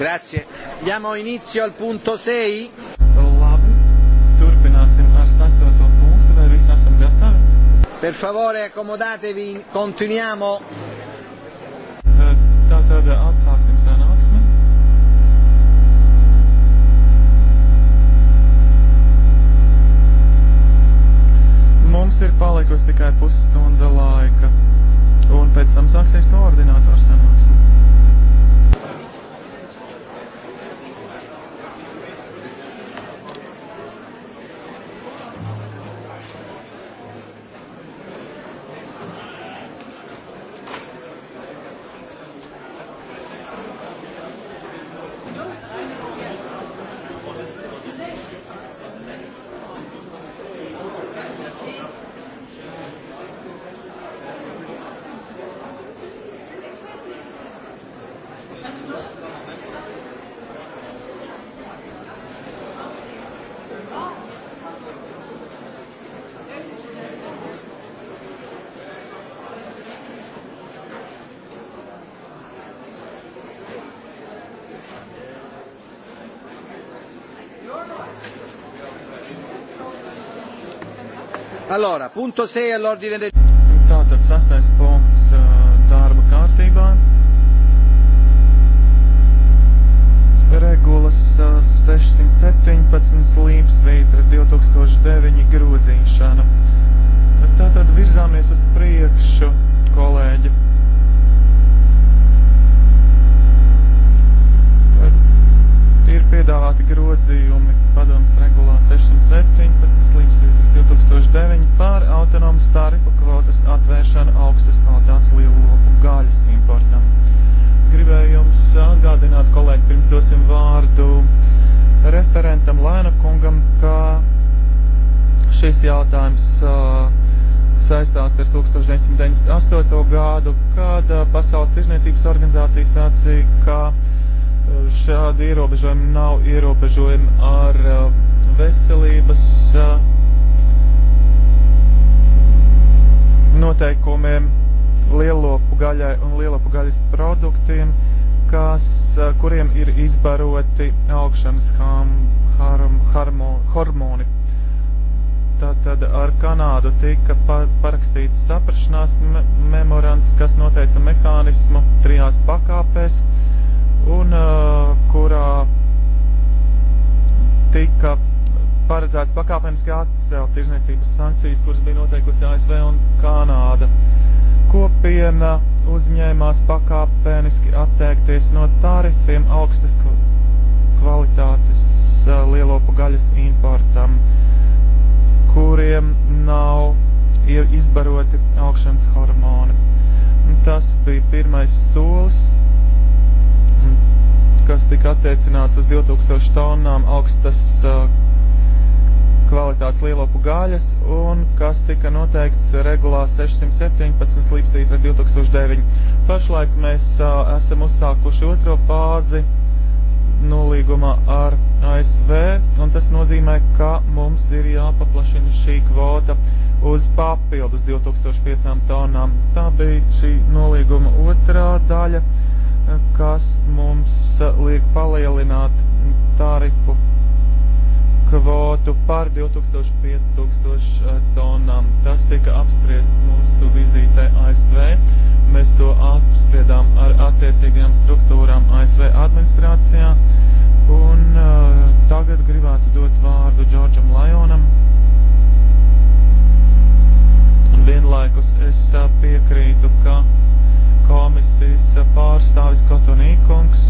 Speaker 1: Grazie. Diamo inizio al punto 6. Labi, turpināsim ar sastoto punktu, vai visi esam gatavi? Per
Speaker 3: favore, accomodatevi, continuiamo.
Speaker 1: Eh, tātad atsāksim sanāksmi. Mums ir palikusi tikai pusstunda laika, un pēc tam sāksies koordinācija. Allora, punto 6 all'ordine del giorno. Tātad sastais punkts uh, darba kārtībā. Regulas 617 līpsvītra 2009 grozīšana. Tātad virzāmies uz priekšu, kolēģi. Ir piedāvāti grozījumi padomas regulā 617 līdz 2009 pār autonomas tarifu kvotas atvēršanu augstas kvalitātes lielopu gaļas importam. Gribēju jums atgādināt, kolēģi, pirms dosim vārdu referentam Lēna kungam, ka šis jautājums uh, saistās ar 1998. gadu, kad uh, Pasaules tirzniecības organizācija sacīja, ka šādi ierobežojumi nav ierobežojumi ar uh, veselības uh, noteikumiem lielopu gaļai un lielopu gaļas produktiem, kas, uh, kuriem ir izbaroti augšanas ham, harm, harmo, hormoni. Tātad ar Kanādu tika parakstīts saprašanās me memorands, kas noteica mehānismu trijās pakāpēs un uh, kurā tika paredzēts pakāpeniski atcelt tirzniecības sankcijas, kuras bija noteikusi ASV un Kanāda. Kopiena uzņēmās pakāpeniski atteikties no tarifiem augstas kvalitātes uh, lielopu gaļas importam, kuriem nav izbaroti augšanas hormoni. Tas bija pirmais solis kas tika attiecināts uz 2000 tonnām augstas uh, kvalitātes lielopu gaļas un kas tika noteikts regulā 617 līpsītra 2009. Pašlaik mēs uh, esam uzsākuši otro fāzi nolīgumā ar ASV, un tas nozīmē, ka mums ir jāpaplašina šī kvota uz papildus 2005 tonām. Tā bija šī nolīguma otrā daļa kas mums eh, liek palielināt tarifu kvotu par 2500 eh, tonām. Tas tika apspriests mūsu vizītē ASV. Mēs to apspriedām ar attiecīgajām struktūrām ASV administrācijā. Un uh, tagad gribētu dot vārdu Džordžam Lajonam. Un vienlaikus es uh, piekrītu, ka uh, komisijas pārstāvis Kotonīkungs,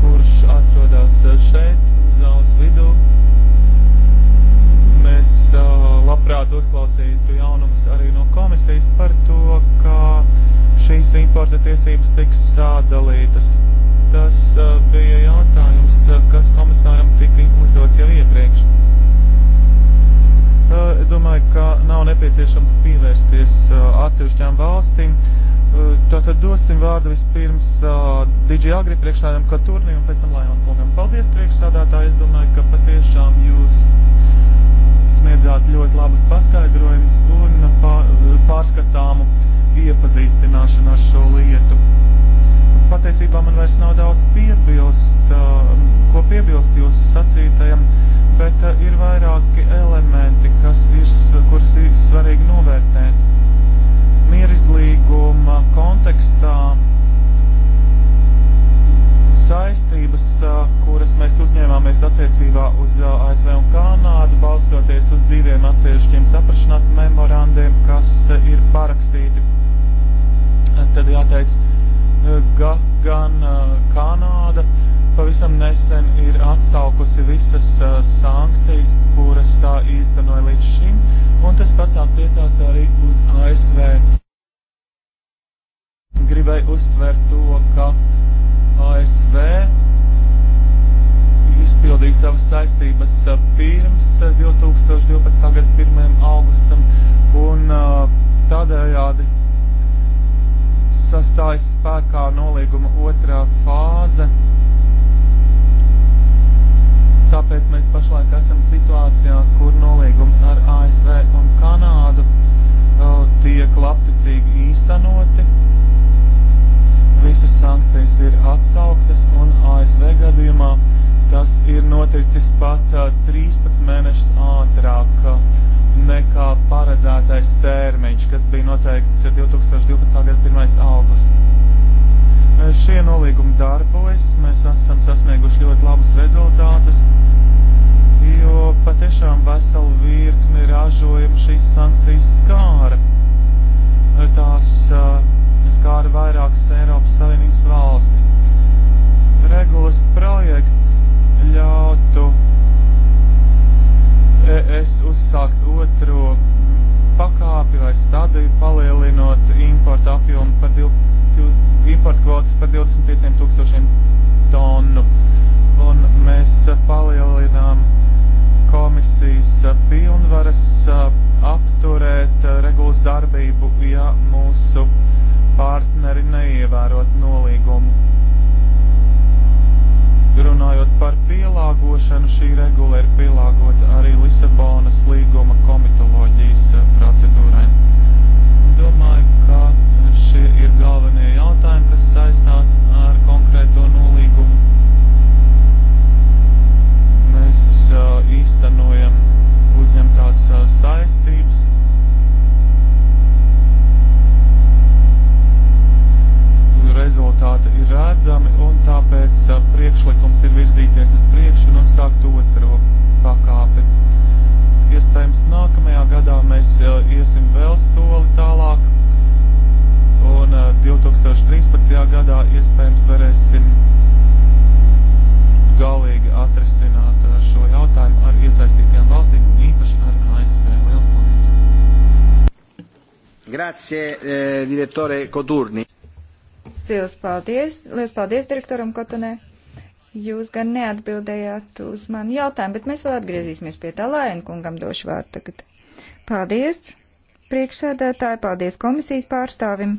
Speaker 1: kurš atrodas šeit, zāles vidū. Mēs uh, labprāt uzklausītu jaunumus arī no komisijas par to, ka šīs importa tiesības tiks sādalītas. Tas uh, bija jautājums, kas komisāram tika uzdots jau iepriekš Es domāju, ka nav nepieciešams pievērsties atsevišķām valstīm. Tātad dosim vārdu vispirms DJ Agri priekšstādājam Katurnim un pēc tam Lajonam kungam. Paldies priekšstādātāji, es domāju, ka patiešām jūs sniedzāt ļoti labus paskaidrojumus un pārskatāmu iepazīstināšanu ar šo lietu patiesībā man vairs nav daudz piebilst, um, ko piebilst jūsu sacītajam, bet uh, ir vairāki elementi, kas ir, kuras ir svarīgi novērtēt. Mierizlīguma kontekstā saistības, uh, kuras mēs uzņēmāmies attiecībā uz uh, ASV un Kanādu, balstoties uz diviem atsevišķiem saprašanās memorandiem, kas ir parakstīti. Tad jāteic, ga, gan Kanāda pavisam nesen ir atsaukusi visas sankcijas, kuras tā īstenoja līdz šim, un tas pats attiecās arī uz ASV. Gribēju uzsvērt to, ka ASV izpildīja savas saistības pirms 2012. gada 1. augustam, un tādējādi sastājas spēkā nolīguma otrā fāze. Tāpēc mēs pašlaik esam situācijā, kur nolīgumi ar ASV un Kanādu uh, tiek labticīgi īstenoti. Visas sankcijas ir atsauktas un ASV gadījumā Tas ir noticis pat 13 mēnešus ātrāk nekā paredzētais termiņš, kas bija noteikts 2012. gada 1. augusts. Šie nolīgumi darbojas, mēs esam sasnieguši ļoti labus rezultātus, jo patiešām veselu virkni ražojumu šīs sankcijas skāra. Tās uh, skāra vairākas Eiropas Savienības valstis. Regulas projekts ļautu ES uzsākt otro pakāpi vai stadiju, palielinot importu apjomu par div, div, importu kvotas par 25 tūkstošiem tonu. Un mēs palielinām komisijas pilnvaras apturēt regulas darbību, ja mūsu partneri neievērot nolīgumu Runājot par pielāgošanu, šī regula ir pielāgota arī Lisabonas līguma komitoloģijas eh, procedūrai. Domāju, ka šie ir galvenie jautājumi, kas saistās ar konkrēto nolīgumu. Mēs uh, īstenojam uzņemtās uh, saistības rezultāti ir redzami, un tāpēc priekšlikums ir virzīties uz priekšu un uzsākt otro pakāpi. Iespējams, nākamajā gadā mēs iesim vēl soli tālāk, un 2013. gadā iespējams varēsim galīgi atrisināt šo jautājumu ar iesaistītiem valstīm, īpaši ar ASV. Liels paldies!
Speaker 3: Grazie, eh, direttore Coturni.
Speaker 2: Sils, paldies. Lielas paldies direktoram Kotonē. Jūs gan neatbildējāt uz manu jautājumu, bet mēs vēl atgriezīsimies pie tā Laina kungam došu vārdu tagad. Paldies, priekšsēdētāji, paldies komisijas pārstāvim.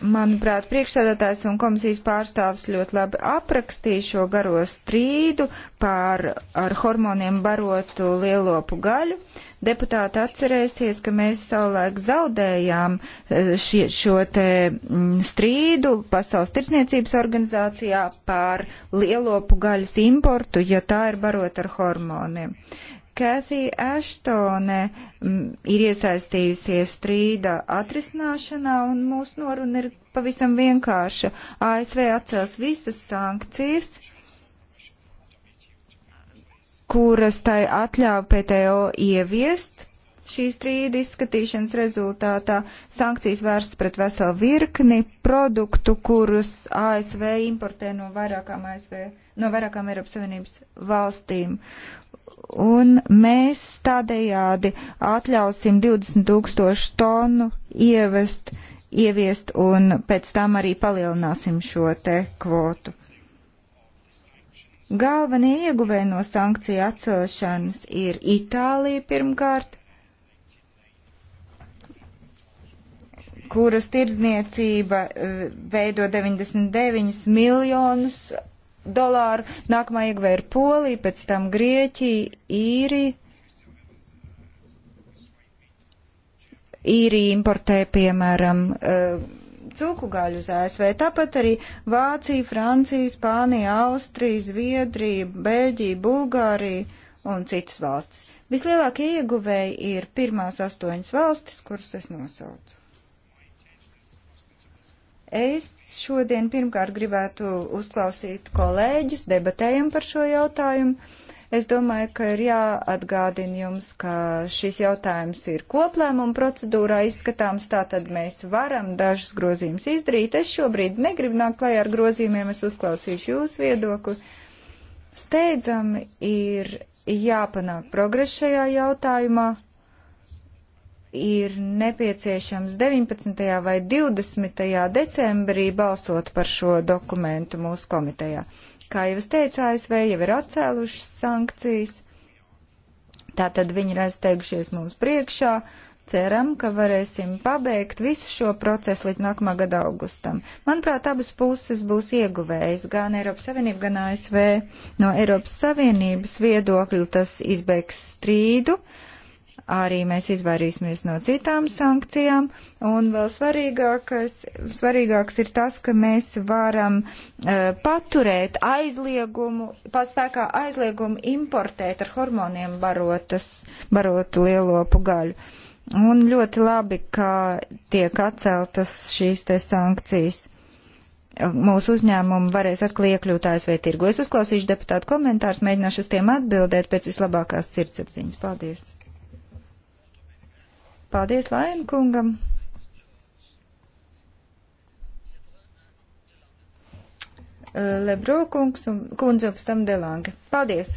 Speaker 2: Manuprāt, priekšsēdētājs un komisijas pārstāvs ļoti labi aprakstīja šo garo strīdu pār ar hormoniem barotu lielopu gaļu. Uh, Deputāti atcerēsies, ka mēs savulaik zaudējām eh, šie, šo te mm, strīdu Pasaules tirdzniecības organizācijā par lielopu gaļas importu, ja tā ir barot ar hormoniem. Kathy Ashtone m, mm, ir iesaistījusies strīda atrisināšanā, un mūsu noruna ir pavisam vienkārša. ASV atcels visas sankcijas kuras tai atļāva PTO ieviest. Šī strīda izskatīšanas rezultātā sankcijas vērstas pret veselu virkni produktu, kurus ASV importē no vairākām, ASV, no vairākām Eiropas Savienības valstīm. Un mēs tādējādi atļausim 20 tūkstošu tonu ievest, ieviest un pēc tam arī palielināsim šo te kvotu. Galvenie ieguvēji no sankciju atcelšanas ir Itālija pirmkārt, kuras tirdzniecība eh, veido 99 miljonus dolāru, nākamā ieguvēja ir Polija, pēc tam Grieķija, Īrija. Īrija importē, piemēram, uh, cūku gaļu uz ASV. Tāpat arī Vācija, Francija, Spānija, Austrija, Zviedrija, Beļģija, Bulgārija un citas valstis. Vislielākie ieguvēji ir pirmās astoņas valstis, kuras es nosaucu. Es šodien pirmkārt gribētu uzklausīt kolēģus, debatējam par šo jautājumu Es domāju, ka ir jāatgādina jums, ka šis jautājums ir koplēmuma procedūrā izskatāms, tātad mēs varam dažus grozījumus izdarīt. Es šobrīd negribu nākt klajā ar grozījumiem, es uzklausīšu jūsu viedokli. Steidzami ir jāpanāk progress šajā jautājumā ir nepieciešams 19. vai 20. decembrī balsot par šo dokumentu mūsu komitejā. Kā jau es teicu, ASV jau ir atcēlušas sankcijas, tātad viņi ir aizteigušies mums priekšā. Ceram, ka varēsim pabeigt visu šo procesu līdz nākamā gada augustam. Manuprāt, abas puses būs ieguvējis, gan Eiropas Savienība, gan ASV. No Eiropas Savienības viedokļa tas izbeigs strīdu, uh, Arī mēs izvairīsimies no citām sankcijām. Un vēl svarīgākas, svarīgāks ir tas, ka mēs varam uh, paturēt aizliegumu, paspēkā aizliegumu importēt ar hormoniem barotas, barotu lielopu gaļu. Un ļoti labi, ka tiek atceltas šīs te sankcijas mūsu uzņēmumi varēs atkal iekļūt ASV tirgu. Es uzklausīšu deputātu komentārus, mēģināšu uz tiem atbildēt pēc vislabākās sirdsapziņas. Paldies! Paldies Laina kungam. Eh, Lebro kungs un kundze pēc tam Delange. Paldies!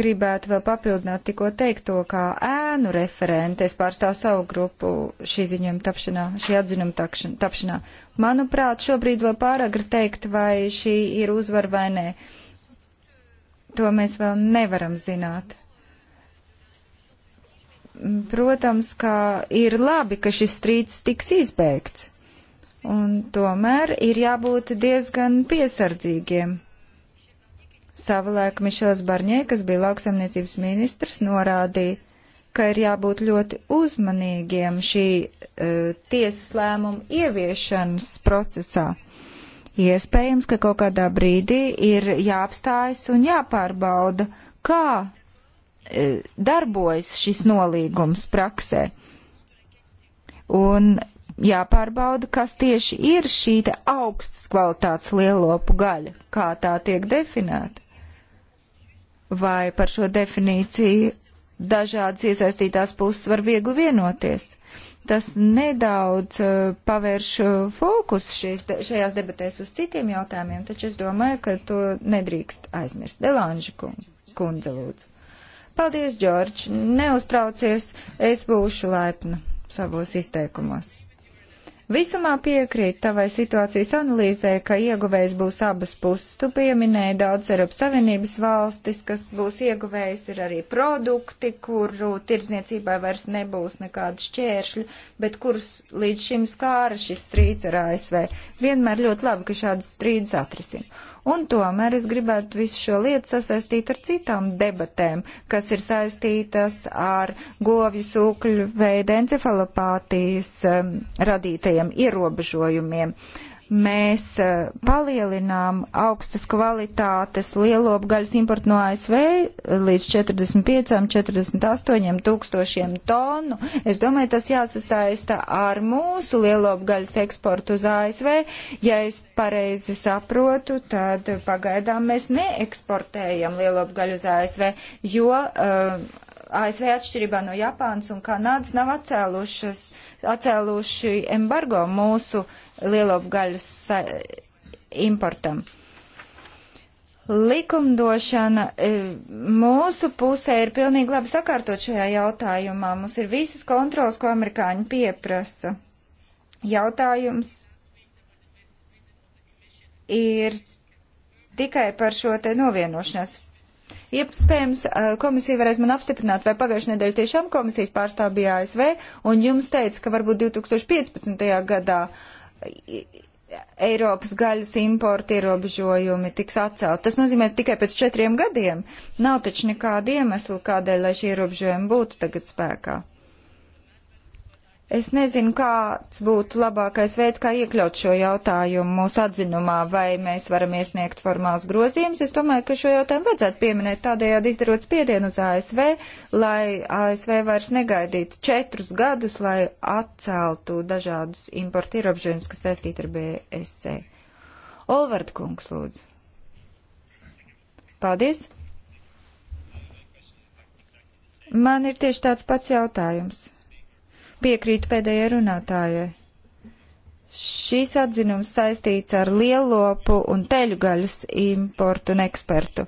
Speaker 2: Gribētu vēl papildināt tikko teikto, kā ēnu referente, es pārstāvu savu grupu šī ziņojuma tapšanā, šī atzinuma tapšanā. Manuprāt, šobrīd vēl pāragri teikt, vai šī ir uzvar vai nē. To mēs vēl nevaram zināt protams, ka ir labi, ka šis strīds tiks izbeigts. Un tomēr ir jābūt diezgan piesardzīgiem. Savulaik Mišels Barņē, kas bija lauksaimniecības ministrs, norādīja, ka ir jābūt ļoti uzmanīgiem šī uh, tiesas lēmuma ieviešanas procesā. Iespējams, ka kaut kādā brīdī ir jāapstājas un jāpārbauda, kā E, darbojas šis nolīgums praksē. Un jāpārbauda, kas tieši ir šī te augstas kvalitātes lielopu gaļa, kā tā tiek definēta. Vai par šo definīciju dažādas iesaistītās puses var viegli vienoties? Tas nedaudz uh, pavērš fokus šīs, šajās debatēs uz citiem jautājumiem, taču es domāju, ka to nedrīkst aizmirst. Delanža kundze, lūdzu. Paldies, Džordž. Neuztraucies, es būšu laipna savos izteikumos. Visumā piekrīt tavai situācijas analīzē, ka ieguvējs būs abas puses. Tu pieminēji daudz Eiropas Savienības valstis, kas būs ieguvējs, ir arī produkti, kuru tirdzniecībai vairs nebūs nekādu šķēršļu, bet kurus līdz šim skāra šis strīds ar ASV. Vienmēr ļoti labi, ka šādas strīdas atrisin. Un tomēr es gribētu visu šo lietu sasaistīt ar citām debatēm, kas ir saistītas ar govju sūkļu veida encefalopātijas um, radītajiem ierobežojumiem. Uh, Mēs e, palielinām augstas kvalitātes lielopgaļas importu no ASV līdz 45-48 tūkstošiem tonu. Es domāju, tas jāsasaista ar mūsu lielopgaļas eksportu uz ASV. Ja es pareizi saprotu, tad pagaidām mēs neeksportējam lielopgaļu uz ASV, jo. Uh, ASV atšķirībā no Japānas un Kanādas nav atcēlušas, atcēluši embargo mūsu lielopgaļas importam likumdošana e, mūsu pusē ir pilnīgi labi sakārtot šajā jautājumā. Mums ir visas kontrols, ko amerikāņi pieprasa. Jautājums ir tikai par šo te novienošanos. Iespējams, komisija varēs man apstiprināt, vai pagājušajā nedēļā tiešām komisijas pārstāv bija ASV, un jums teica, ka varbūt 2015. gadā Eiropas gaļas importa ierobežojumi tiks atcelt. Tas nozīmē tikai pēc četriem gadiem. Nav taču nekāda iemesla, kādēļ, lai šie ierobežojumi būtu tagad spēkā. Es nezinu, kāds būtu labākais veids, kā iekļaut šo jautājumu mūsu atzinumā, vai mēs varam iesniegt formāls grozījums. Es domāju, ka šo jautājumu vajadzētu pieminēt tādējādi izdarot spiedienu uz ASV, lai ASV vairs negaidītu četrus gadus, lai atceltu dažādus importu ierobežojumus, kas saistīti ar BSC. Olvard kungs, lūdzu. Paldies. Man ir tieši tāds pats jautājums. Piekrītu pēdējai runātājai. Šīs atzinums saistīts ar lielopu un teļu gaļas importu un ekspertu.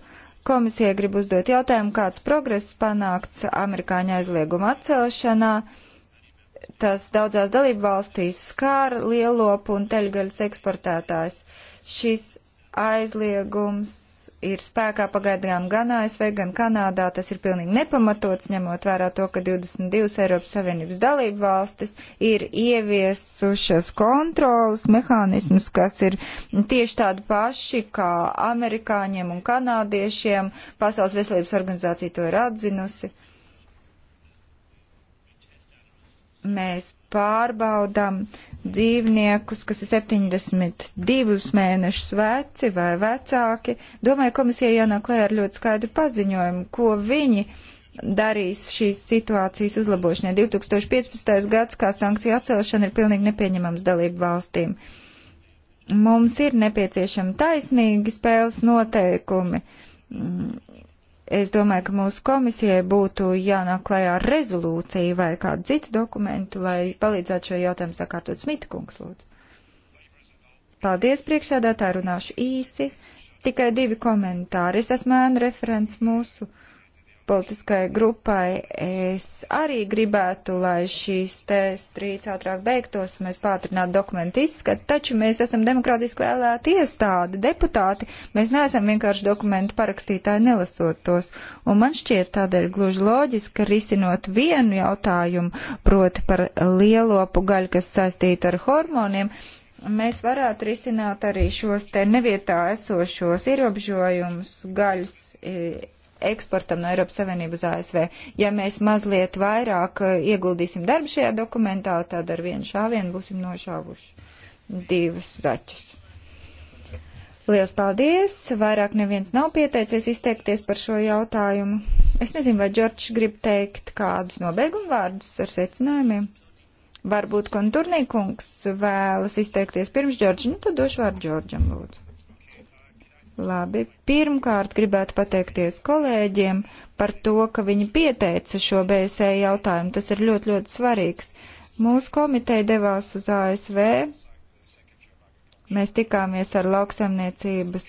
Speaker 2: Komisijai grib uzdot jautājumu, kāds progress panākts amerikāņu aizlieguma atcelšanā. Tas daudzās dalību valstīs skāra lielopu un teļgaļas eksportētājs. Šis aizliegums ir spēkā pagaidām gan ASV, gan Kanādā, tas ir pilnīgi nepamatots, ņemot vērā to, ka 22 Eiropas Savienības dalību valstis ir ieviesušas kontrolas mehānismus, kas ir tieši tādi paši kā amerikāņiem un kanādiešiem. Pasaules veselības organizācija to ir atzinusi. Mēs pārbaudam dzīvniekus, kas ir 72 mēnešus veci vai vecāki. Domāju, komisija jānāk klē ar ļoti skaidru paziņojumu, ko viņi darīs šīs situācijas uzlabošanai. 2015. gads kā sankcija atcelšana ir pilnīgi nepieņemams dalību valstīm. Mums ir nepieciešami taisnīgi spēles noteikumi mm, Es domāju, ka mūsu komisijai būtu jānāk klajā ar rezolūciju vai kādu citu dokumentu, lai palīdzētu šo jautājumu sakārtot Smita kungs, lūdzu. Paldies, priekšsēdētāji, runāšu īsi. Tikai divi komentāri. Es esmu ēnu referents mūsu politiskai grupai. Es arī gribētu, lai šīs te strīds ātrāk beigtos, mēs pātrinātu dokumentu izskatu, taču mēs esam demokrātiski vēlēti iestādi, deputāti, mēs neesam vienkārši dokumentu parakstītāji nelasot tos. Un man šķiet tādēļ gluži loģiski, ka risinot vienu jautājumu, proti par lielopu gaļu, kas saistīta ar hormoniem, mēs varētu risināt arī šos te nevietā esošos ierobežojumus gaļas e, eksportam no Eiropas Savienības uz ASV. Ja mēs mazliet vairāk eh, ieguldīsim darbu šajā dokumentā, tad ar vienu šāvienu būsim nošāvuši divus zaķus. Lielas paldies! Vairāk neviens nav pieteicies izteikties par šo jautājumu. Es nezinu, vai Džordžs grib teikt kādus nobeigumu vārdus ar secinājumiem. Varbūt konturnīkungs vēlas izteikties pirms Džordža, nu tad došu vārdu Džordžam, lūdzu. Labi, pirmkārt gribētu pateikties kolēģiem par to, ka viņi pieteica šo BSE jautājumu. Tas ir ļoti, ļoti svarīgs. Mūsu komiteja devās uz ASV. Mēs tikāmies ar lauksaimniecības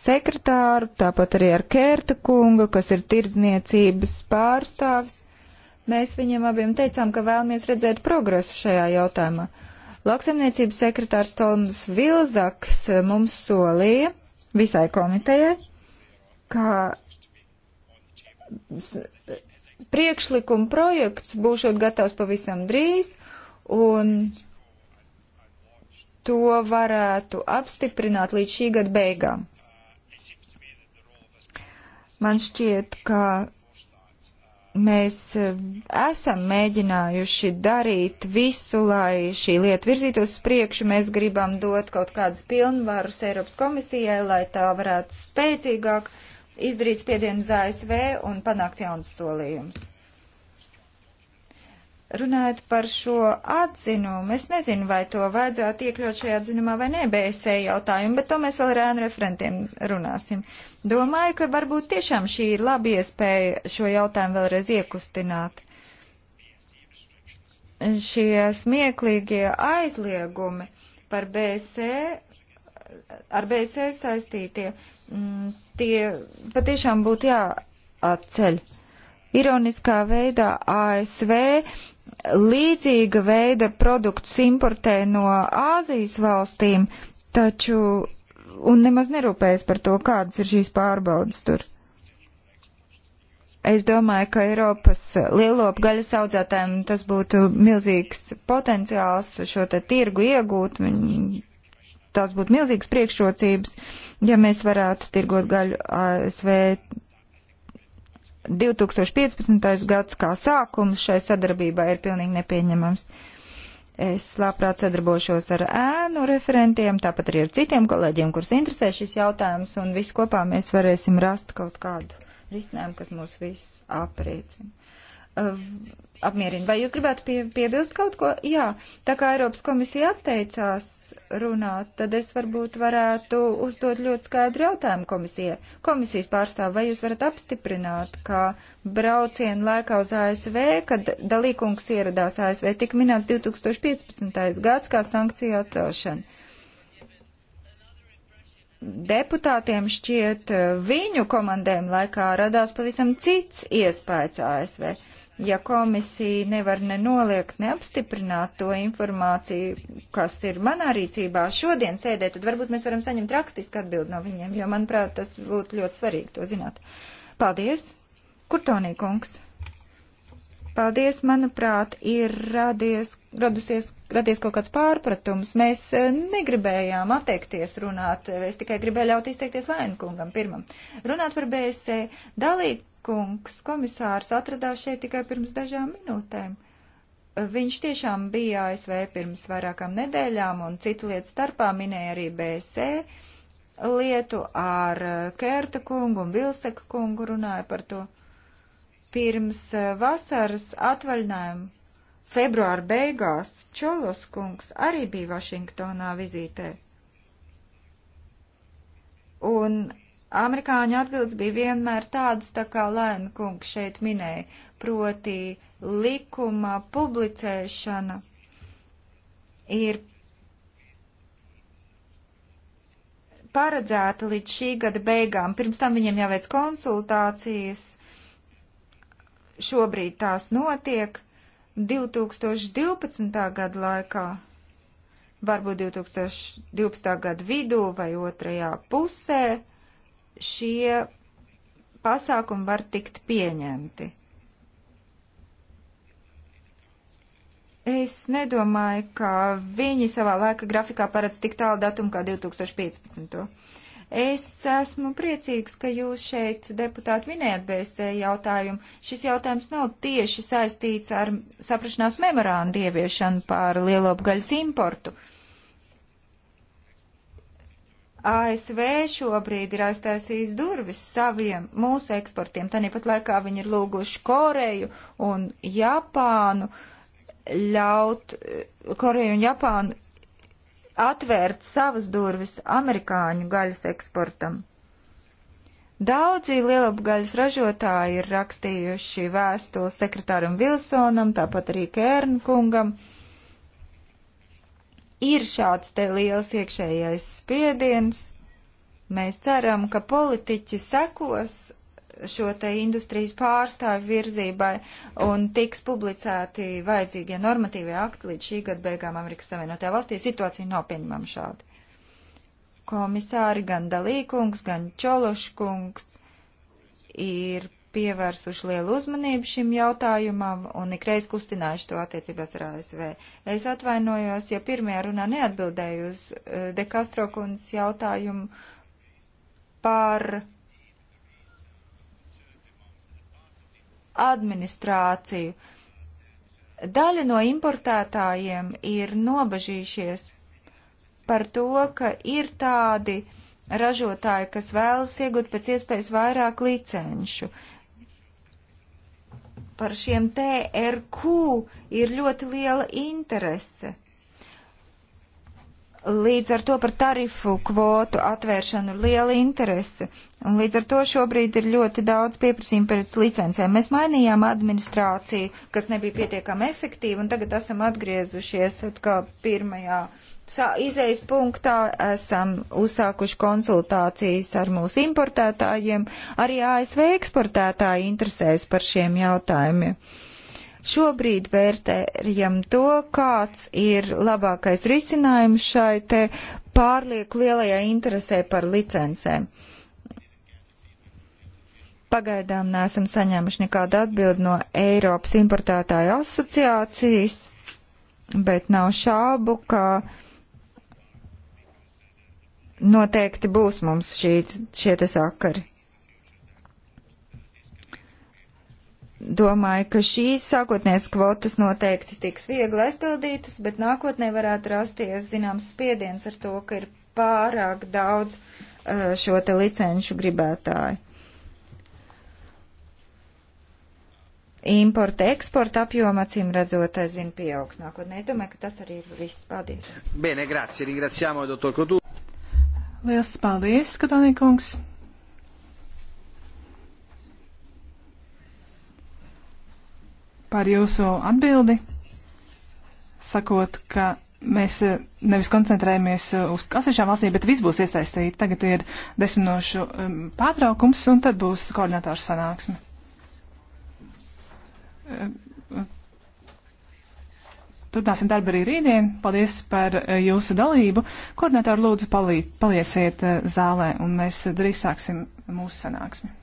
Speaker 2: sekretāru, tāpat arī ar Kērta kungu, kas ir tirdzniecības pārstāvs. Mēs viņiem abiem teicām, ka vēlamies redzēt progresu šajā jautājumā. Lauksaimniecības sekretārs Toms Vilzaks mums solīja, visai komitejai, ka priekšlikuma projekts būšot gatavs pavisam drīz un to varētu apstiprināt līdz šī gada beigām. Man šķiet, ka mēs eh, esam mēģinājuši darīt visu, lai šī lieta virzītos uz priekšu. Mēs gribam dot kaut kādus pilnvarus Eiropas komisijai, lai tā varētu spēcīgāk izdarīt spiedienu uz ASV un panākt jaunas solījumus. Runājot par šo atzinumu, es nezinu, vai to vajadzētu iekļaut šajā atzinumā vai nē, BSE jautājumu, bet to mēs vēl ar ēnu referentiem runāsim. Domāju, ka varbūt tiešām šī ir laba iespēja šo jautājumu vēlreiz iekustināt. Šie smieklīgie aizliegumi par BSE, ar BSE saistītie, mm, tie patiešām būtu jāatceļ ironiskā veidā ASV līdzīga veida produktus importē no Āzijas valstīm, taču un nemaz nerūpējas par to, kādas ir šīs pārbaudas tur. Es domāju, ka Eiropas lielopu gaļas audzētājiem tas būtu milzīgs potenciāls šo te tirgu iegūt. Tās būtu milzīgas priekšrocības, ja mēs varētu tirgot gaļu ASV 2015. gads kā sākums šai sadarbībai ir pilnīgi nepieņemams. Es labprāt sadarbošos ar ēnu referentiem, tāpat arī ar citiem kolēģiem, kurus interesē šis jautājums, un visi kopā mēs varēsim rast kaut kādu risinājumu, kas mūs visus apriecina apmierina. Vai jūs gribētu pie, piebilst kaut ko? Jā, tā kā Eiropas komisija atteicās runāt, tad es varbūt varētu uzdot ļoti skaidru jautājumu komisijai. Komisijas pārstāv, vai jūs varat apstiprināt, ka braucienu laikā uz ASV, kad dalīkungs ieradās ASV, tik minēts 2015. gads kā sankciju atcelšana? Deputātiem šķiet viņu komandējuma laikā radās pavisam cits iespējas ASV ja komisija nevar nenoliegt, neapstiprināt to informāciju, kas ir manā rīcībā šodien sēdē, tad varbūt mēs varam saņemt rakstisku atbildi no viņiem, jo, manuprāt, tas būtu ļoti svarīgi to zināt. Paldies! Kurtonī kungs! Paldies, manuprāt, ir radies, radusies, radies kaut kāds pārpratums. Mēs e, negribējām atteikties runāt, e, es tikai gribēju ļaut izteikties Lēnkungam pirmam. Runāt par BSC e. dalīt kungs komisārs atradās šeit tikai pirms dažām minūtēm. Viņš tiešām bija ASV pirms vairākām nedēļām un citu lietu starpā minēja arī BSE lietu ar eh, Kērta kungu un Vilseka kungu runāja par to. Pirms eh, vasaras atvaļinājumu februāra beigās Čolos kungs arī bija Vašingtonā vizītē. Un Amerikāņu atbildes bija vienmēr tādas, tā kā Lēna kungs šeit minēja, proti likuma publicēšana ir paredzēta līdz šī gada beigām. Pirms tam viņiem jāveic konsultācijas, šobrīd tās notiek 2012. gada laikā varbūt 2012. gada vidū vai otrajā pusē šie pasākumi var tikt pieņemti. Es nedomāju, ka viņi savā laika grafikā paredz tik tālu datumu kā 2015. Es esmu priecīgs, ka jūs šeit, deputāti, minējat BSC jautājumu. Šis jautājums nav tieši saistīts ar saprašanās memorandu ieviešanu par lielopgaļas importu. Uh, ASV šobrīd ir aiztaisījis durvis saviem mūsu eksportiem. Tāpat laikā viņi ir lūguši Koreju un Japānu ļaut, Koreju un Japānu atvērt savas durvis amerikāņu gaļas eksportam. Daudzi lielapgaļas ražotāji ir rakstījuši vēstuli sekretāram Vilsonam, tāpat arī Kērnkungam kungam ir šāds te liels iekšējais spiediens. Mēs ceram, ka politiķi sekos šo te industrijas pārstāvju virzībai un tiks publicēti vajadzīgie normatīvie akti līdz šī gada beigām Amerikas Savienotajā valstī. Situācija nav pieņemama šādi. Komisāri gan Dalīkungs, gan Čološkungs ir pievērsuši lielu uzmanību šim jautājumam un ikreiz kustinājuši to attiecībās ar ASV. Es atvainojos, ja pirmajā runā neatbildēju uz eh, De Castro kundas jautājumu par administrāciju. Daļa no importētājiem ir nobažījušies par to, ka ir tādi ražotāji, kas vēlas iegūt pēc iespējas vairāk licenšu par šiem TRQ ir ļoti liela interese. Līdz ar to par tarifu kvotu atvēršanu ir liela interese. Un līdz ar to šobrīd ir ļoti daudz pieprasījumu pēc licencēm. Mēs mainījām administrāciju, kas nebija pietiekami efektīva, un tagad esam atgriezušies atkal pirmajā uh, Izejas punktā esam uzsākuši konsultācijas ar mūsu importētājiem, arī ASV eksportētāji interesēs par šiem jautājumiem. Šobrīd vērtējam to, kāds ir labākais risinājums šai te pārlieku lielajai interesē par licencēm pagaidām neesam saņēmuši nekādu atbildi no Eiropas importētāju asociācijas, bet nav šābu, ka noteikti būs mums šī, šie te sakari. Domāju, ka šīs sākotnēs kvotas noteikti tiks viegli aizpildītas, bet nākotnē varētu rasties zināms spiediens ar to, ka ir pārāk daudz uh, šo te licenšu gribētāju. importa, eksporta apjoma, acīm redzot, aizvien pieaugs nākotnē. Es domāju, ka tas arī ir viss. Paldies.
Speaker 3: Bene, grazie. Ringraziamo, dottor Kotu.
Speaker 2: Liels paldies,
Speaker 3: Katonīkungs! Par jūsu atbildi, sakot, ka mēs eh, nevis koncentrējamies eh, uz atsevišķām valstīm, bet viss būs iesaistīti. Tagad ir desminošu um, pārtraukums, un tad būs koordinātors sanāksme. Um, Turpināsim darbu arī rītdien. Paldies par eh, jūsu dalību. Koordinātori lūdzu palī, palieciet eh, zālē un mēs drīz sāksim mūsu sanāksmi.